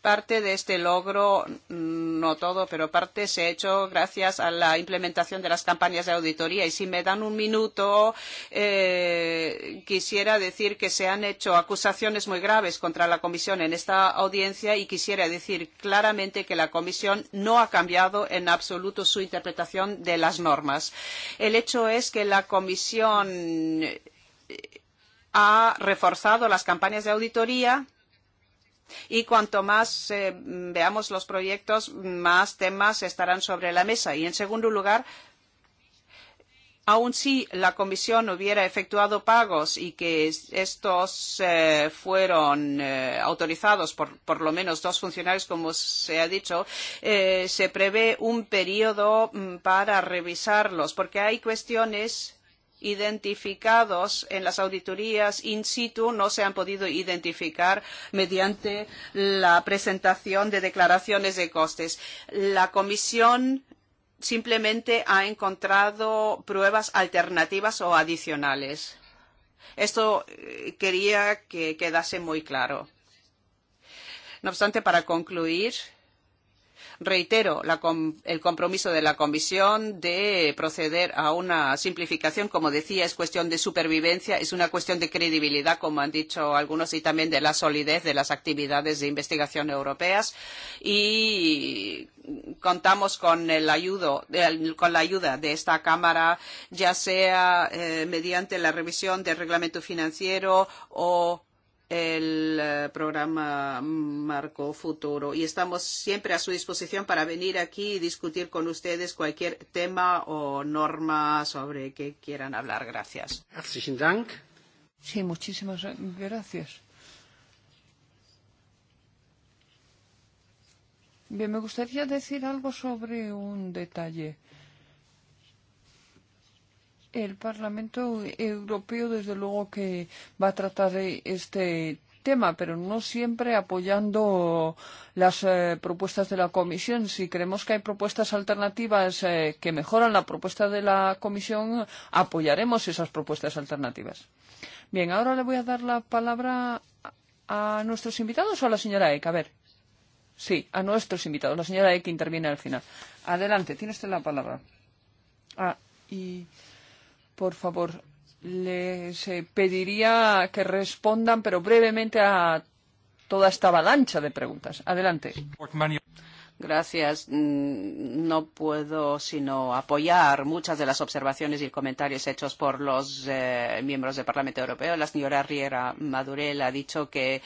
Parte de este logro, no todo, pero parte se ha hecho gracias a la implementación de las campañas de auditoría. Y si me dan un minuto, eh, quisiera decir que se han hecho acusaciones muy graves contra la Comisión en esta audiencia y quisiera decir claramente que la Comisión no ha cambiado en absoluto su interpretación de las normas. El hecho es que la Comisión eh, ha reforzado las campañas de auditoría Y cuanto más eh, veamos los proyectos, más temas estarán sobre la mesa. Y en segundo lugar, aun si la comisión hubiera efectuado pagos y que estos eh, fueron eh, autorizados por por lo menos dos funcionarios, como se ha dicho, eh, se prevé un periodo mm, para revisarlos, porque hay cuestiones identificados en las auditorías in situ no se han podido identificar mediante la presentación de declaraciones de costes. La Comisión simplemente ha encontrado pruebas alternativas o adicionales. Esto eh, quería que quedase muy claro. No obstante, para concluir, Reitero la com el compromiso de la Comisión de proceder a una simplificación. Como decía, es cuestión de supervivencia, es una cuestión de credibilidad, como han dicho algunos, y también de la solidez de las actividades de investigación europeas. Y contamos con, el ayudo, el, con la ayuda de esta Cámara, ya sea eh, mediante la revisión del reglamento financiero o el eh, programa Marco Futuro. Y estamos siempre a su disposición para venir aquí y discutir con ustedes cualquier tema o norma sobre que quieran hablar. Gracias. Sí, muchísimas gracias. Bien, me gustaría decir algo sobre un detalle. Eh, El Parlamento Europeo, desde luego, que va a tratar este tema, pero no siempre apoyando las eh, propuestas de la Comisión. Si creemos que hay propuestas alternativas eh, que mejoran la propuesta de la Comisión, apoyaremos esas propuestas alternativas. Bien, ahora le voy a dar la palabra a nuestros invitados o a la señora Eck. A ver. Sí, a nuestros invitados. La señora Eck interviene al final. Adelante, tiene usted la palabra. Ah, y. Por favor, les pediría que respondan, pero brevemente, a toda esta avalancha de preguntas. Adelante. Gracias. Mm, no puedo sino apoyar muchas de las observaciones y comentarios hechos por los eh, miembros del Parlamento Europeo. La señora Riera Madurel ha dicho que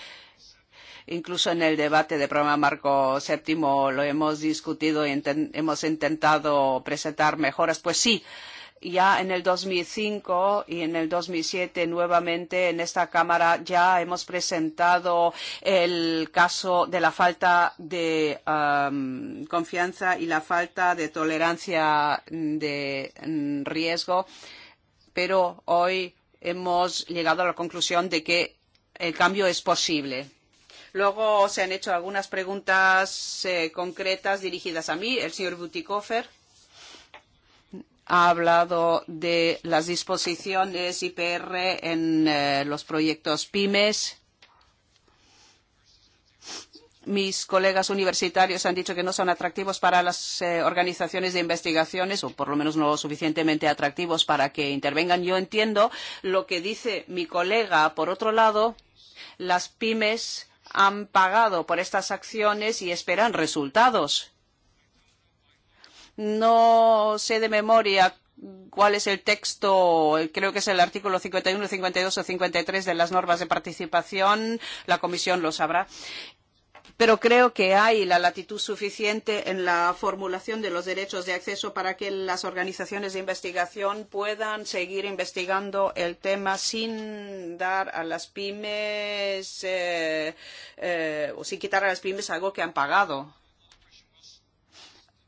incluso en el debate del programa Marco VII lo hemos discutido y enten hemos intentado presentar mejoras. Pues sí. Eh, Ya en el 2005 y en el 2007 nuevamente en esta Cámara ya hemos presentado el caso de la falta de um, confianza y la falta de tolerancia de mm, riesgo, pero hoy hemos llegado a la conclusión de que el cambio es posible. Luego se han hecho algunas preguntas eh, concretas dirigidas a mí, el señor Butikofer ha hablado de las disposiciones IPR en eh, los proyectos pymes. Mis colegas universitarios han dicho que no son atractivos para las eh, organizaciones de investigaciones, o por lo menos no lo suficientemente atractivos para que intervengan. Yo entiendo lo que dice mi colega. Por otro lado, las pymes han pagado por estas acciones y esperan resultados No sé de memoria cuál es el texto, creo que es el artículo 51, 52 o 53 de las normas de participación, la comisión lo sabrá. Pero creo que hay la latitud suficiente en la formulación de los derechos de acceso para que las organizaciones de investigación puedan seguir investigando el tema sin dar a las pymes eh, eh, o sin quitar a las pymes algo que han pagado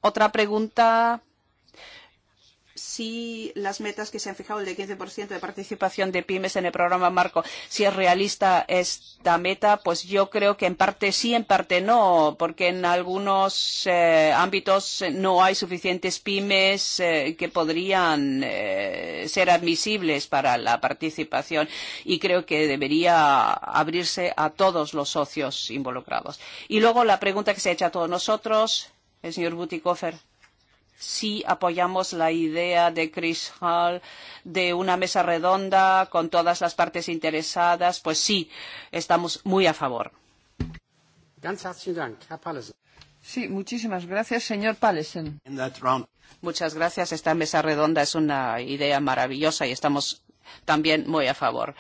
Otra pregunta, si las metas que se han fijado, el de 15% de participación de pymes en el programa Marco, si es realista esta meta, pues yo creo que en parte sí, en parte no, porque en algunos eh, ámbitos no hay suficientes pymes eh, que podrían eh, ser admisibles para la participación y creo que debería abrirse a todos los socios involucrados. Y luego la pregunta que se ha hecho a todos nosotros el señor Butikofer sí apoyamos la idea de Chris Hall de una mesa redonda con todas las partes interesadas, pues sí, estamos muy a favor. Sí, muchísimas gracias, señor Palesen. Muchas gracias. Esta mesa redonda es una idea maravillosa y estamos también muy a favor.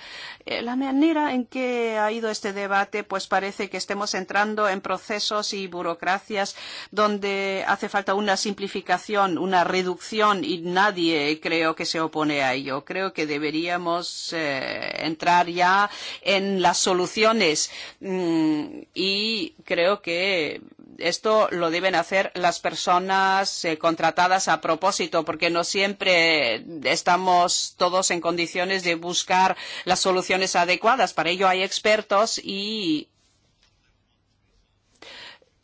Eh, la manera en que ha ido este debate, pues parece que estemos entrando en procesos y burocracias donde hace falta una simplificación, una reducción y nadie creo que se opone a ello. Creo que deberíamos eh, entrar ya en las soluciones mm, y creo que esto lo deben hacer las personas eh, contratadas a propósito, porque no siempre estamos todos en condiciones de buscar las soluciones adecuadas. Para ello hay expertos y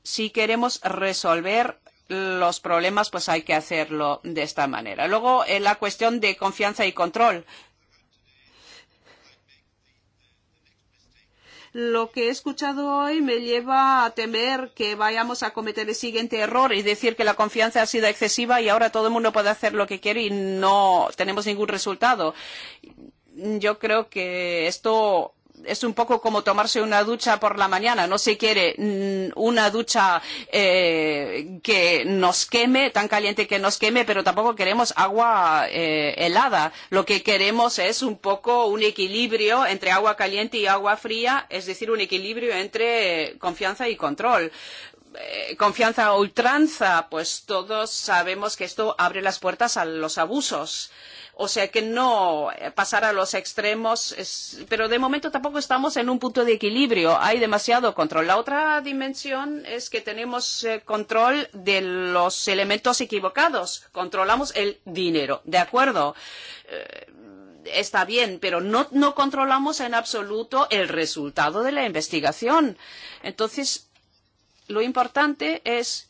si queremos resolver los problemas, pues hay que hacerlo de esta manera. Luego, eh, la cuestión de confianza y control. Lo que he escuchado hoy me lleva a temer que vayamos a cometer el siguiente error, y decir, que la confianza ha sido excesiva y ahora todo el mundo puede hacer lo que quiere y no tenemos ningún resultado. Yo creo que esto es un poco como tomarse una ducha por la mañana. No se quiere mm, una ducha eh, que nos queme, tan caliente que nos queme, pero tampoco queremos agua eh, helada. Lo que queremos es un poco un equilibrio entre agua caliente y agua fría, es decir, un equilibrio entre eh, confianza y control eh, confianza a ultranza, pues todos sabemos que esto abre las puertas a los abusos. Eh, O sea que no pasar a los extremos, es, pero de momento tampoco estamos en un punto de equilibrio. Hay demasiado control. La otra dimensión es que tenemos eh, control de los elementos equivocados. Controlamos el dinero, ¿de acuerdo? Eh, está bien, pero no, no controlamos en absoluto el resultado de la investigación. Entonces, lo importante es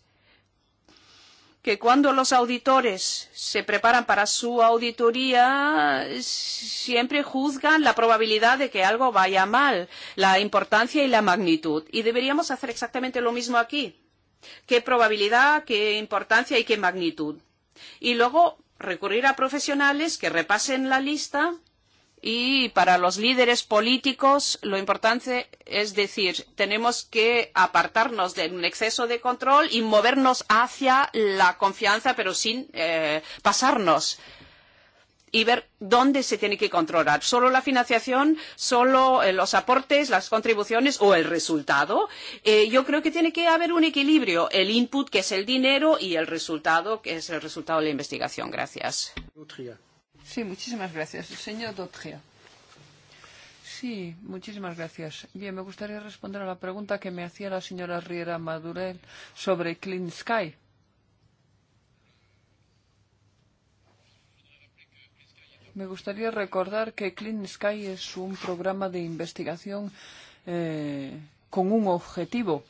que cuando los auditores se preparan para su auditoría, siempre juzgan la probabilidad de que algo vaya mal, la importancia y la magnitud. Y deberíamos hacer exactamente lo mismo aquí. ¿Qué probabilidad, qué importancia y qué magnitud? Y luego recurrir a profesionales que repasen la lista y para los líderes políticos lo importante es decir, tenemos que apartarnos de un exceso de control y movernos hacia la confianza, pero sin eh, pasarnos y ver dónde se tiene que controlar. ¿Solo la financiación? ¿Solo eh, los aportes, las contribuciones o el resultado? Eh, yo creo que tiene que haber un equilibrio. El input, que es el dinero, y el resultado, que es el resultado de la investigación. Gracias. Nutria. Sí, muchísimas gracias. Señor Dotria. Sí, muchísimas gracias. Bien, me gustaría responder a la pregunta que me hacía la señora Riera Madurel sobre Clean Sky. Me gustaría recordar que Clean Sky es un programa de investigación eh, con un objetivo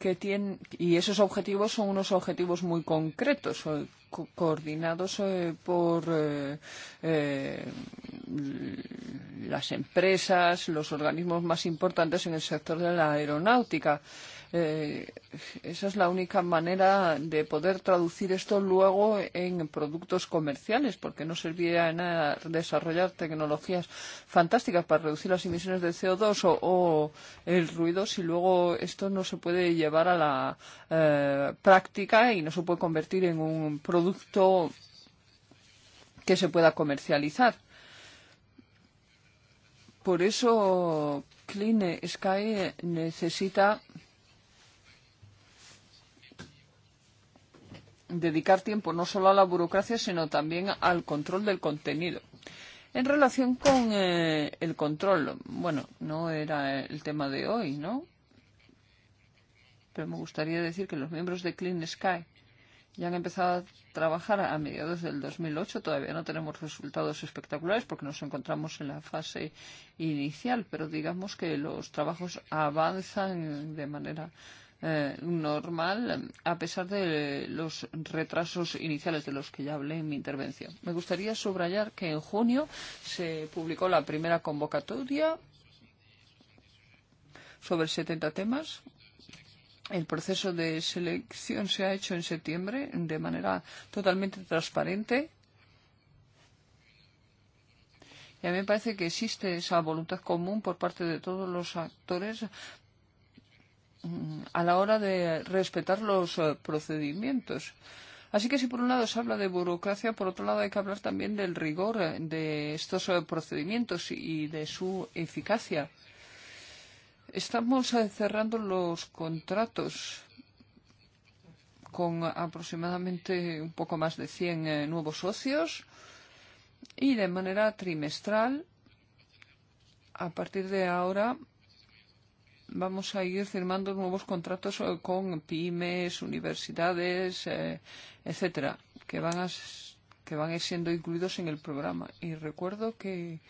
que tiene, y esos objetivos son unos objetivos muy concretos, co coordinados eh, por eh, eh, las empresas, los organismos más importantes en el sector de la aeronáutica. Eh, eh, esa es la única manera de poder traducir esto luego en productos comerciales, porque no serviría de nada desarrollar tecnologías fantásticas para reducir las emisiones de CO2 o, o el ruido si luego esto no se puede llevar a la eh, práctica y no se puede convertir en un producto que se pueda comercializar. Por eso Clean Sky necesita dedicar tiempo no solo a la burocracia, sino también al control del contenido. En relación con eh, el control, bueno, no era el tema de hoy, ¿no? Pero me gustaría decir que los miembros de Clean Sky ya han empezado a trabajar a mediados del 2008. Todavía no tenemos resultados espectaculares porque nos encontramos en la fase inicial, pero digamos que los trabajos avanzan de manera eh, eh, normal, a pesar de los retrasos iniciales de los que ya hablé en mi intervención. Me gustaría subrayar que en junio se publicó la primera convocatoria sobre 70 temas. El proceso de selección se ha hecho en septiembre de manera totalmente transparente. Y a mí me parece que existe esa voluntad común por parte de todos los actores Mm, a la hora de respetar los eh, procedimientos. Así que si por un lado se habla de burocracia, por otro lado hay que hablar también del rigor eh, de estos eh, procedimientos y de su eficacia. Estamos cerrando los contratos con aproximadamente un poco más de 100 nuevos socios y de manera trimestral, a partir de ahora, vamos a ir firmando nuevos contratos eh, con pymes, universidades, eh, etcétera, que van a, que van a ir siendo incluidos en el programa. Y recuerdo que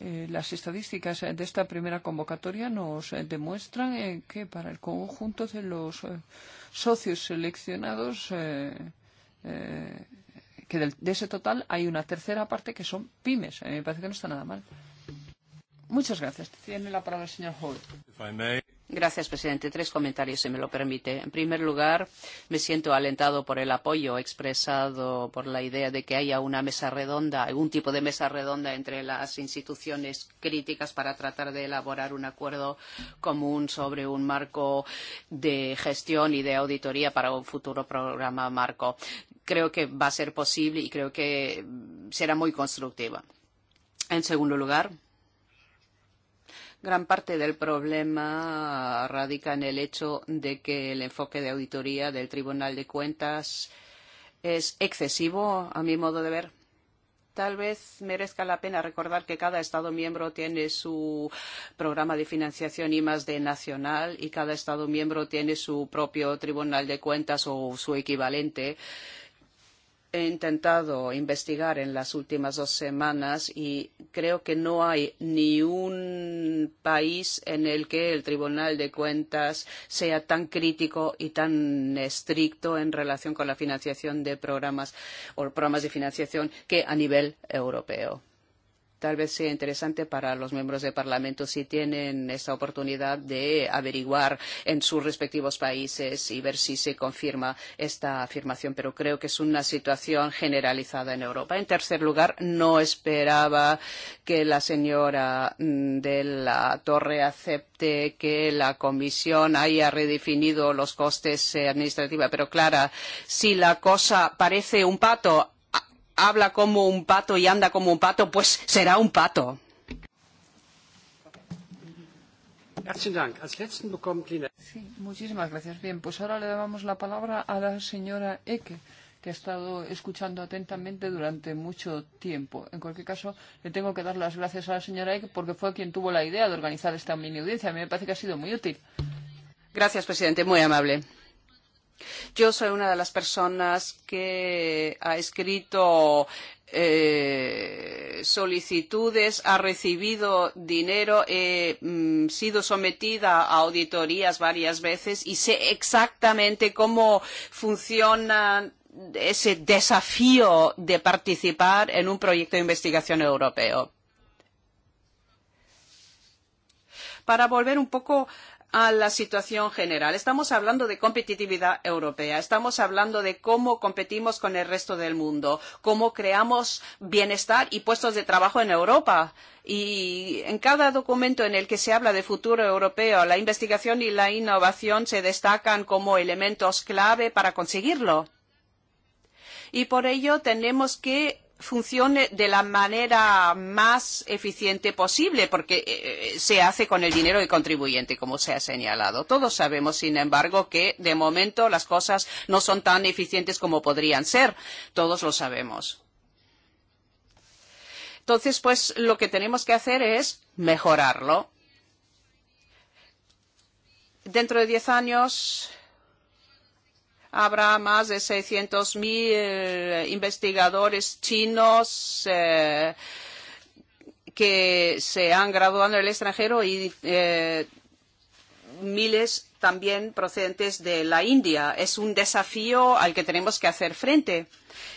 eh, las estadísticas de esta primera convocatoria nos eh, demuestran eh, que para el conjunto de los eh, socios seleccionados eh, eh, que del, de ese total hay una tercera parte que son pymes. A mí me parece que no está nada mal. Uh Muchas gracias. Tiene la palabra el señor Hall. Gracias, presidente. Tres comentarios, si me lo permite. En primer lugar, me siento alentado por el apoyo expresado por la idea de que haya una mesa redonda, algún tipo de mesa redonda entre las instituciones críticas para tratar de elaborar un acuerdo común sobre un marco de gestión y de auditoría para un futuro programa marco. Creo que va a ser posible y creo que será muy constructiva. En segundo lugar, Gran parte del problema radica en el hecho de que el enfoque de auditoría del Tribunal de Cuentas es excesivo, a mi modo de ver. Tal vez merezca la pena recordar que cada Estado miembro tiene su programa de financiación y más de nacional y cada Estado miembro tiene su propio Tribunal de Cuentas o su equivalente. Eh, he intentado investigar en las últimas dos semanas y creo que no hay ni un país en el que el Tribunal de Cuentas sea tan crítico y tan estricto en relación con la financiación de programas o programas de financiación que a nivel europeo tal vez sea interesante para los miembros del Parlamento si tienen esta oportunidad de averiguar en sus respectivos países y ver si se confirma esta afirmación. Pero creo que es una situación generalizada en Europa. En tercer lugar, no esperaba que la señora mm, de la Torre acepte que la Comisión haya redefinido los costes eh, administrativos. Pero Clara, si la cosa parece un pato, habla como un pato y anda como un pato, pues será un pato. Sí, muchísimas gracias. Bien, pues ahora le damos la palabra a la señora Eke, que ha estado escuchando atentamente durante mucho tiempo. En cualquier caso, le tengo que dar las gracias a la señora Eke porque fue quien tuvo la idea de organizar esta mini audiencia. A mí me parece que ha sido muy útil. Gracias, presidente. Muy amable. Yo soy una de las personas que ha escrito eh, solicitudes, ha recibido dinero, he mm, sido sometida a auditorías varias veces y sé exactamente cómo funciona ese desafío de participar en un proyecto de investigación europeo. Para volver un poco a la situación general. Estamos hablando de competitividad europea, estamos hablando de cómo competimos con el resto del mundo, cómo creamos bienestar y puestos de trabajo en Europa. Y en cada documento en el que se habla de futuro europeo, la investigación y la innovación se destacan como elementos clave para conseguirlo. Y por ello tenemos que funcione de la manera más eficiente posible, porque eh, eh, se hace con el dinero del contribuyente, como se ha señalado. Todos sabemos, sin embargo, que de momento las cosas no son tan eficientes como podrían ser. Todos lo sabemos. Entonces, pues lo que tenemos que hacer es mejorarlo. Dentro de diez años habrá más de 600.000 eh, investigadores chinos eh, que se han graduado en el extranjero y eh, miles también procedentes de la India. Es un desafío al que tenemos que hacer frente.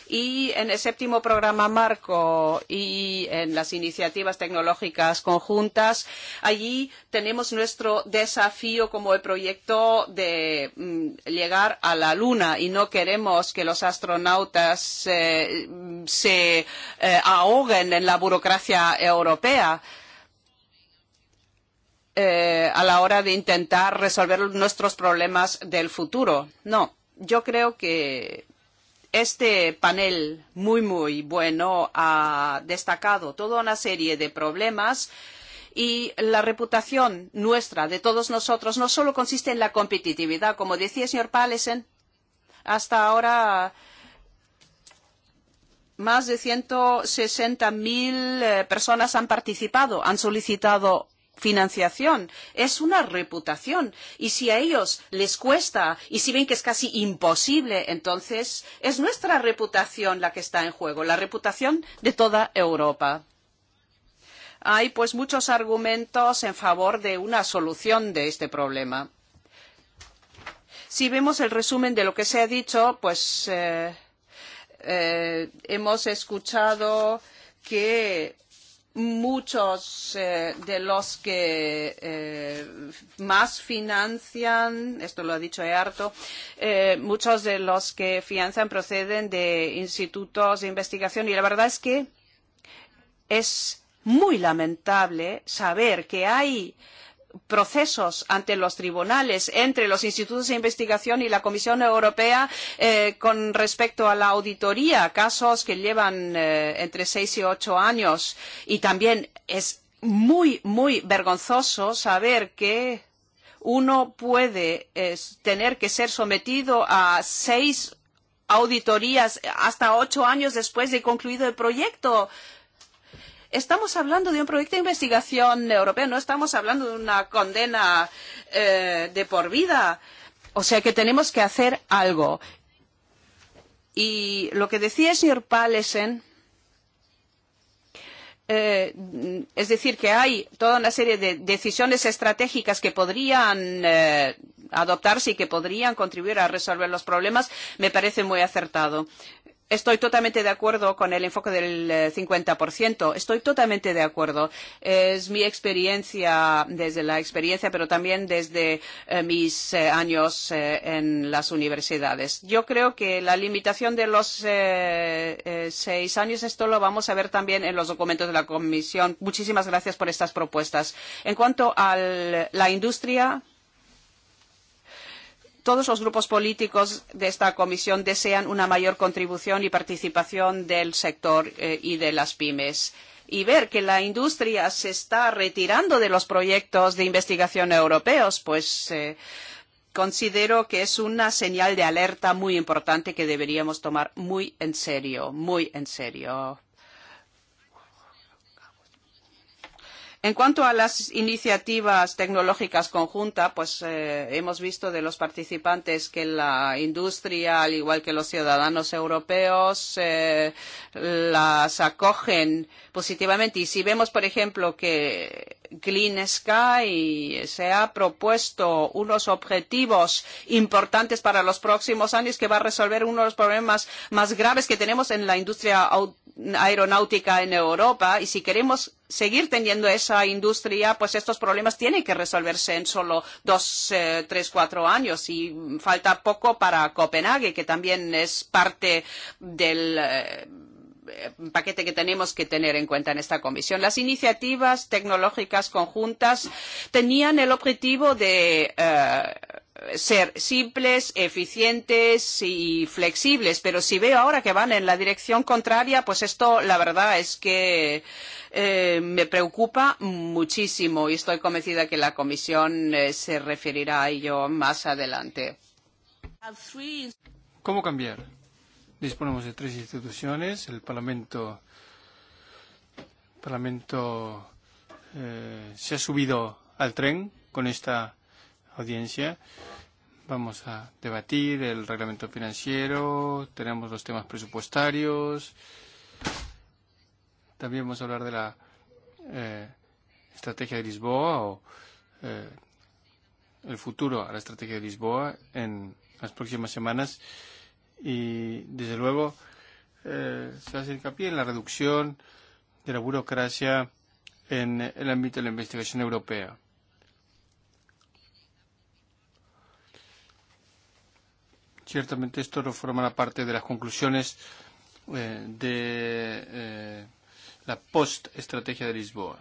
Y en el séptimo programa marco y en las iniciativas tecnológicas conjuntas, allí tenemos nuestro desafío como el proyecto de mm, llegar a la Luna y no queremos que los astronautas eh, se eh, ahoguen en la burocracia europea. Eh, eh, a la hora de intentar resolver nuestros problemas del futuro. No, yo creo que este panel muy, muy bueno ha destacado toda una serie de problemas y la reputación nuestra, de todos nosotros, no solo consiste en la competitividad. Como decía el señor Palesen, hasta ahora más de 160.000 eh, personas han participado, han solicitado financiación, es una reputación. Y si a ellos les cuesta y si ven que es casi imposible, entonces es nuestra reputación la que está en juego, la reputación de toda Europa. Hay pues muchos argumentos en favor de una solución de este problema. Si vemos el resumen de lo que se ha dicho, pues eh, eh, hemos escuchado que muchos eh, de los que eh, más financian, esto lo ha dicho Earto, eh, muchos de los que financian proceden de institutos de investigación y la verdad es que es muy lamentable saber que hay eh, procesos ante los tribunales entre los institutos de investigación y la Comisión Europea eh, con respecto a la auditoría, casos que llevan eh, entre seis y ocho años. Y también es muy, muy vergonzoso saber que uno puede eh, tener que ser sometido a seis auditorías hasta ocho años después de concluido el proyecto. Eh, Estamos hablando de un proyecto de investigación europeo, no estamos hablando de una condena eh, de por vida. O sea que tenemos que hacer algo. Y lo que decía el señor Palesen, eh, es decir, que hay toda una serie de decisiones estratégicas que podrían eh, adoptarse y que podrían contribuir a resolver los problemas, me parece muy acertado. Estoy totalmente de acuerdo con el enfoque del 50%. Eh, Estoy totalmente de acuerdo. Es mi experiencia, desde la experiencia, pero también desde eh, mis eh, años eh, en las universidades. Yo creo que la limitación de los eh, eh, seis años, esto lo vamos a ver también en los documentos de la Comisión. Muchísimas gracias por estas propuestas. En cuanto a la industria, Todos los grupos políticos de esta comisión desean una mayor contribución y participación del sector eh, y de las pymes y ver que la industria se está retirando de los proyectos de investigación europeos, pues eh, considero que es una señal de alerta muy importante que deberíamos tomar muy en serio, muy en serio. En cuanto a las iniciativas tecnológicas conjuntas, pues eh, hemos visto de los participantes que la industria, al igual que los ciudadanos europeos, eh, las acogen positivamente. Y si vemos, por ejemplo, que Clean Sky se ha propuesto unos objetivos importantes para los próximos años que va a resolver uno de los problemas más graves que tenemos en la industria aeronáutica en Europa y si queremos seguir teniendo esa industria, pues estos problemas tienen que resolverse en solo dos, eh, tres, cuatro años y falta poco para Copenhague, que también es parte del. Eh, paquete que tenemos que tener en cuenta en esta comisión. Las iniciativas tecnológicas conjuntas tenían el objetivo de eh, ser simples, eficientes y flexibles. Pero si veo ahora que van en la dirección contraria, pues esto la verdad es que eh, me preocupa muchísimo y estoy convencida que la comisión eh, se referirá a ello más adelante. ¿Cómo cambiar? Disponemos de tres instituciones, el Parlamento, el Parlamento eh, se ha subido al tren con esta audiencia. Vamos a debatir el reglamento financiero, tenemos los temas presupuestarios, también vamos a hablar de la eh, estrategia de Lisboa o eh, el futuro a la estrategia de Lisboa en las próximas semanas y desde luego eh, se hace hincapié en la reducción de la burocracia en el ámbito de la investigación europea. Ciertamente esto no forma parte de las conclusiones eh, de eh, la post-estrategia de Lisboa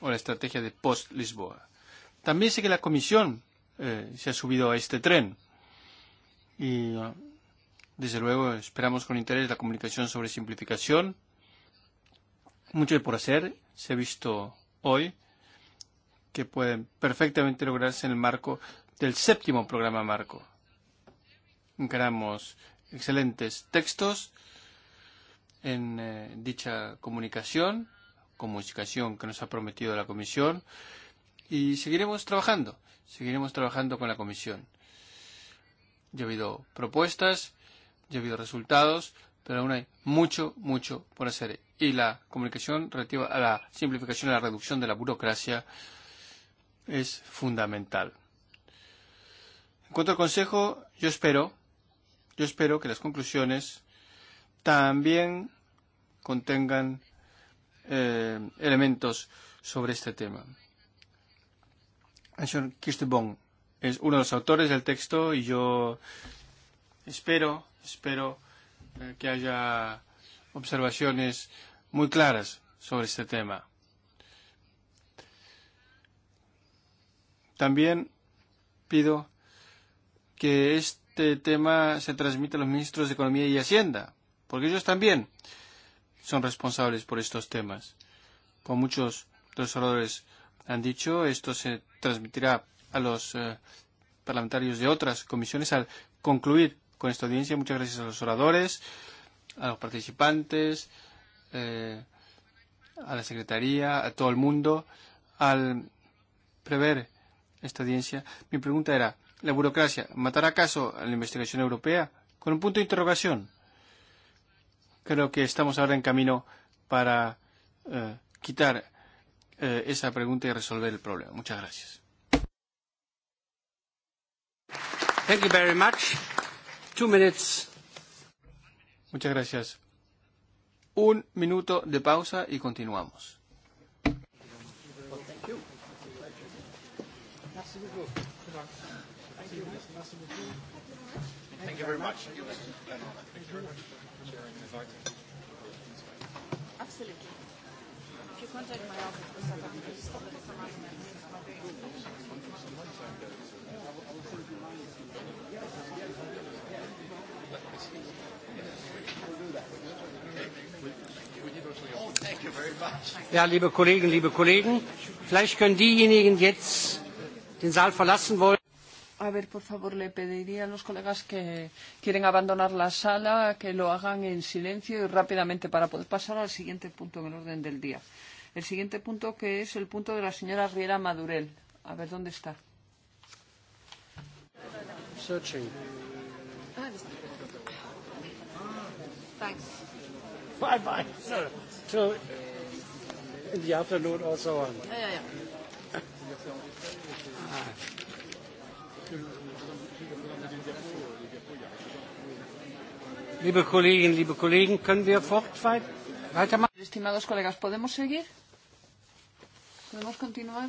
o la estrategia de post-Lisboa. También sé que la Comisión eh, se ha subido a este tren y ah, desde luego esperamos con interés la comunicación sobre simplificación. Mucho hay por hacer, se ha visto hoy que pueden perfectamente lograrse en el marco del séptimo programa marco gramos excelentes textos en eh, dicha comunicación, comunicación que nos ha prometido la Comisión, y seguiremos trabajando, seguiremos trabajando con la Comisión. Ya ha habido propuestas, ya ha habido resultados, pero aún hay mucho, mucho por hacer. Y la comunicación relativa a la simplificación y la reducción de la burocracia es fundamental. En cuanto al Consejo, yo espero Yo espero que las conclusiones también contengan eh, elementos sobre este tema. Anson Kirstebon es uno de los autores del texto y yo espero, espero eh, que haya observaciones muy claras sobre este tema. También pido que este este tema se transmite a los ministros de Economía y Hacienda, porque ellos también son responsables por estos temas. Como muchos de los oradores han dicho, esto se transmitirá a los eh, parlamentarios de otras comisiones al concluir con esta audiencia. Muchas gracias a los oradores, a los participantes, eh, a la Secretaría, a todo el mundo. Al prever esta audiencia, mi pregunta era, La burocracia, ¿matará acaso a la investigación europea? Con un punto de interrogación. Creo que estamos ahora en camino para eh, quitar eh, esa pregunta y resolver el problema. Muchas gracias. Thank you very much. Two minutes. Muchas gracias. Un minuto de pausa y continuamos. Thank Thank you. you. thank you. Thank you. Thank you very much. Absolutely. If you contact my office, Ja, liebe Kolleginnen, liebe Kollegen, vielleicht können diejenigen jetzt den Saal verlassen wollen. A ver, por favor, le pediría a los colegas que quieren abandonar la sala que lo hagan en silencio y rápidamente para poder pasar al siguiente punto en el orden del día. El siguiente punto que es el punto de la señora Riera Madurel. A ver, ¿dónde está? Searching. Ah, bye bye. to in the afternoon or so on. Yeah, yeah, yeah. Ah. Liebe Kolleginnen, liebe Kollegen, können wir fortfahren? Weitermachen? Estimados colegas, ¿podemos seguir? ¿Podemos continuar?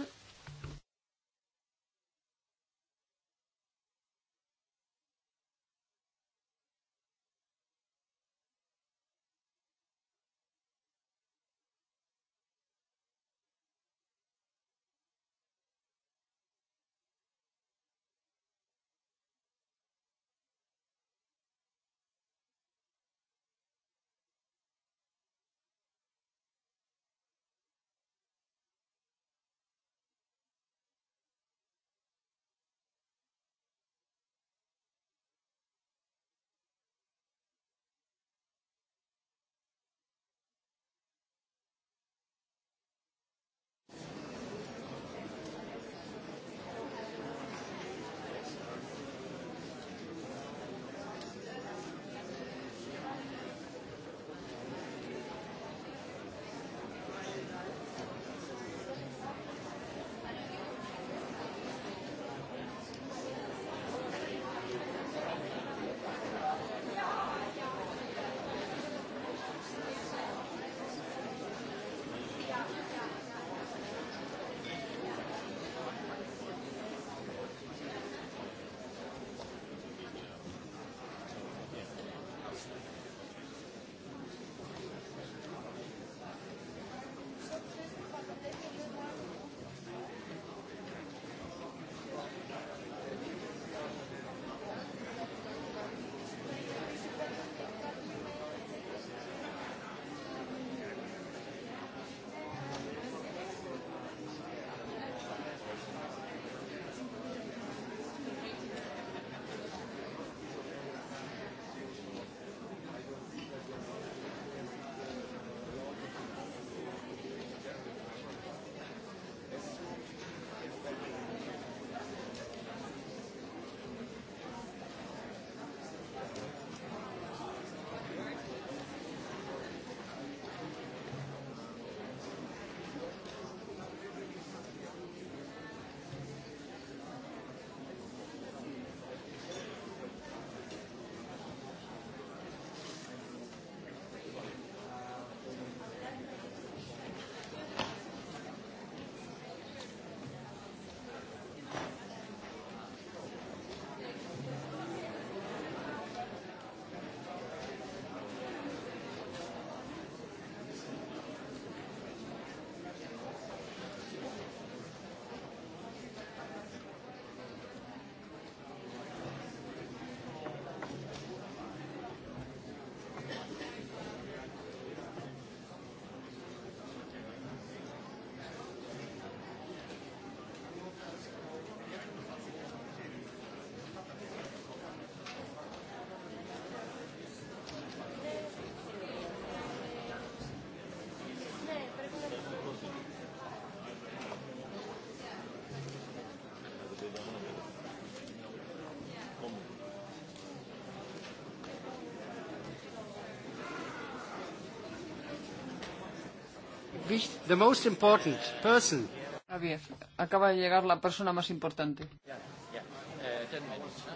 the most important person. Javier, acaba de llegar la persona más importante.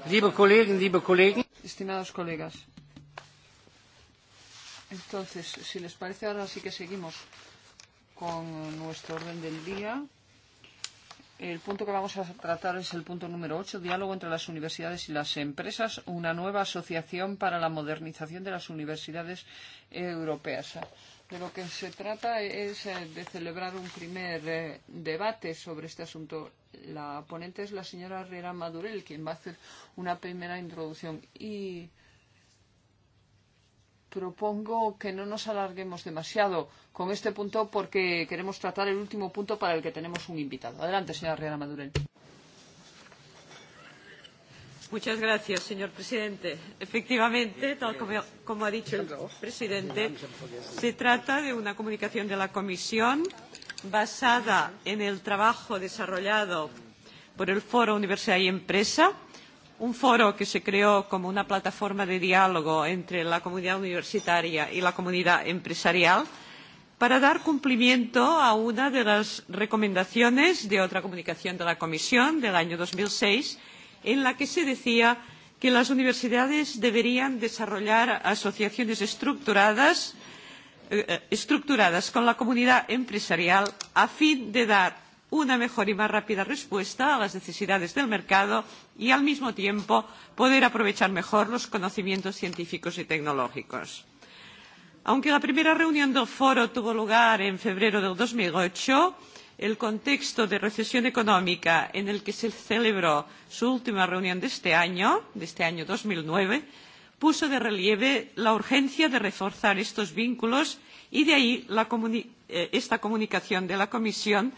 Liebe Kollegen, liebe Kollegen. Estimados colegas. Entonces, si les parece, ahora sí que seguimos con nuestro orden del día. El punto que vamos a tratar es el punto número 8, diálogo entre las universidades y las empresas, una nueva asociación para la modernización de las universidades europeas. De lo que se trata es eh, de celebrar un primer eh, debate sobre este asunto. La ponente es la señora Herrera Madurel, quien va a hacer una primera introducción. Y propongo que no nos alarguemos demasiado con este punto porque queremos tratar el último punto para el que tenemos un invitado. Adelante, señora Riana Madurel. Muchas gracias, señor presidente. Efectivamente, tal como, como ha dicho el presidente, se trata de una comunicación de la Comisión basada en el trabajo desarrollado por el Foro Universidad y Empresa un foro que se creó como una plataforma de diálogo entre la comunidad universitaria y la comunidad empresarial para dar cumplimiento a una de las recomendaciones de otra comunicación de la Comisión del año 2006, en la que se decía que las universidades deberían desarrollar asociaciones estructuradas, eh, eh estructuradas con la comunidad empresarial a fin de dar una mejor y más rápida respuesta a las necesidades del mercado y, al mismo tiempo, poder aprovechar mejor los conocimientos científicos y tecnológicos. Aunque la primera reunión del foro tuvo lugar en febrero de 2008, el contexto de recesión económica en el que se celebró su última reunión de este año, de este año 2009, puso de relieve la urgencia de reforzar estos vínculos y de ahí la comuni eh, esta comunicación de la Comisión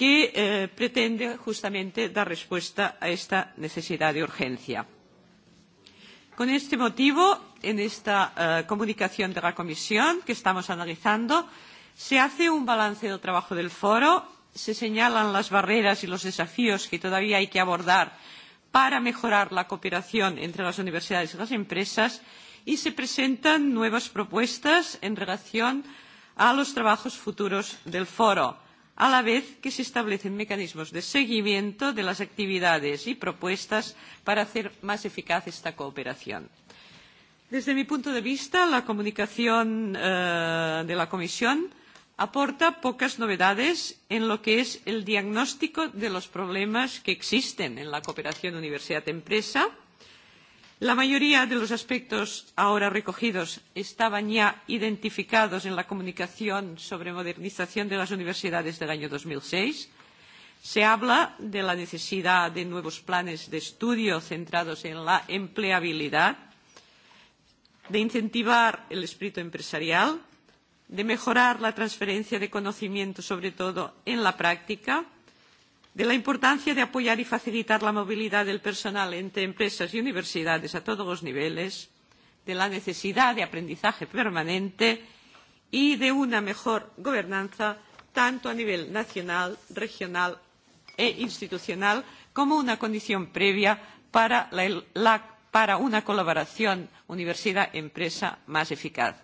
que eh, pretende justamente dar respuesta a esta necesidad de urgencia. Con este motivo, en esta eh, comunicación de la Comisión que estamos analizando, se hace un balance del trabajo del foro, se señalan las barreras y los desafíos que todavía hay que abordar para mejorar la cooperación entre las universidades y las empresas y se presentan nuevas propuestas en relación a los trabajos futuros del foro a la vez que se establecen mecanismos de seguimiento de las actividades y propuestas para hacer más eficaz esta cooperación. Desde mi punto de vista, la comunicación eh, de la Comisión aporta pocas novedades en lo que es el diagnóstico de los problemas que existen en la cooperación universidad-empresa La mayoría de los aspectos ahora recogidos estaban ya identificados en la comunicación sobre modernización de las universidades del año 2006. Se habla de la necesidad de nuevos planes de estudio centrados en la empleabilidad, de incentivar el espíritu empresarial, de mejorar la transferencia de conocimiento, sobre todo en la práctica, de la importancia de apoyar y facilitar la movilidad del personal entre empresas y universidades a todos los niveles, de la necesidad de aprendizaje permanente y de una mejor gobernanza tanto a nivel nacional, regional e institucional como una condición previa para, la, la, para una colaboración universidad-empresa más eficaz.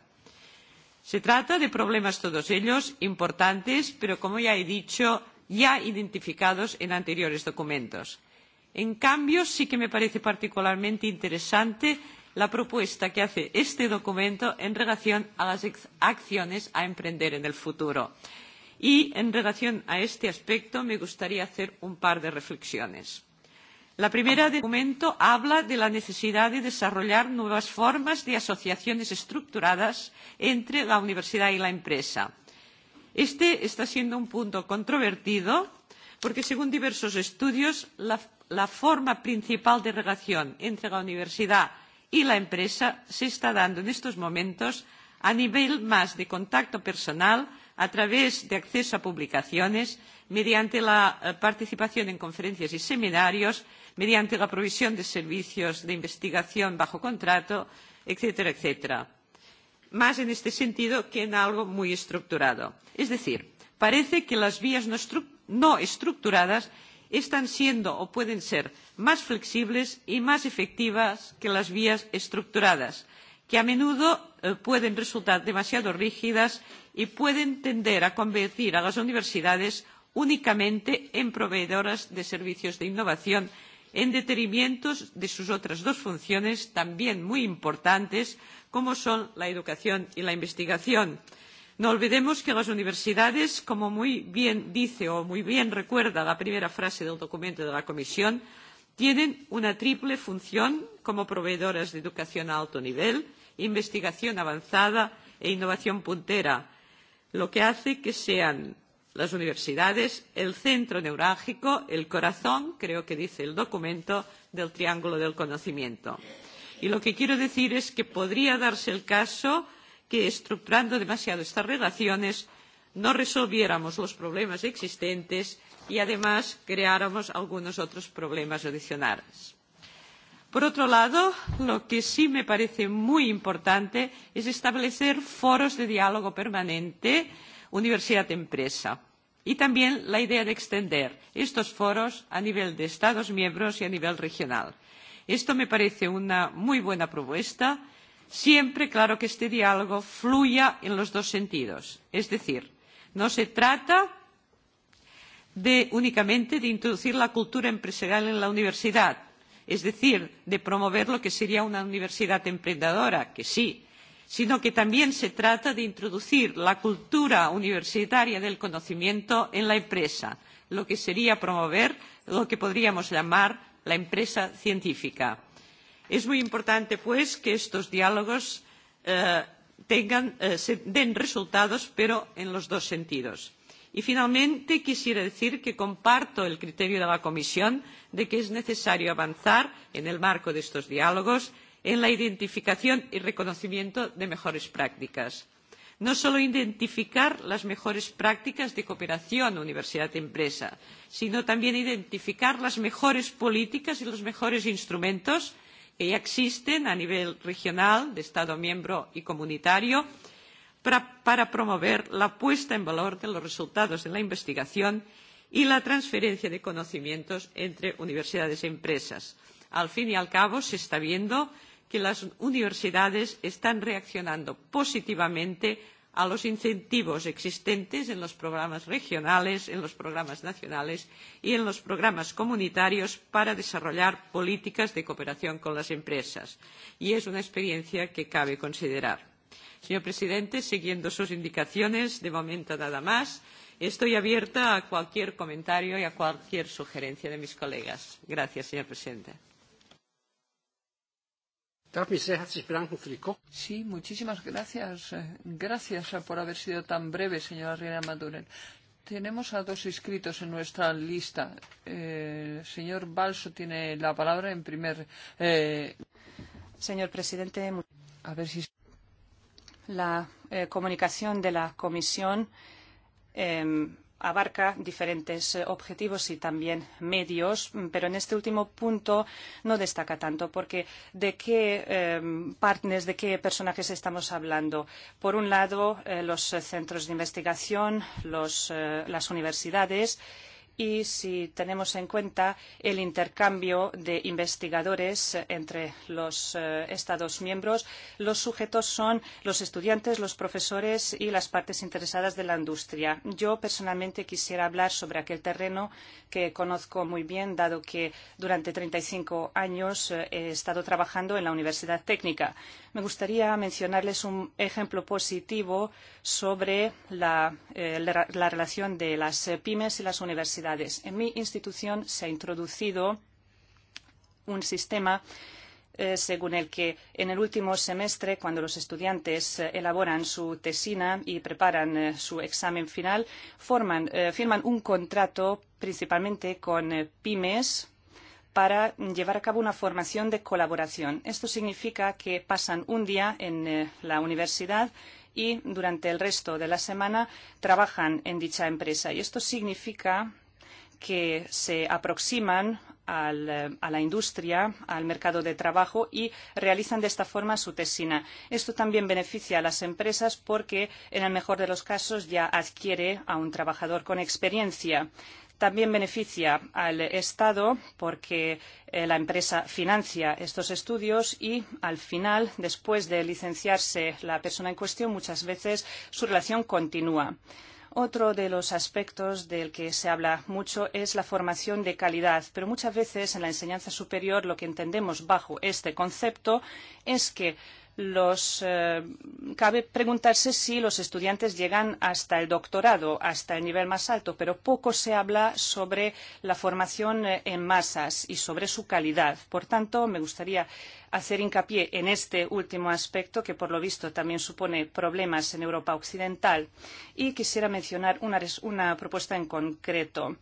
Se trata de problemas todos ellos importantes, pero como ya he dicho, ya identificados en anteriores documentos. En cambio, sí que me parece particularmente interesante la propuesta que hace este documento en relación con las acciones a emprender en el futuro. Y en relación con este aspecto me gustaría hacer un par de reflexiones. La primera del documento habla de la necesidad de desarrollar nuevas formas de asociaciones estructuradas entre la universidad y la empresa Este está siendo un punto controvertido porque, según diversos estudios, la, la forma principal de relación entre la universidad y la empresa se está dando en estos momentos a nivel más de contacto personal a través de acceso a publicaciones, mediante la eh, participación en conferencias y seminarios, mediante la provisión de servicios de investigación bajo contrato, etcétera, etcétera más en este sentido que en algo muy estructurado. Es decir, parece que las vías no, no, estructuradas están siendo o pueden ser más flexibles y más efectivas que las vías estructuradas, que a menudo eh, pueden resultar demasiado rígidas y pueden tender a convertir a las universidades únicamente en proveedoras de servicios de innovación en detrimento de sus otras dos funciones también muy importantes como son la educación y la investigación. No olvidemos que las universidades, como muy bien dice o muy bien recuerda la primera frase del documento de la Comisión, tienen una triple función como proveedoras de educación a alto nivel, investigación avanzada e innovación puntera, lo que hace que sean las universidades, el centro neurálgico, el corazón, creo que dice el documento, del triángulo del conocimiento. Y lo que quiero decir es que podría darse el caso que, estructurando demasiado estas relaciones, no resolviéramos los problemas existentes y, además, creáramos algunos otros problemas adicionales. Por otro lado, lo que sí me parece muy importante es establecer foros de diálogo permanente universidad-empresa. Y también la idea de extender estos foros a nivel de Estados miembros y a nivel regional. Esto me parece una muy buena propuesta, siempre claro que este diálogo fluya en los dos sentidos. Es decir, no se trata de, únicamente de introducir la cultura empresarial en la universidad, es decir, de promover lo que sería una universidad emprendedora, que sí, sino que también se trata de introducir la cultura universitaria del conocimiento en la empresa, lo que sería promover lo que podríamos llamar la empresa científica. Es muy importante, pues, que estos diálogos eh, tengan, eh, se den resultados, pero en los dos sentidos. Y finalmente quisiera decir que comparto el criterio de la Comisión de que es necesario avanzar en el marco de estos diálogos en la identificación y reconocimiento de mejores prácticas. No solo identificar las mejores prácticas de cooperación universidad-empresa, sino también identificar las mejores políticas y los mejores instrumentos que ya existen a nivel regional, de Estado miembro y comunitario, para, para promover la puesta en valor de los resultados de la investigación y la transferencia de conocimientos entre universidades y e empresas. Al fin y al cabo, se está viendo que las universidades están reaccionando positivamente a los incentivos existentes en los programas regionales, en los programas nacionales y en los programas comunitarios para desarrollar políticas de cooperación con las empresas. Y es una experiencia que cabe considerar. Señor presidente, siguiendo sus indicaciones, de momento nada más. Estoy abierta a cualquier comentario y a cualquier sugerencia de mis colegas. Gracias, señor presidente darf mich sehr herzlich bedanken für die Ko Sí, muchísimas gracias. Eh, gracias eh, por haber sido tan breve, señora Riera Maduren. Tenemos a dos inscritos en nuestra lista. Eh, el señor Balso tiene la palabra en primer. Eh... Señor presidente, a ver si. La eh, comunicación de la comisión. Eh, abarca diferentes objetivos y también medios, pero en este último punto no destaca tanto, porque de qué eh, partners, de qué personajes estamos hablando. Por un lado, eh, los centros de investigación, los, eh, las universidades, eh, y si tenemos en cuenta el intercambio de investigadores entre los eh, Estados miembros, los sujetos son los estudiantes, los profesores y las partes interesadas de la industria. Yo personalmente quisiera hablar sobre aquel terreno que conozco muy bien, dado que durante 35 años eh, he estado trabajando en la Universidad Técnica. Me gustaría mencionarles un ejemplo positivo sobre la, eh, la, la relación de las eh, pymes y las universidades universidades. En mi institución se ha introducido un sistema eh, según el que en el último semestre, cuando los estudiantes eh, elaboran su tesina y preparan eh, su examen final, forman, eh, firman un contrato principalmente con eh, pymes para llevar a cabo una formación de colaboración. Esto significa que pasan un día en eh, la universidad y durante el resto de la semana trabajan en dicha empresa. Y esto significa que se aproximan al, a la industria, al mercado de trabajo y realizan de esta forma su tesina. Esto también beneficia a las empresas porque, en el mejor de los casos, ya adquiere a un trabajador con experiencia. También beneficia al Estado porque eh, la empresa financia estos estudios y, al final, después de licenciarse la persona en cuestión, muchas veces su relación continúa. Otro de los aspectos del que se habla mucho es la formación de calidad, pero muchas veces en la enseñanza superior lo que entendemos bajo este concepto es que los, eh, cabe preguntarse si los estudiantes llegan hasta el doctorado, hasta el nivel más alto, pero poco se habla sobre la formación eh, en masas y sobre su calidad. Por tanto, me gustaría eh, hacer hincapié en este último aspecto, que por lo visto también supone problemas en Europa Occidental, y quisiera mencionar una, una propuesta en concreto.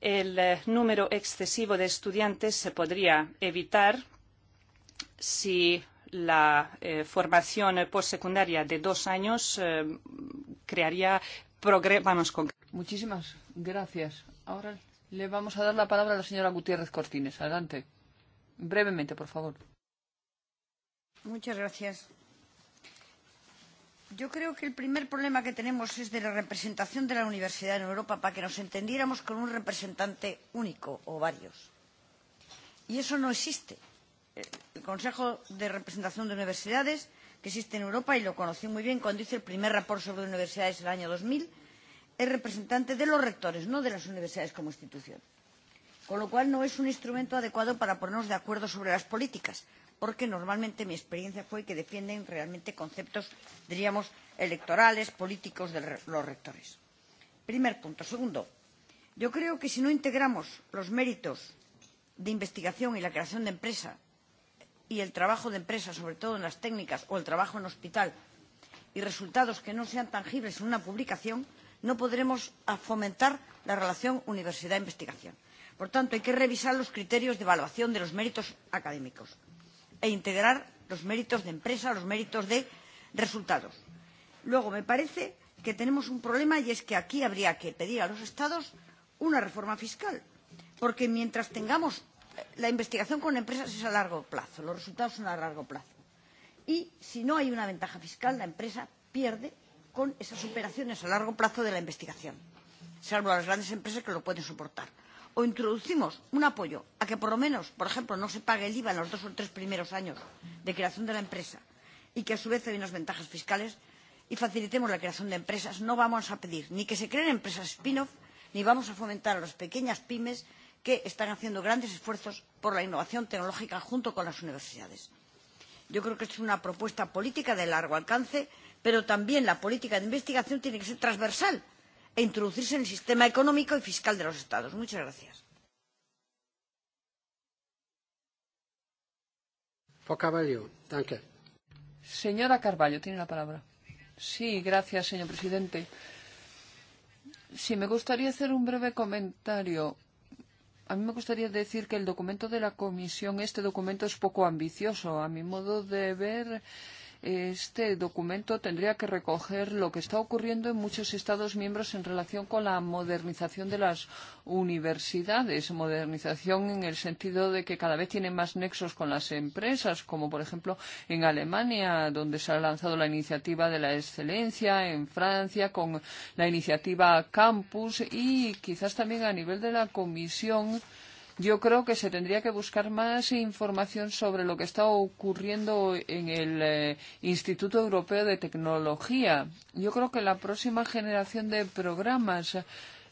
El eh, número excesivo de estudiantes se podría evitar si la eh, formación postsecundaria de dos años eh, crearía programas concretos. Muchísimas gracias. Ahora le vamos a dar la palabra a la señora Gutiérrez Cortines. Adelante. Brevemente, por favor. Muchas gracias. Yo creo que el primer problema que tenemos es de la representación de la universidad en Europa para que nos entendiéramos con un representante único o varios. Y eso no existe. El Consejo de Representación de Universidades, que existe en Europa, y lo conocí muy bien cuando hice el primer rapor sobre universidades en el año 2000, es representante de los rectores, no de las universidades como institución. Con lo cual no es un instrumento adecuado para ponernos de acuerdo sobre las políticas, porque normalmente mi experiencia fue que defienden realmente conceptos, diríamos, electorales, políticos de los rectores. Primer punto. Segundo, yo creo que si no integramos los méritos de investigación y la creación de empresa y el trabajo de empresa, sobre todo en las técnicas o el trabajo en hospital, y resultados que no sean tangibles en una publicación, no podremos fomentar la relación universidad-investigación. Por tanto, hay que revisar los criterios de evaluación de los méritos académicos e integrar los méritos de empresa, los méritos de resultados. Luego, me parece que tenemos un problema y es que aquí habría que pedir a los Estados una reforma fiscal, porque mientras tengamos eh, la investigación con empresas es a largo plazo, los resultados son a largo plazo. Y si no hay una ventaja fiscal, la empresa pierde con esas operaciones a largo plazo de la investigación, salvo las grandes empresas que lo pueden soportar o introducimos un apoyo a que por lo menos, por ejemplo, no se pague el IVA en los dos o tres primeros años de creación de la empresa y que a su vez hay unas ventajas fiscales y facilitemos la creación de empresas, no vamos a pedir ni que se creen empresas spin-off ni vamos a fomentar a las pequeñas pymes que están haciendo grandes esfuerzos por la innovación tecnológica junto con las universidades. Yo creo que es una propuesta política de largo alcance, pero también la política de investigación tiene que ser transversal e introducirse en el sistema económico y fiscal de los Estados. Muchas gracias. Carvalho, danke. Señora Carvalho, tiene la palabra. Sí, gracias, señor presidente. Sí, me gustaría hacer un breve comentario. A mí me gustaría decir que el documento de la comisión, este documento es poco ambicioso. A mi modo de ver, eh, este documento tendría que recoger lo que está ocurriendo en muchos Estados miembros en relación con la modernización de las universidades, modernización en el sentido de que cada vez tienen más nexos con las empresas, como por ejemplo en Alemania, donde se ha lanzado la iniciativa de la excelencia, en Francia con la iniciativa Campus y quizás también a nivel de la Comisión Yo creo que se tendría que buscar más información sobre lo que está ocurriendo en el eh, Instituto Europeo de Tecnología. Yo creo que la próxima generación de programas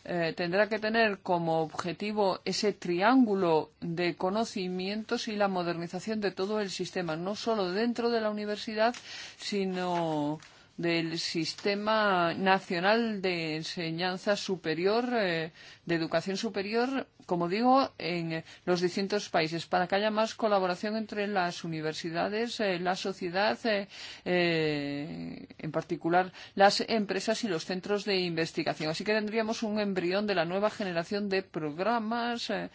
eh, tendrá que tener como objetivo ese triángulo de conocimientos y la modernización de todo el sistema, no solo dentro de la universidad, sino del Sistema Nacional de Enseñanza Superior, eh, de Educación Superior, como digo, en los distintos países, para que haya más colaboración entre las universidades, eh, la sociedad, eh, eh, en particular las empresas y los centros de investigación. Así que tendríamos un embrión de la nueva generación de programas. Eh,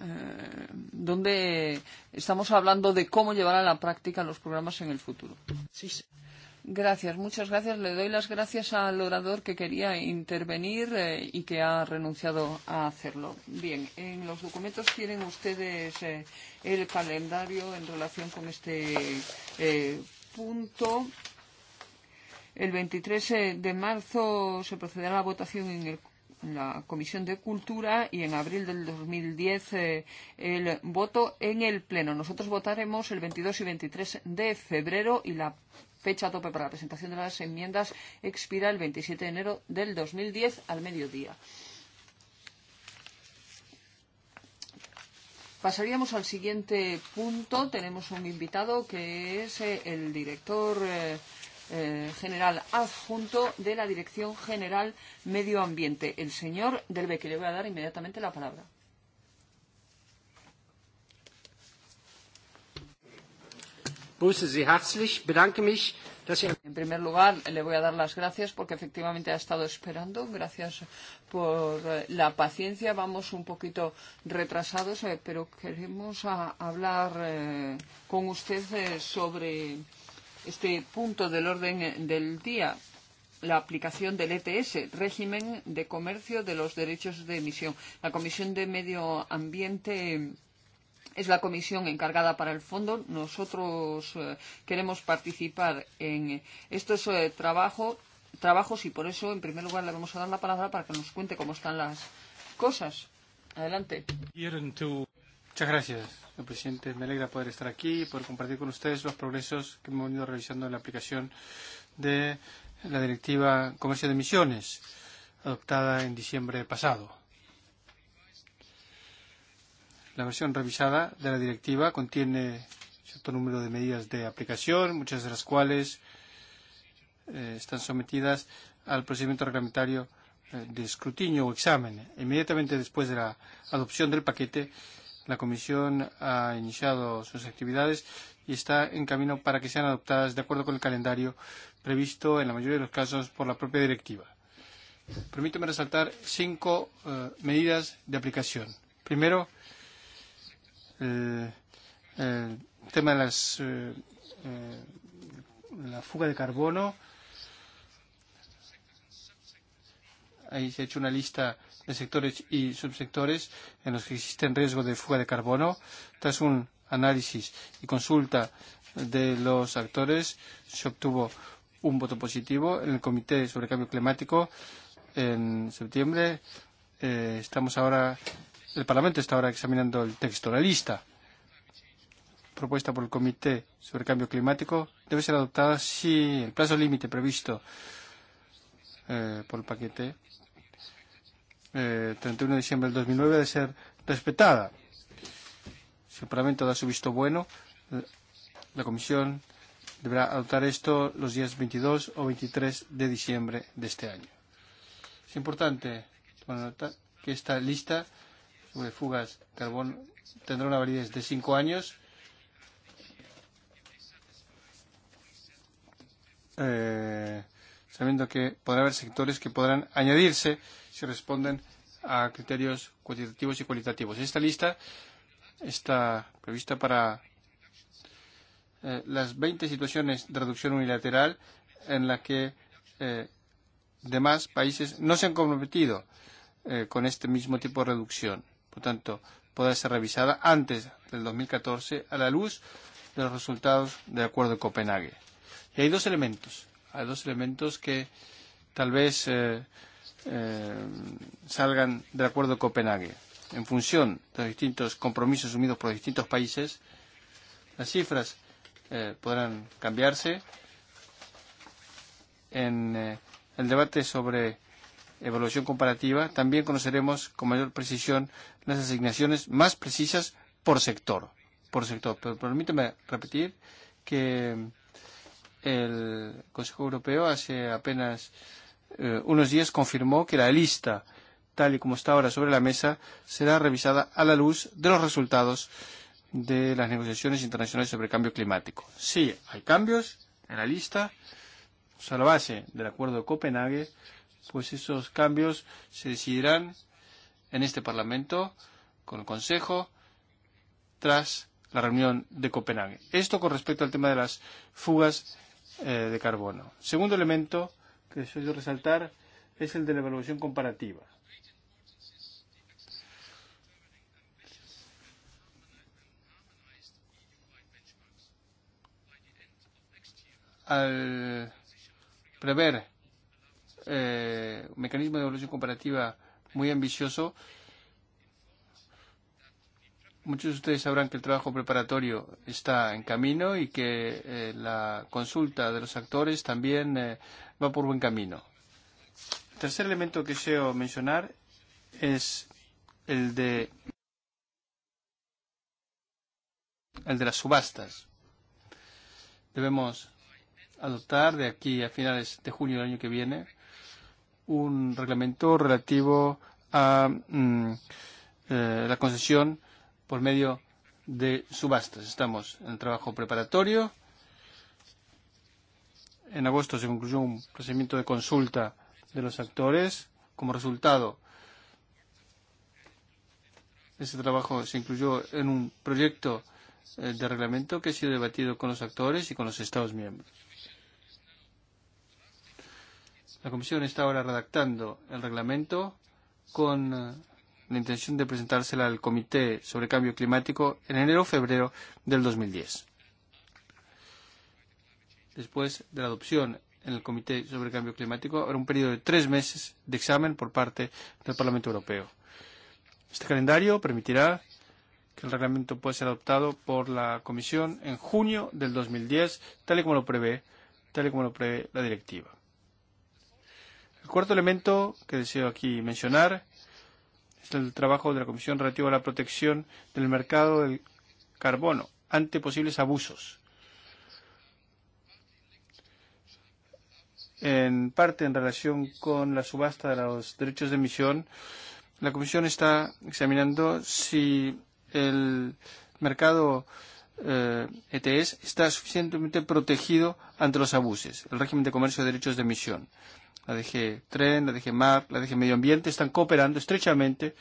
eh, donde estamos hablando de cómo llevar a la práctica los programas en el futuro. Sí, sí. Gracias, muchas gracias. Le doy las gracias al orador que quería intervenir eh, y que ha renunciado a hacerlo. Bien, en los documentos tienen ustedes eh, el calendario en relación con este eh, punto. El 23 eh, de marzo se procederá a la votación en el la Comisión de Cultura y en abril del 2010 eh, el voto en el Pleno. Nosotros votaremos el 22 y 23 de febrero y la fecha tope para la presentación de las enmiendas expira el 27 de enero del 2010 al mediodía. Pasaríamos al siguiente punto. Tenemos un invitado que es eh, el director. Eh, Eh, general adjunto de la Dirección General Medio Ambiente, el señor Delbe, que le voy a dar inmediatamente la palabra. En primer lugar, le voy a dar las gracias porque efectivamente ha estado esperando. Gracias por eh, la paciencia. Vamos un poquito retrasados, eh, pero queremos ah, hablar con usted sobre este punto del orden del día, la aplicación del ETS, régimen de comercio de los derechos de emisión. La Comisión de Medio Ambiente eh, es la comisión encargada para el fondo. Nosotros eh, queremos participar en estos eh, trabajo, trabajos y por eso, en primer lugar, le vamos a dar la palabra para que nos cuente cómo están las cosas. Adelante. Muchas gracias. Señor presidente, me alegra poder estar aquí y poder compartir con ustedes los progresos que hemos venido realizando en la aplicación de la Directiva Comercio de Emisiones, adoptada en diciembre pasado. La versión revisada de la directiva contiene cierto número de medidas de aplicación, muchas de las cuales eh, están sometidas al procedimiento reglamentario eh, de escrutinio o examen. Inmediatamente después de la adopción del paquete, La Comisión ha iniciado sus actividades y está en camino para que sean adoptadas de acuerdo con el calendario previsto en la mayoría de los casos por la propia directiva. Permíteme resaltar cinco uh, medidas de aplicación. Primero, el, eh, el tema de las, eh, eh, la fuga de carbono. Ahí se ha hecho una lista de sectores y subsectores en los que existen riesgo de fuga de carbono. Tras un análisis y consulta de los actores, se obtuvo un voto positivo en el Comité sobre Cambio Climático en septiembre. Eh, estamos ahora, el Parlamento está ahora examinando el texto, la lista propuesta por el Comité sobre Cambio Climático debe ser adoptada si el plazo límite previsto eh, por el paquete eh, 31 de diciembre del 2009 debe ser respetada. Si el Parlamento da su visto bueno, la Comisión deberá adoptar esto los días 22 o 23 de diciembre de este año. Es importante tomar nota que esta lista sobre fugas de carbón tendrá una validez de cinco años. Eh, sabiendo que podrá haber sectores que podrán añadirse eh, se responden a criterios cuantitativos y cualitativos. Esta lista está prevista para eh, las 20 situaciones de reducción unilateral en las que eh, demás países no se han comprometido eh, con este mismo tipo de reducción. Por tanto, podrá ser revisada antes del 2014 a la luz de los resultados del Acuerdo de Copenhague. Y hay dos elementos. Hay dos elementos que tal vez eh, eh, salgan del Acuerdo de Copenhague. En función de los distintos compromisos asumidos por los distintos países, las cifras eh, podrán cambiarse. En eh, el debate sobre evaluación comparativa también conoceremos con mayor precisión las asignaciones más precisas por sector. Por sector. Pero permítame repetir que eh, el Consejo Europeo hace apenas eh, Eh, unos días confirmó que la lista, tal y como está ahora sobre la mesa, será revisada a la luz de los resultados de las negociaciones internacionales sobre cambio climático. Sí, hay cambios en la lista, sea, la base del Acuerdo de Copenhague, pues esos cambios se decidirán en este Parlamento, con el Consejo, tras la reunión de Copenhague. Esto con respecto al tema de las fugas eh, de carbono. Segundo elemento, que suelo resaltar es el de la evaluación comparativa. Al prever eh, un mecanismo de evaluación comparativa muy ambicioso, eh, Muchos de ustedes sabrán que el trabajo preparatorio está en camino y que eh, la consulta de los actores también eh, va por buen camino. El tercer elemento que deseo mencionar es el de el de las subastas. Debemos adoptar de aquí a finales de junio del año que viene un reglamento relativo a mm, eh, la concesión eh, por medio de subastas. Estamos en el trabajo preparatorio. En agosto se concluyó un procedimiento de consulta de los actores. Como resultado, ese trabajo se incluyó en un proyecto eh, de reglamento que ha sido debatido con los actores y con los Estados miembros. La Comisión está ahora redactando el reglamento con eh, la intención de presentársela al Comité sobre Cambio Climático en enero o febrero del 2010. Después de la adopción en el Comité sobre Cambio Climático habrá un periodo de tres meses de examen por parte del Parlamento Europeo. Este calendario permitirá que el reglamento pueda ser adoptado por la Comisión en junio del 2010, tal y como lo prevé, tal y como lo prevé la directiva. El cuarto elemento que deseo aquí mencionar es el trabajo de la Comisión Relativa a la protección del mercado del carbono ante posibles abusos. En parte en relación con la subasta de los derechos de emisión, la Comisión está examinando si el mercado eh, ETS está suficientemente protegido ante los abuses, el régimen de comercio de derechos de emisión la DG Tren, la DG Mar, la DG Medio Ambiente están cooperando estrechamente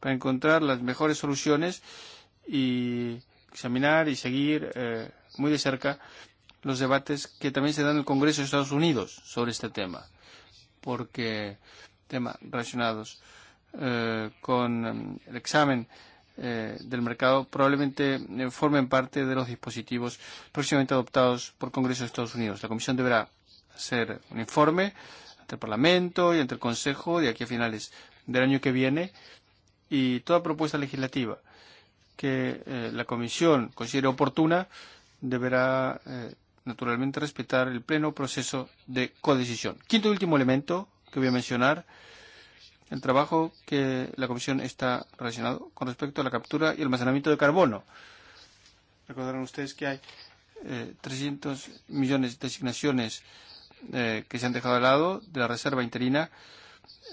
para encontrar las mejores soluciones y examinar y seguir eh, muy de cerca los debates que también se dan en el Congreso de Estados Unidos sobre este tema, porque temas relacionados eh, con mm, el examen eh, del mercado probablemente eh, formen parte de los dispositivos próximamente adoptados por Congreso de Estados Unidos. La Comisión deberá hacer un informe eh, entre el Parlamento y entre el Consejo de aquí a finales del año que viene y toda propuesta legislativa que eh, la Comisión considere oportuna deberá eh, naturalmente respetar el pleno proceso de codecisión. Quinto y último elemento que voy a mencionar, el trabajo que la Comisión está relacionado con respecto a la captura y almacenamiento de carbono. Recordarán ustedes que hay eh, 300 millones de asignaciones eh, eh, que se han dejado de lado, de la reserva interina,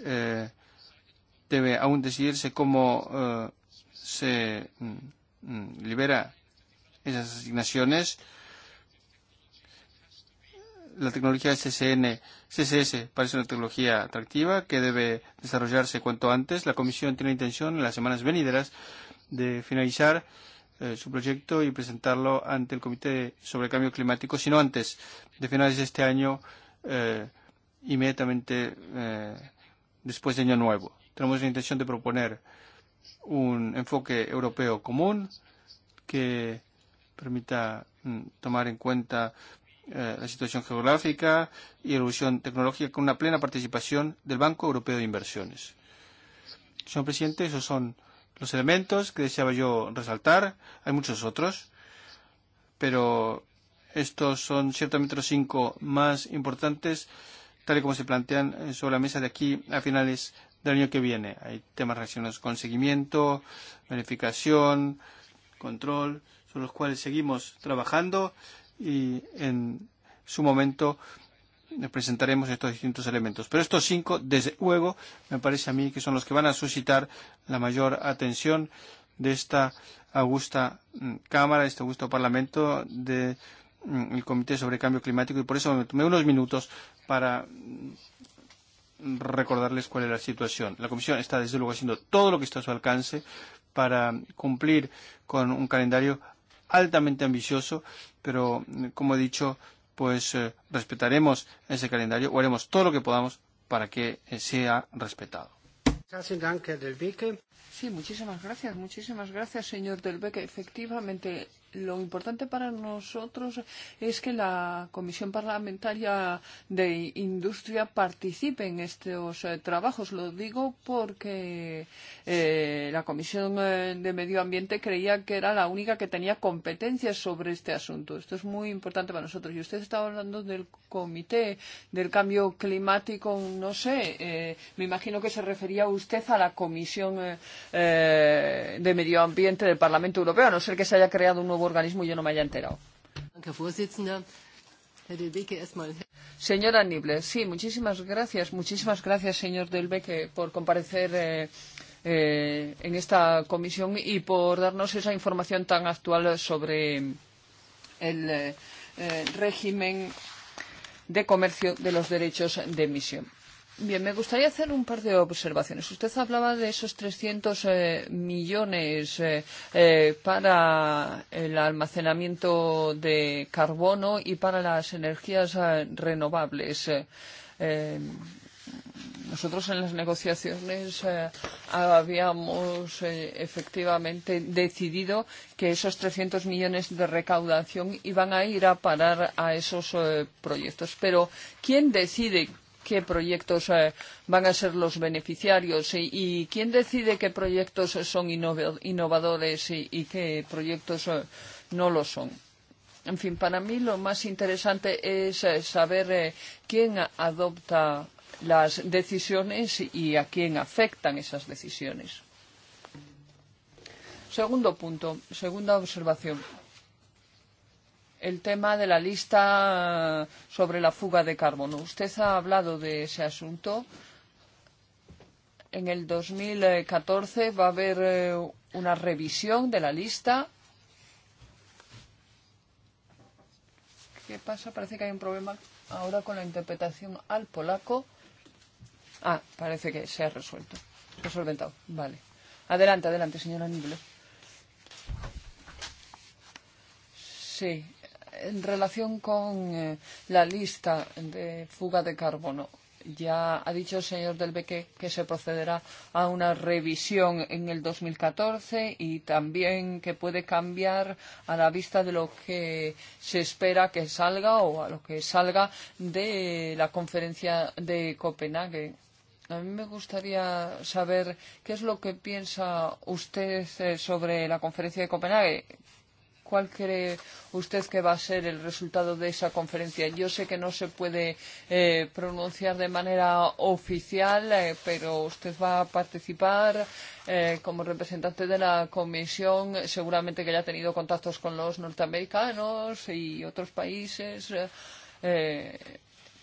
eh, debe aún decidirse cómo eh, se mm, mm libera esas asignaciones. La tecnología SSN, CSS parece una tecnología atractiva que debe desarrollarse cuanto antes. La Comisión tiene la intención en las semanas venideras de finalizar eh, eh, su proyecto y presentarlo ante el Comité sobre el Cambio Climático, sino antes de finales de este año, eh, inmediatamente eh, después de Año Nuevo. Tenemos la intención de proponer un enfoque europeo común que permita mm, tomar en cuenta eh, la situación geográfica y evolución tecnológica con una plena participación del Banco Europeo de Inversiones. Señor presidente, esos son los elementos que deseaba yo resaltar. Hay muchos otros, pero estos son ciertamente los cinco más importantes, tal y como se plantean eh, sobre la mesa de aquí a finales del año que viene. Hay temas relacionados con seguimiento, verificación, control, sobre los cuales seguimos trabajando y en su momento presentaremos estos distintos elementos. Pero estos cinco, desde luego, me parece a mí que son los que van a suscitar la mayor atención de esta augusta mm, Cámara, de este augusto Parlamento, del de, mm, Comité sobre Cambio Climático. Y por eso me tomé unos minutos para mm, recordarles cuál es la situación. La Comisión está, desde luego, haciendo todo lo que está a su alcance para cumplir con un calendario altamente ambicioso, pero, como he dicho, pues eh, respetaremos ese calendario o haremos todo lo que podamos para que eh, sea respetado. Sí, muchísimas gracias, muchísimas gracias, señor Delbeque. Efectivamente, Lo importante para nosotros es que la Comisión Parlamentaria de Industria participe en estos eh, trabajos. Lo digo porque eh, la Comisión eh, de Medio Ambiente creía que era la única que tenía competencias sobre este asunto. Esto es muy importante para nosotros. Y usted estaba hablando del Comité del Cambio Climático, no sé, eh, me imagino que se refería usted a la Comisión eh, eh, de Medio Ambiente del Parlamento Europeo, a no ser que se haya creado un nuevo nuevo organismo y yo no me haya enterado. Señora Nible, sí, muchísimas gracias, muchísimas gracias, señor Delbeque, por comparecer eh, eh, en esta comisión y por darnos esa información tan actual sobre el eh, régimen de comercio de los derechos de emisión. Bien, me gustaría hacer un par de observaciones. Usted hablaba de esos 300 eh, millones eh, eh, para el almacenamiento de carbono y para las energías eh, renovables. Eh, eh nosotros en las negociaciones eh, habíamos eh, efectivamente decidido que esos 300 millones de recaudación iban a ir a parar a esos eh, proyectos. Pero ¿quién decide qué proyectos eh, van a ser los beneficiarios y, y quién decide qué proyectos son innovadores y, y qué proyectos eh, no lo son. En fin, para mí lo más interesante es eh, saber quién adopta las decisiones y a quién afectan esas decisiones. Segundo punto, segunda observación el tema de la lista eh, sobre la fuga de carbono. Usted ha hablado de ese asunto. En el 2014 va a haber eh, una revisión de la lista. ¿Qué pasa? Parece que hay un problema ahora con la interpretación al polaco. Ah, parece que se ha resuelto. solventado. Vale. Adelante, adelante, señora Nible. Sí, En relación con eh, la lista de fuga de carbono, ya ha dicho el señor Del Beque que se procederá a una revisión en el 2014 y también que puede cambiar a la vista de lo que se espera que salga o a lo que salga de la conferencia de Copenhague. A mí me gustaría saber qué es lo que piensa usted eh, sobre la conferencia de Copenhague, cuál cree usted que va a ser el resultado de esa conferencia? Yo sé que no se puede eh, pronunciar de manera oficial, eh, pero usted va a participar eh, como representante de la comisión. Seguramente que ya ha tenido contactos con los norteamericanos y otros países. Eh,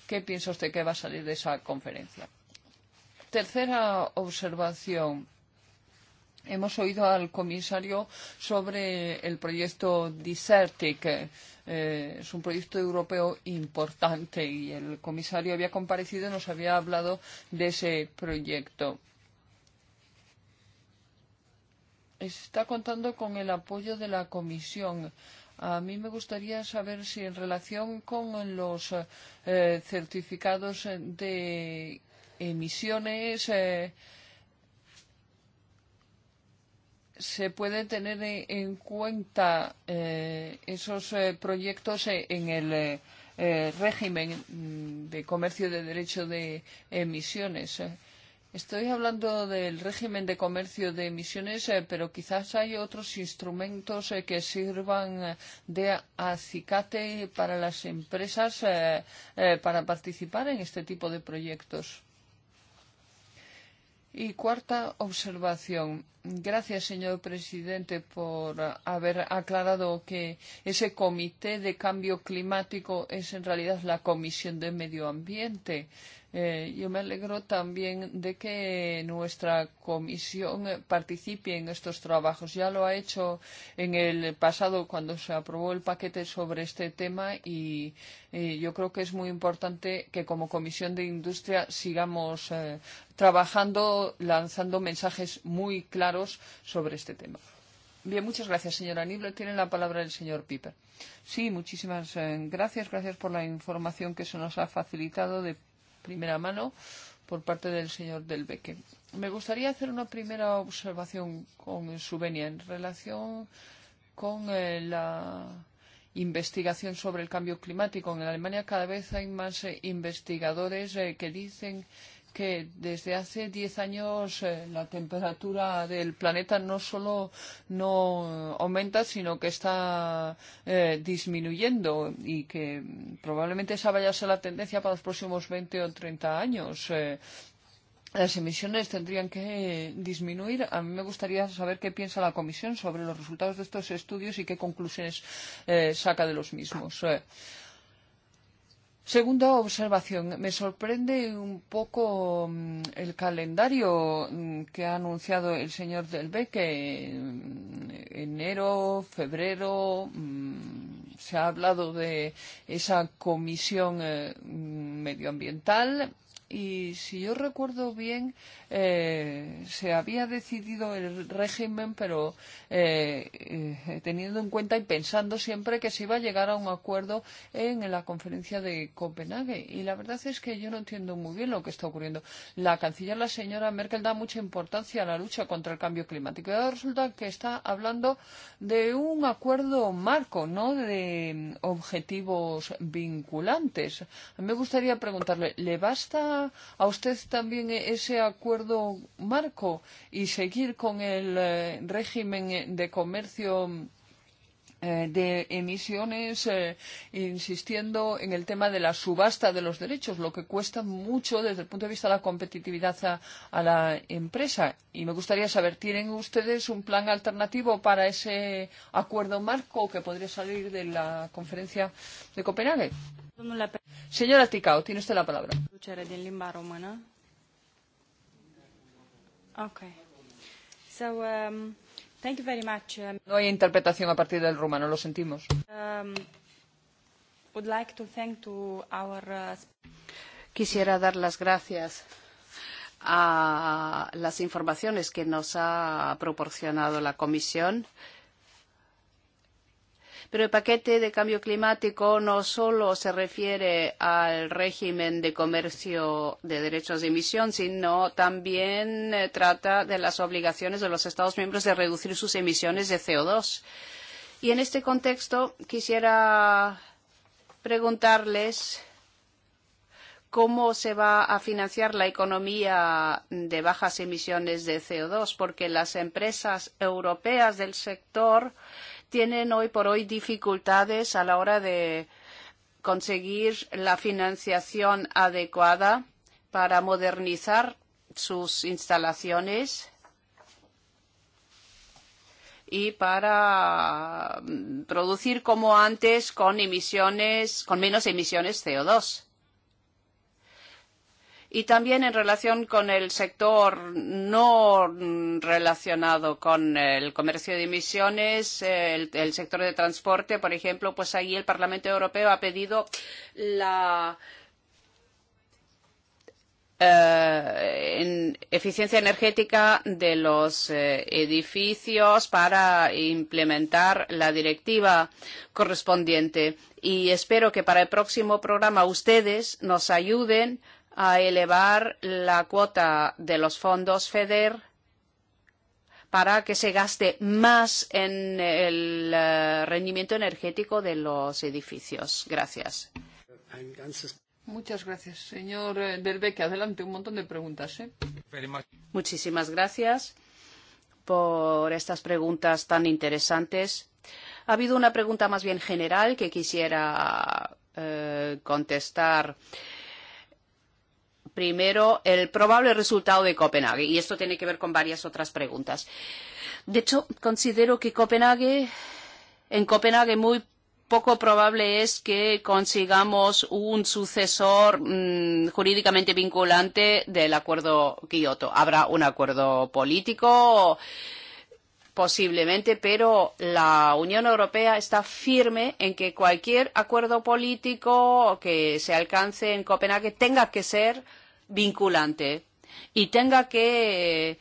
¿Qué piensa usted que va a salir de esa conferencia? Tercera observación Hemos oído al comisario sobre el proyecto Desertic. Eh, es un proyecto europeo importante y el comisario había comparecido y nos había hablado de ese proyecto. Está contando con el apoyo de la comisión. A mí me gustaría saber si en relación con los eh, certificados de emisiones. Eh, se puede tener en cuenta eh, esos eh, proyectos eh, en el eh, régimen mm, de comercio de derecho de emisiones. Eh. Estoy hablando del régimen de comercio de emisiones, eh, pero quizás hay otros instrumentos eh, que sirvan de acicate para las empresas eh, eh, para participar en este tipo de proyectos. Y cuarta observación. Gracias, señor presidente, por haber aclarado que ese comité de cambio climático es en realidad la Comisión de Medio Ambiente. Eh, yo me alegro también de que nuestra comisión participe en estos trabajos. Ya lo ha hecho en el pasado cuando se aprobó el paquete sobre este tema y eh, yo creo que es muy importante que como Comisión de Industria sigamos eh, trabajando, lanzando mensajes muy claros sobre este tema. Bien, muchas gracias, señora Nibler. Tiene la palabra el señor Piper. Sí, muchísimas eh, gracias. Gracias por la información que se nos ha facilitado de primera mano por parte del señor Delbeque. Me gustaría hacer una primera observación con su venia en relación con eh, la investigación sobre el cambio climático. En Alemania cada vez hay más eh, investigadores eh, que dicen que desde hace 10 años eh, la temperatura del planeta no solo no aumenta, sino que está eh, disminuyendo y que probablemente esa vaya a ser la tendencia para los próximos 20 o 30 años. Eh, las emisiones tendrían que disminuir. A mí me gustaría saber qué piensa la Comisión sobre los resultados de estos estudios y qué conclusiones eh, saca de los mismos. Eh, Segunda observación, me sorprende un poco mm, el calendario mm, que ha anunciado el señor Del Beque. Mm, enero, febrero, se ha hablado de esa comisión eh, medioambiental y si yo recuerdo bien, eh, se había decidido el régimen, pero eh, eh, teniendo en cuenta y pensando siempre que se iba a llegar a un acuerdo en la conferencia de Copenhague. Y la verdad es que yo no entiendo muy bien lo que está ocurriendo. La canciller, la señora Merkel, da mucha importancia a la lucha contra el cambio climático. Y ahora resulta que está hablando de un acuerdo marco, no de mm, objetivos vinculantes. A mí me gustaría preguntarle, ¿le basta a usted también ese acuerdo? acuerdo marco y seguir con el eh, régimen de comercio eh, de emisiones, eh, insistiendo en el tema de la subasta de los derechos, lo que cuesta mucho desde el punto de vista de la competitividad a, a la empresa. Y me gustaría saber, ¿tienen ustedes un plan alternativo para ese acuerdo marco que podría salir de la conferencia de Copenhague? Señora Ticao, tiene usted la palabra. Okay. So, um, thank you very much. Um, no hay interpretación a partir del rumano, lo sentimos. Um, would like to thank to our, uh... Quisiera dar las gracias a las informaciones que nos ha proporcionado la Comisión. Pero el paquete de cambio climático no solo se refiere al régimen de comercio de derechos de emisión, sino también eh, trata de las obligaciones de los Estados miembros de reducir sus emisiones de CO2. Y en este contexto quisiera preguntarles cómo se va a financiar la economía de bajas emisiones de CO2, porque las empresas europeas del sector tienen hoy por hoy dificultades a la hora de conseguir la financiación adecuada para modernizar sus instalaciones y para mm, producir como antes con emisiones, con menos emisiones CO2 y también en relación con el sector no relacionado con el comercio de emisiones, el, el sector de transporte, por ejemplo, pues ahí el Parlamento Europeo ha pedido la Uh, en eficiencia energética de los uh, edificios para implementar la directiva correspondiente. Y espero que para el próximo programa ustedes nos ayuden a elevar la cuota de los fondos FEDER para que se gaste más en el eh, rendimiento energético de los edificios. Gracias. Muchas gracias, señor eh, Delbeque. Adelante, un montón de preguntas. ¿eh? Muchísimas gracias por estas preguntas tan interesantes. Ha habido una pregunta más bien general que quisiera eh, contestar. Eh, Primero, el probable resultado de Copenhague. Y esto tiene que ver con varias otras preguntas. De hecho, considero que Copenhague, en Copenhague muy poco probable es que consigamos un sucesor mmm, jurídicamente vinculante del acuerdo Kioto. Habrá un acuerdo político posiblemente, pero la Unión Europea está firme en que cualquier acuerdo político que se alcance en Copenhague tenga que ser uh, vinculante y tenga que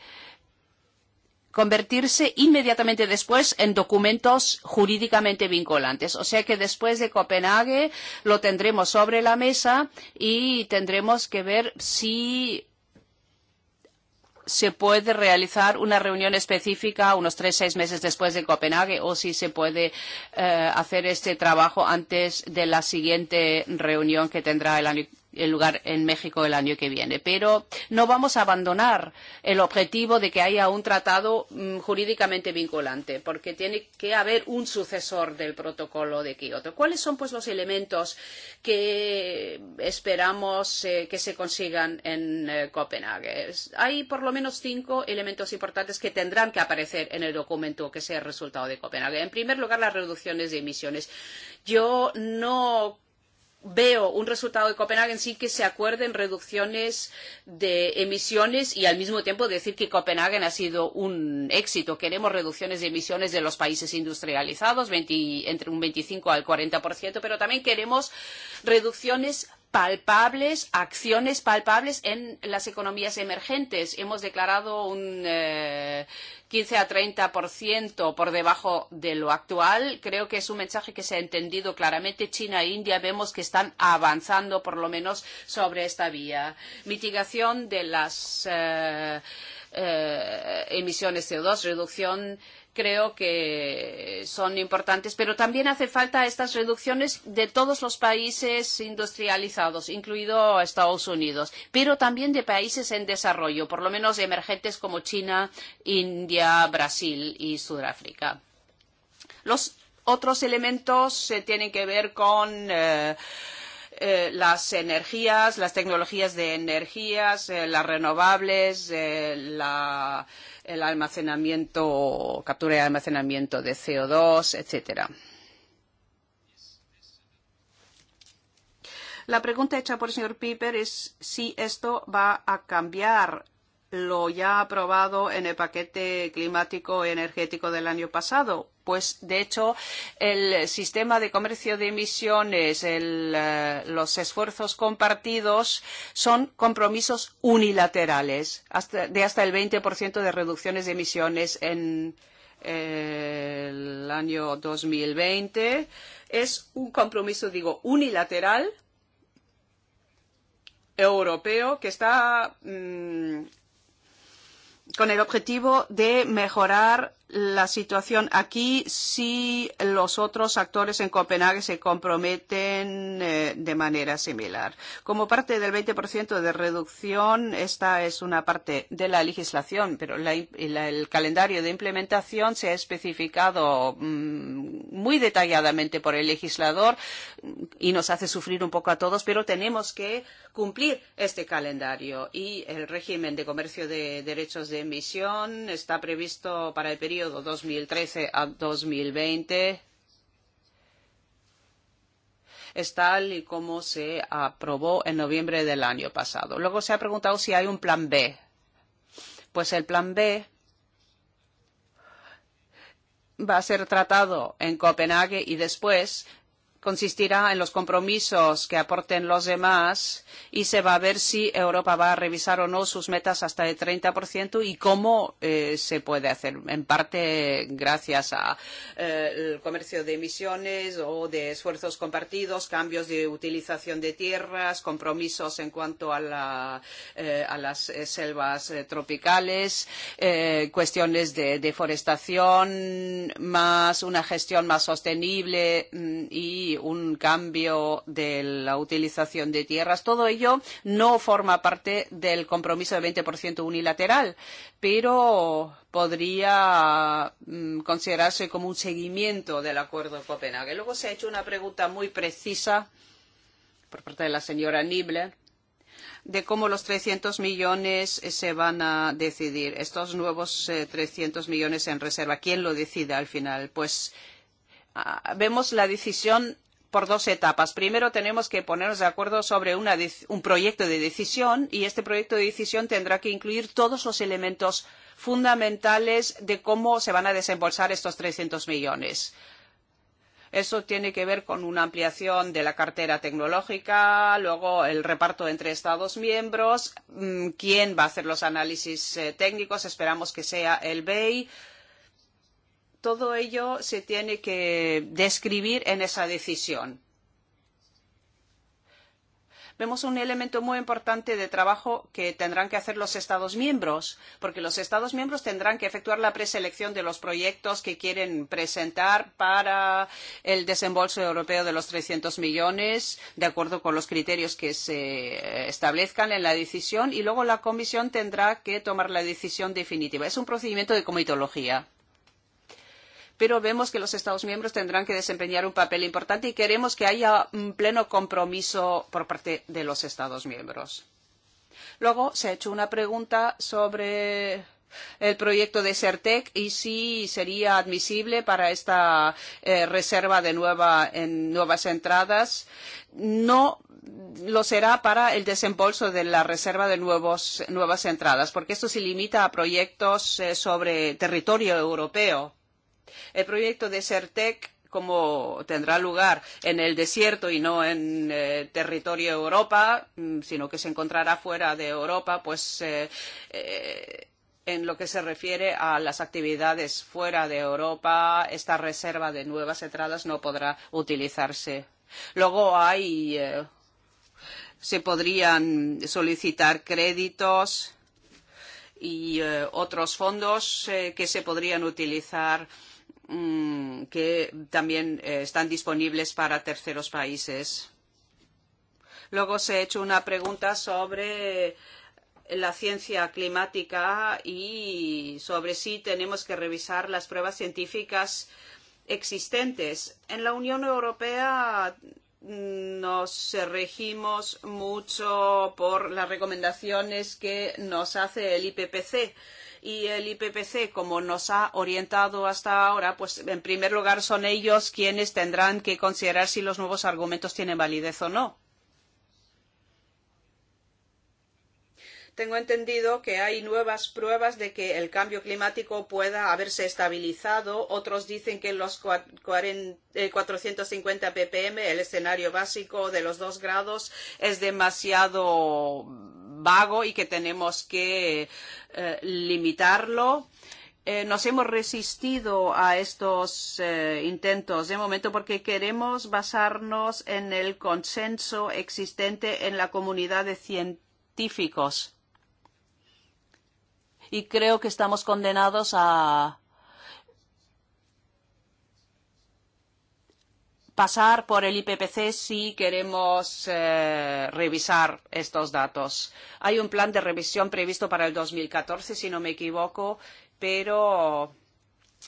convertirse inmediatamente después en documentos jurídicamente vinculantes. O sea que después de Copenhague lo tendremos sobre la mesa y tendremos que ver si se puede realizar una reunión específica unos tres, seis meses después de Copenhague o si se puede eh, hacer este trabajo antes de la siguiente reunión que tendrá el año el lugar en México el año que viene. Pero no vamos a abandonar el objetivo de que haya un tratado mm, jurídicamente vinculante, porque tiene que haber un sucesor del protocolo de Kioto. ¿Cuáles son pues los elementos que esperamos eh, que se consigan en eh, Copenhague? Hay por lo menos cinco elementos importantes que tendrán que aparecer en el documento que sea el resultado de Copenhague. En primer lugar, las reducciones de emisiones. Yo no veo un resultado de Copenhague en sí que se acuerden reducciones de emisiones y al mismo tiempo decir que Copenhague ha sido un éxito. Queremos reducciones de emisiones de los países industrializados 20, entre un 25 al 40%, pero también queremos reducciones palpables, acciones palpables en las economías emergentes. Hemos declarado un eh, 15 a 30% por debajo de lo actual. Creo que es un mensaje que se ha entendido claramente. China e India vemos que están avanzando por lo menos sobre esta vía. Mitigación de las eh, eh, emisiones CO2, reducción creo que son importantes, pero también hace falta estas reducciones de todos los países industrializados, incluido Estados Unidos, pero también de países en desarrollo, por lo menos emergentes como China, India, Brasil y Sudáfrica. Los otros elementos se eh, tienen que ver con eh, eh, las energías, las tecnologías de energías, eh, las renovables, eh, la. Eh, el almacenamiento, captura y almacenamiento de CO2, etcétera. La pregunta hecha por el señor Piper es si esto va a cambiar lo ya aprobado en el paquete climático energético del año pasado pues de hecho el sistema de comercio de emisiones, el, eh, los esfuerzos compartidos son compromisos unilaterales hasta, de hasta el 20% de reducciones de emisiones en eh, el año 2020. Es un compromiso, digo, unilateral europeo que está mmm, con el objetivo de mejorar la situación aquí si los otros actores en Copenhague se comprometen eh, de manera similar. Como parte del 20% de reducción, esta es una parte de la legislación, pero la, la, el calendario de implementación se ha especificado mmm, muy detalladamente por el legislador mm, y nos hace sufrir un poco a todos, pero tenemos que cumplir este calendario y el régimen de comercio de derechos de emisión está previsto para el periodo periodo 2013 a 2020 es tal y como se aprobó en noviembre del año pasado. Luego se ha preguntado si hay un plan B. Pues el plan B va a ser tratado en Copenhague y después consistirá en los compromisos que aporten los demás y se va a ver si Europa va a revisar o no sus metas hasta el 30% y cómo eh, se puede hacer. En parte gracias al eh, comercio de emisiones o de esfuerzos compartidos, cambios de utilización de tierras, compromisos en cuanto a, la, eh, a las eh, selvas eh, tropicales, eh, cuestiones de deforestación, más una gestión más sostenible mm, y un cambio de la utilización de tierras. Todo ello no forma parte del compromiso de 20% unilateral, pero podría mm, considerarse como un seguimiento del Acuerdo de Copenhague. Luego se ha hecho una pregunta muy precisa por parte de la señora Nibler de cómo los 300 millones se van a decidir, estos nuevos 300 eh, millones en reserva, quién lo decide al final. Pues Ah, vemos la decisión por dos etapas. Primero, tenemos que ponernos de acuerdo sobre una, un proyecto de decisión y este proyecto de decisión tendrá que incluir todos los elementos fundamentales de cómo se van a desembolsar estos 300 millones. Eso tiene que ver con una ampliación de la cartera tecnológica, luego el reparto entre Estados miembros, mm, quién va a hacer los análisis eh, técnicos, esperamos que sea el BEI todo ello se tiene que describir en esa decisión. Vemos un elemento muy importante de trabajo que tendrán que hacer los Estados miembros, porque los Estados miembros tendrán que efectuar la preselección de los proyectos que quieren presentar para el desembolso europeo de los 300 millones, de acuerdo con los criterios que se establezcan en la decisión, y luego la Comisión tendrá que tomar la decisión definitiva. Es un procedimiento de comitología pero vemos que los Estados miembros tendrán que desempeñar un papel importante y queremos que haya un pleno compromiso por parte de los Estados miembros. Luego se ha hecho una pregunta sobre el proyecto de CERTEC y si sería admisible para esta eh, reserva de nueva, en nuevas entradas. No lo será para el desembolso de la reserva de nuevos, nuevas entradas, porque esto se limita a proyectos eh, sobre territorio europeo. El proyecto de SERTEC, como tendrá lugar en el desierto y no en eh, territorio Europa, mm, sino que se encontrará fuera de Europa, pues eh, eh, en lo que se refiere a las actividades fuera de Europa, esta reserva de nuevas entradas no podrá utilizarse. Luego hay, eh, se podrían solicitar créditos y eh, otros fondos eh, que se podrían utilizar eh, Mm, que también eh, están disponibles para terceros países. Luego se ha hecho una pregunta sobre la ciencia climática y sobre si tenemos que revisar las pruebas científicas existentes. En la Unión Europea mm, nos regimos mucho por las recomendaciones que nos hace el IPPC y el IPPC, como nos ha orientado hasta ahora, pues en primer lugar son ellos quienes tendrán que considerar si los nuevos argumentos tienen validez o no. tengo entendido que hay nuevas pruebas de que el cambio climático pueda haberse estabilizado. Otros dicen que los 450 eh, ppm, el escenario básico de los dos grados, es demasiado vago y que tenemos que eh, limitarlo. Eh, nos hemos resistido a estos eh, intentos de momento porque queremos basarnos en el consenso existente en la comunidad de científicos y creo que estamos condenados a pasar por el IPPC si queremos eh, revisar estos datos. Hay un plan de revisión previsto para el 2014, si no me equivoco, pero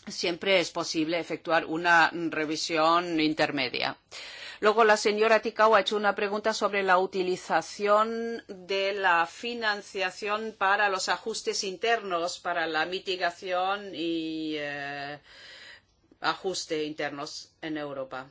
siempre es posible efectuar una revisión intermedia. Luego la señora Ticao ha hecho una pregunta sobre la utilización de la financiación para los ajustes internos, para la mitigación y eh, ajuste internos en Europa.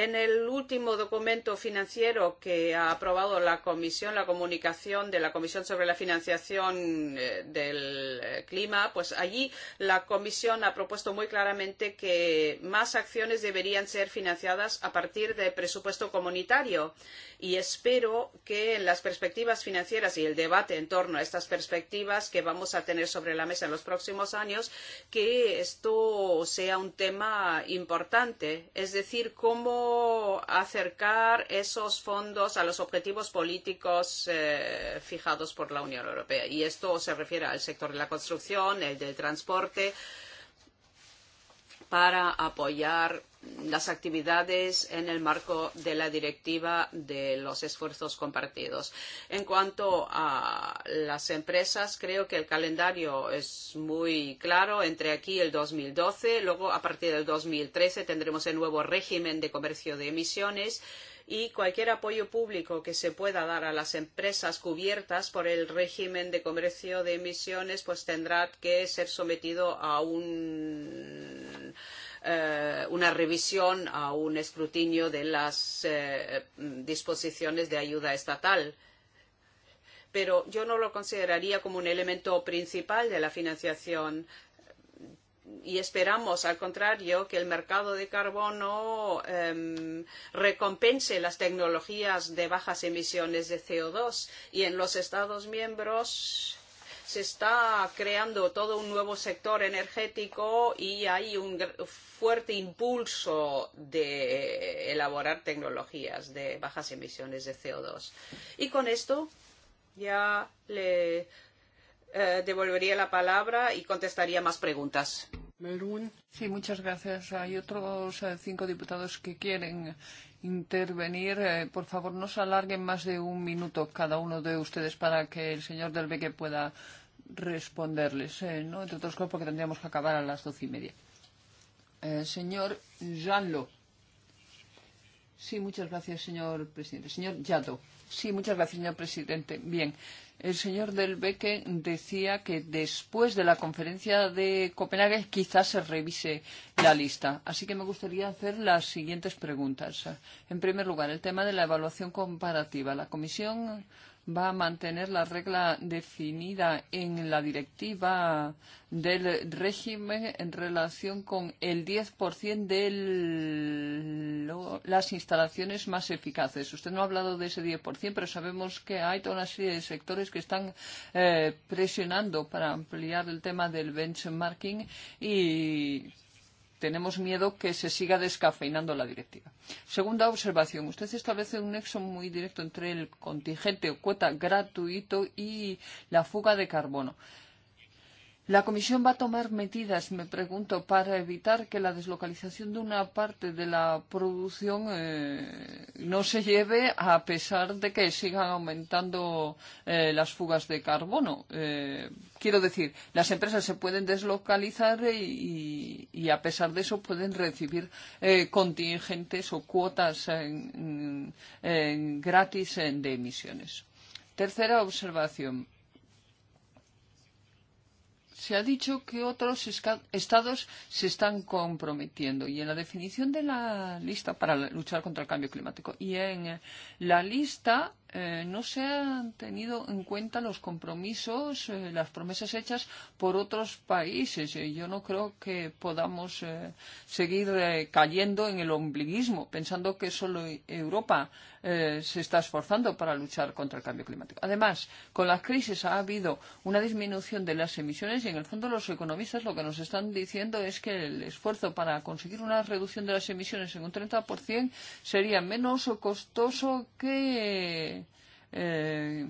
En el último documento financiero que ha aprobado la Comisión, la comunicación de la Comisión sobre la financiación eh, del eh, clima, pues allí la Comisión ha propuesto muy claramente que más acciones deberían ser financiadas a partir del presupuesto comunitario. Y espero que en las perspectivas financieras y el debate en torno a estas perspectivas que vamos a tener sobre la mesa en los próximos años, que esto sea un tema importante. Es decir, cómo acercar esos fondos a los objetivos políticos eh, fijados por la Unión Europea. Y esto se refiere al sector de la construcción, el del transporte, para apoyar las actividades en el marco de la directiva de los esfuerzos compartidos. En cuanto a las empresas, creo que el calendario es muy claro. Entre aquí el 2012, luego a partir del 2013 tendremos el nuevo régimen de comercio de emisiones y cualquier apoyo público que se pueda dar a las empresas cubiertas por el régimen de comercio de emisiones pues tendrá que ser sometido a un eh, una revisión a un escrutinio de las eh, disposiciones de ayuda estatal. Pero yo no lo consideraría como un elemento principal de la financiación y esperamos, al contrario, que el mercado de carbono eh, recompense las tecnologías de bajas emisiones de CO2 y en los Estados miembros se está creando todo un nuevo sector energético y hay un fuerte impulso de elaborar tecnologías de bajas emisiones de CO2. Y con esto ya le eh, devolvería la palabra y contestaría más preguntas. Sí, muchas gracias. Hay otros eh, cinco diputados que quieren intervenir. Eh, por favor, no se alarguen más de un minuto cada uno de ustedes para que el señor Delbeque pueda responderles, eh, ¿no? entre otras cosas porque tendríamos que acabar a las doce y media. Eh, señor Janlo. Sí, muchas gracias, señor presidente. Señor Yato. Sí, muchas gracias, señor presidente. Bien, el señor Del Beque decía que después de la conferencia de Copenhague quizás se revise la lista. Así que me gustaría hacer las siguientes preguntas. En primer lugar, el tema de la evaluación comparativa. La comisión va a mantener la regla definida en la directiva del régimen en relación con el 10% de el, lo, las instalaciones más eficaces. Usted no ha hablado de ese 10%, pero sabemos que hay toda una serie de sectores que están eh, presionando para ampliar el tema del benchmarking y tenemos miedo que se siga descafeinando la directiva. Segunda observación. Usted establece un nexo muy directo entre el contingente o cuota gratuito y la fuga de carbono. La Comisión va a tomar medidas, me pregunto, para evitar que la deslocalización de una parte de la producción eh, no se lleve a pesar de que sigan aumentando eh, las fugas de carbono. Eh, quiero decir, las empresas se pueden deslocalizar y, y, y a pesar de eso pueden recibir eh, contingentes o cuotas en, en, en gratis de emisiones. Tercera observación se ha dicho que otros estados se están comprometiendo y en la definición de la lista para luchar contra el cambio climático y en la lista eh, no se han tenido en cuenta los compromisos, eh, las promesas hechas por otros países. Eh, yo no creo que podamos eh, seguir eh, cayendo en el ombliguismo, pensando que solo Europa eh, se está esforzando para luchar contra el cambio climático. Además, con las crisis ha habido una disminución de las emisiones y, en el fondo, los economistas lo que nos están diciendo es que el esfuerzo para conseguir una reducción de las emisiones en un 30% sería menos costoso que eh,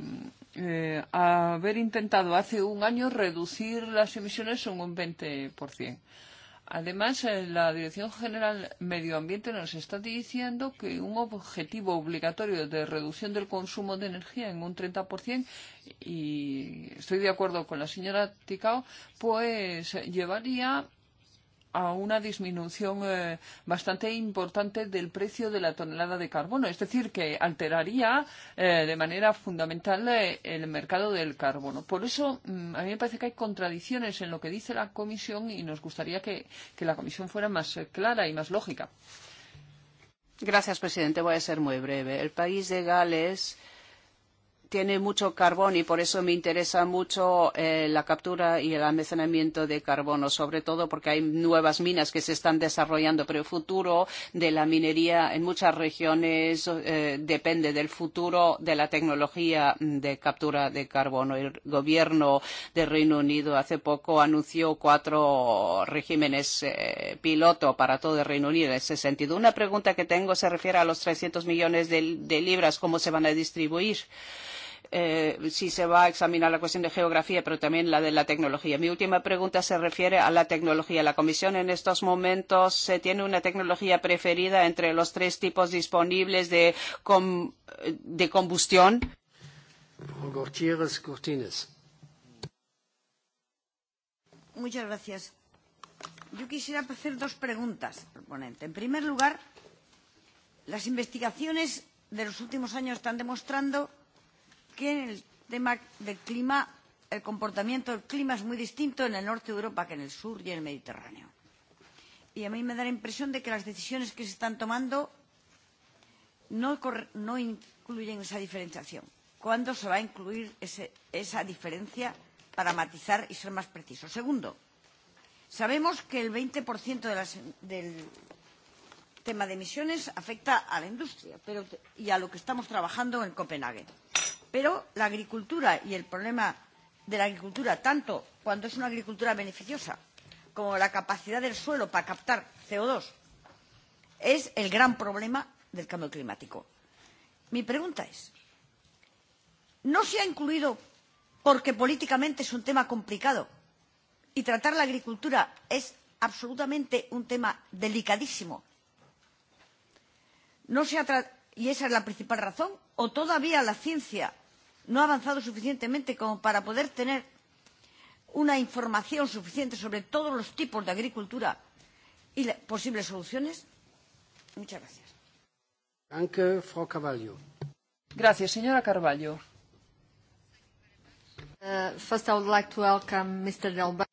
eh, haber intentado hace un año reducir las emisiones en un 20%. Además, eh, la Dirección General Medio Ambiente nos está diciendo que un objetivo obligatorio de reducción del consumo de energía en un 30%, y estoy de acuerdo con la señora Ticao, pues llevaría a una disminución eh, bastante importante del precio de la tonelada de carbono. Es decir, que alteraría eh, de manera fundamental eh, el mercado del carbono. Por eso, mm, a mí me parece que hay contradicciones en lo que dice la Comisión y nos gustaría que, que la Comisión fuera más eh, clara y más lógica. Gracias, presidente. Voy a ser muy breve. El país de Gales tiene mucho carbón y por eso me interesa mucho eh, la captura y el almacenamiento de carbono, sobre todo porque hay nuevas minas que se están desarrollando, pero el futuro de la minería en muchas regiones eh, depende del futuro de la tecnología mm, de captura de carbono. El gobierno del Reino Unido hace poco anunció cuatro regímenes eh, piloto para todo el Reino Unido en ese sentido. Una pregunta que tengo se refiere a los 300 millones de, de libras, cómo se van a distribuir. Uh, eh, si se va a examinar la cuestión de geografía, pero también la de la tecnología. Mi última pregunta se refiere a la tecnología. La Comisión en estos momentos se tiene una tecnología preferida entre los tres tipos disponibles de, com, de combustión. Gutiérrez Cortines. Muchas gracias. Yo quisiera hacer dos preguntas al ponente. En primer lugar, las investigaciones de los últimos años están demostrando que en el tema del clima, el comportamiento del clima es muy distinto en el norte de Europa que en el sur y en el Mediterráneo. Y a mí me da la impresión de que las decisiones que se están tomando no, no incluyen esa diferenciación. ¿Cuándo se va a incluir ese, esa diferencia para matizar y ser más preciso? Segundo, sabemos que el 20% de las, del tema de emisiones afecta a la industria pero, y a lo que estamos trabajando en Copenhague. Pero la agricultura y el problema de la agricultura, tanto cuando es una agricultura beneficiosa como la capacidad del suelo para captar CO2, es el gran problema del cambio climático. Mi pregunta es, ¿no se ha incluido porque políticamente es un tema complicado y tratar la agricultura es absolutamente un tema delicadísimo? No se ha y esa es la principal razón, o todavía la ciencia no ha avanzado suficientemente como para poder tener una información suficiente sobre todos los tipos de agricultura y las posibles soluciones? Muchas gracias. Danke, Frau Carvalho. Gracias, señora Carvalho. Uh, first I would like to welcome Mr. Delba.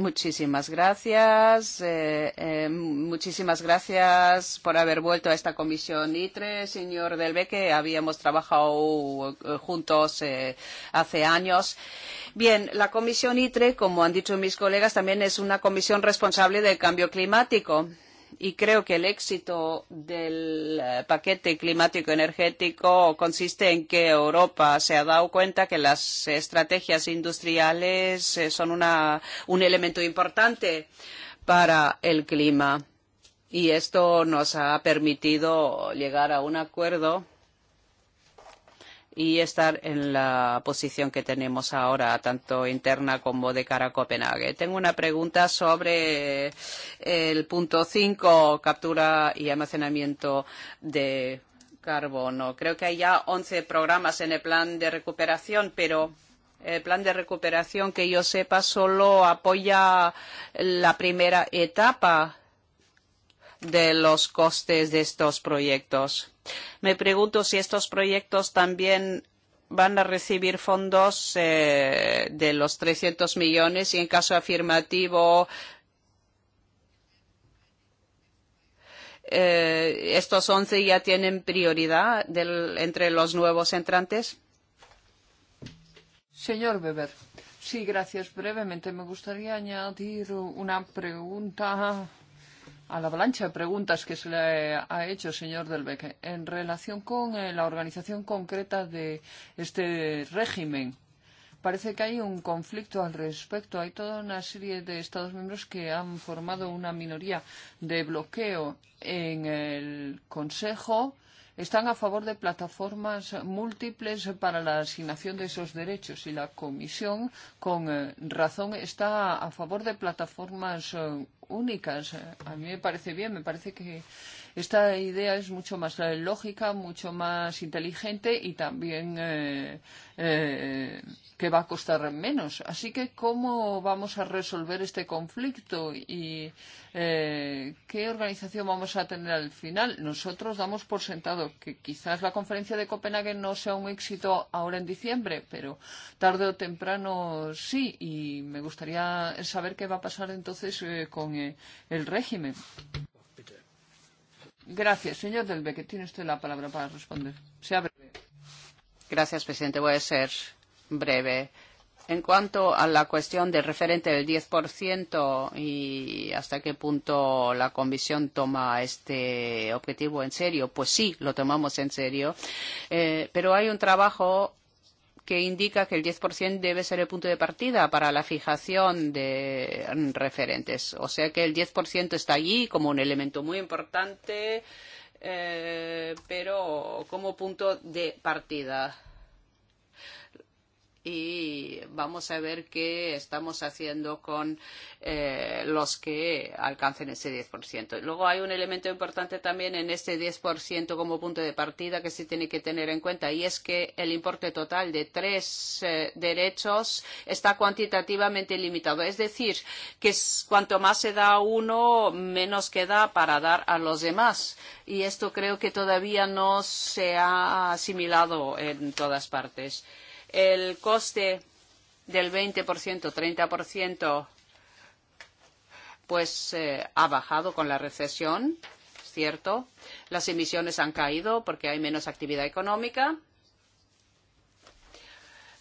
Muchísimas gracias. Eh, eh, muchísimas gracias por haber vuelto a esta comisión ITRE, señor Delbeque. Habíamos trabajado eh, juntos eh, hace años. Bien, la comisión ITRE, como han dicho mis colegas, también es una comisión responsable del cambio climático y creo que el éxito del eh, paquete climático energético consiste en que Europa se ha dado cuenta que las estrategias industriales eh, son una, un elemento importante para el clima. Y esto nos ha permitido llegar a un acuerdo y estar en la posición que tenemos ahora, tanto interna como de cara a Copenhague. Tengo una pregunta sobre eh, el punto 5, captura y almacenamiento de carbono. Creo que hay ya 11 programas en el plan de recuperación, pero el plan de recuperación, que yo sepa, solo apoya la primera etapa de los costes de estos proyectos. Me pregunto si estos proyectos también van a recibir fondos eh, de los 300 millones y en caso afirmativo, eh, ¿estos 11 ya tienen prioridad del, entre los nuevos entrantes? Señor Weber. Sí, gracias. Brevemente me gustaría añadir una pregunta a la avalancha de preguntas que se le ha hecho, señor Delbecque, en relación con eh, la organización concreta de este régimen. Parece que hay un conflicto al respecto. Hay toda una serie de Estados miembros que han formado una minoría de bloqueo en el Consejo. Están a favor de plataformas múltiples para la asignación de esos derechos y la Comisión, con eh, razón, está a favor de plataformas eh, únicas. A mí me parece bien, me parece que Esta idea es mucho más lógica, mucho más inteligente y también eh, eh, que va a costar menos. Así que, ¿cómo vamos a resolver este conflicto y eh, qué organización vamos a tener al final? Nosotros damos por sentado que quizás la conferencia de Copenhague no sea un éxito ahora en diciembre, pero tarde o temprano sí. Y me gustaría saber qué va a pasar entonces eh, con eh, el régimen. Gracias. Señor Delbeque, tiene usted la palabra para responder. Sea breve. Gracias, presidente. Voy a ser breve. En cuanto a la cuestión del referente del 10% y hasta qué punto la Comisión toma este objetivo en serio, pues sí, lo tomamos en serio. Eh, pero hay un trabajo que indica que el 10% debe ser el punto de partida para la fijación de referentes. O sea que el 10% está allí como un elemento muy importante, eh, pero como punto de partida y vamos a ver qué estamos haciendo con eh, los que alcancen ese 10%. Luego hay un elemento importante también en este 10% como punto de partida que se tiene que tener en cuenta y es que el importe total de tres eh, derechos está cuantitativamente limitado. Es decir, que es, cuanto más se da a uno, menos queda para dar a los demás. Y esto creo que todavía no se ha asimilado en todas partes. Eh, el coste del 20%, 30%, pues eh, ha bajado con la recesión, ¿cierto? Las emisiones han caído porque hay menos actividad económica.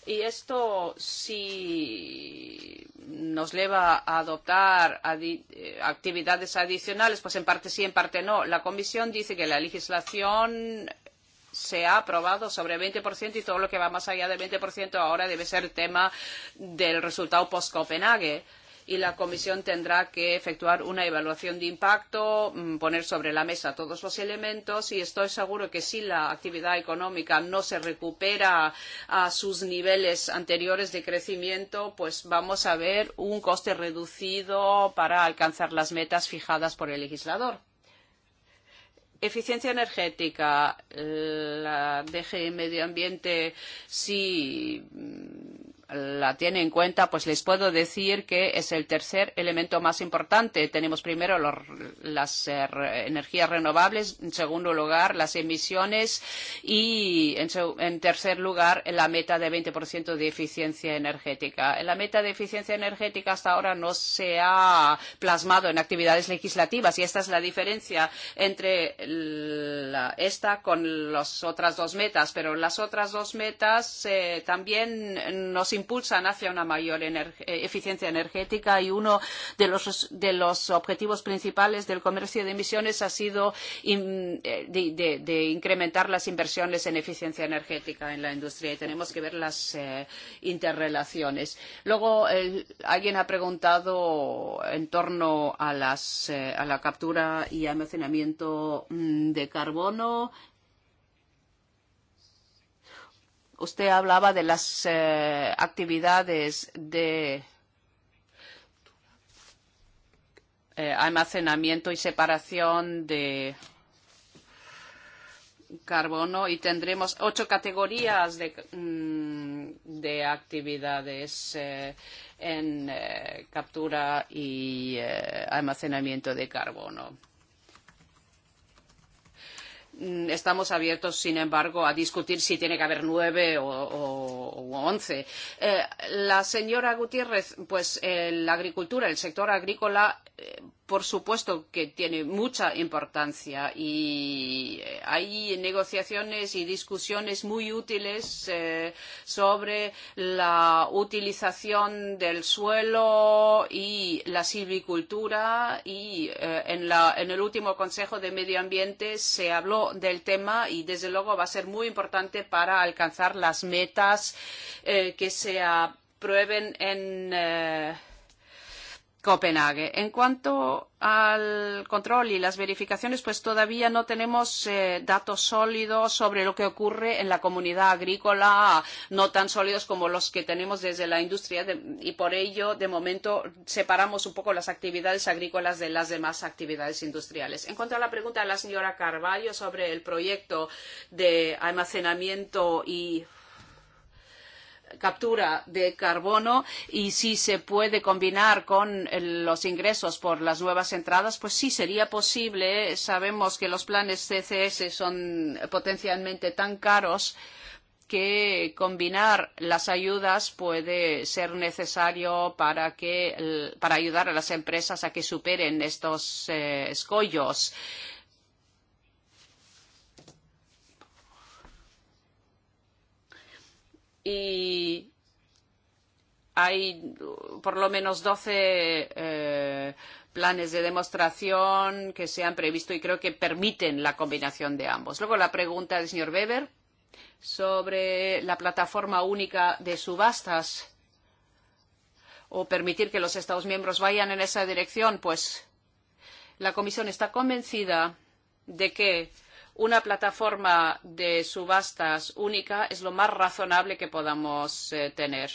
Y esto si nos lleva a adoptar adi eh, actividades adicionales, pues en parte sí, en parte no. La Comisión dice que la legislación se ha aprobado sobre el 20% y todo lo que va más allá del 20% ahora debe ser tema del resultado post-Copenhague y la comisión tendrá que efectuar una evaluación de impacto, mm, poner sobre la mesa todos los elementos y estoy seguro que si la actividad económica no se recupera a sus niveles anteriores de crecimiento, pues vamos a ver un coste reducido para alcanzar las metas fijadas por el legislador. Eficiencia energética, eh, la DG Medio Ambiente, sí la tiene en cuenta, pues les puedo decir que es el tercer elemento más importante. Tenemos primero los, las eh, energías renovables, en segundo lugar las emisiones y en, en tercer lugar la meta de 20% de eficiencia energética. La meta de eficiencia energética hasta ahora no se ha plasmado en actividades legislativas y esta es la diferencia entre la, esta con las otras dos metas, pero las otras dos metas eh, también nos impulsan hacia una mayor energ eh, eficiencia energética y uno de los, de los objetivos principales del comercio de emisiones ha sido in, eh, de, de, de incrementar las inversiones en eficiencia energética en la industria y tenemos que ver las eh, interrelaciones. Luego, el, alguien ha preguntado en torno a, las, eh, a la captura y almacenamiento mm, de carbono Usted hablaba de las eh, actividades de eh, almacenamiento y separación de carbono y tendremos ocho categorías de, mm, de actividades eh, en eh, captura y eh, almacenamiento de carbono. Mm, estamos abiertos, sin embargo, a discutir si tiene que haber nueve o, o, once. Eh, la señora Gutiérrez, pues eh, la agricultura, el sector agrícola por supuesto que tiene mucha importancia y hay negociaciones y discusiones muy útiles eh, sobre la utilización del suelo y la silvicultura y eh, en, la, en el último Consejo de Medio Ambiente se habló del tema y desde luego va a ser muy importante para alcanzar las metas eh, que se aprueben en. Eh, Copenhague. En cuanto al control y las verificaciones, pues todavía no tenemos eh, datos sólidos sobre lo que ocurre en la comunidad agrícola, no tan sólidos como los que tenemos desde la industria de, y por ello, de momento, separamos un poco las actividades agrícolas de las demás actividades industriales. En cuanto a la pregunta de la señora Carballo sobre el proyecto de almacenamiento y captura de carbono y si se puede combinar con los ingresos por las nuevas entradas, pues sí sería posible. Sabemos que los planes CCS son potencialmente tan caros que combinar las ayudas puede ser necesario para que para ayudar a las empresas a que superen estos eh, escollos. Eh, y hay por lo menos 12 eh, planes de demostración que se han previsto y creo que permiten la combinación de ambos. Luego la pregunta del señor Weber sobre la plataforma única de subastas o permitir que los Estados miembros vayan en esa dirección, pues la Comisión está convencida de que una plataforma de subastas única es lo más razonable que podamos eh, tener.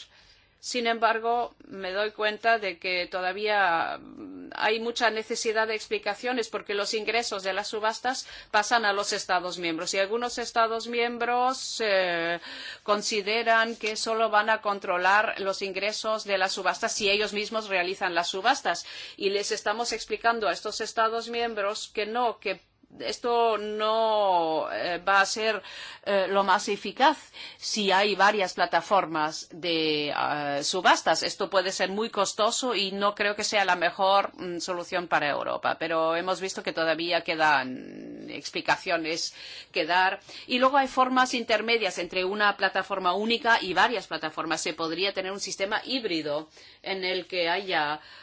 Sin embargo, me doy cuenta de que todavía mm, hay mucha necesidad de explicaciones porque los ingresos de las subastas pasan a los Estados miembros y algunos Estados miembros eh, consideran que solo van a controlar los ingresos de las subastas si ellos mismos realizan las subastas. Y les estamos explicando a estos Estados miembros que no, que esto no eh, va a ser eh, lo más eficaz si hay varias plataformas de eh, subastas. Esto puede ser muy costoso y no creo que sea la mejor mm, solución para Europa. Pero hemos visto que todavía quedan explicaciones que dar. Y luego hay formas intermedias entre una plataforma única y varias plataformas. Se podría tener un sistema híbrido en el que haya eh,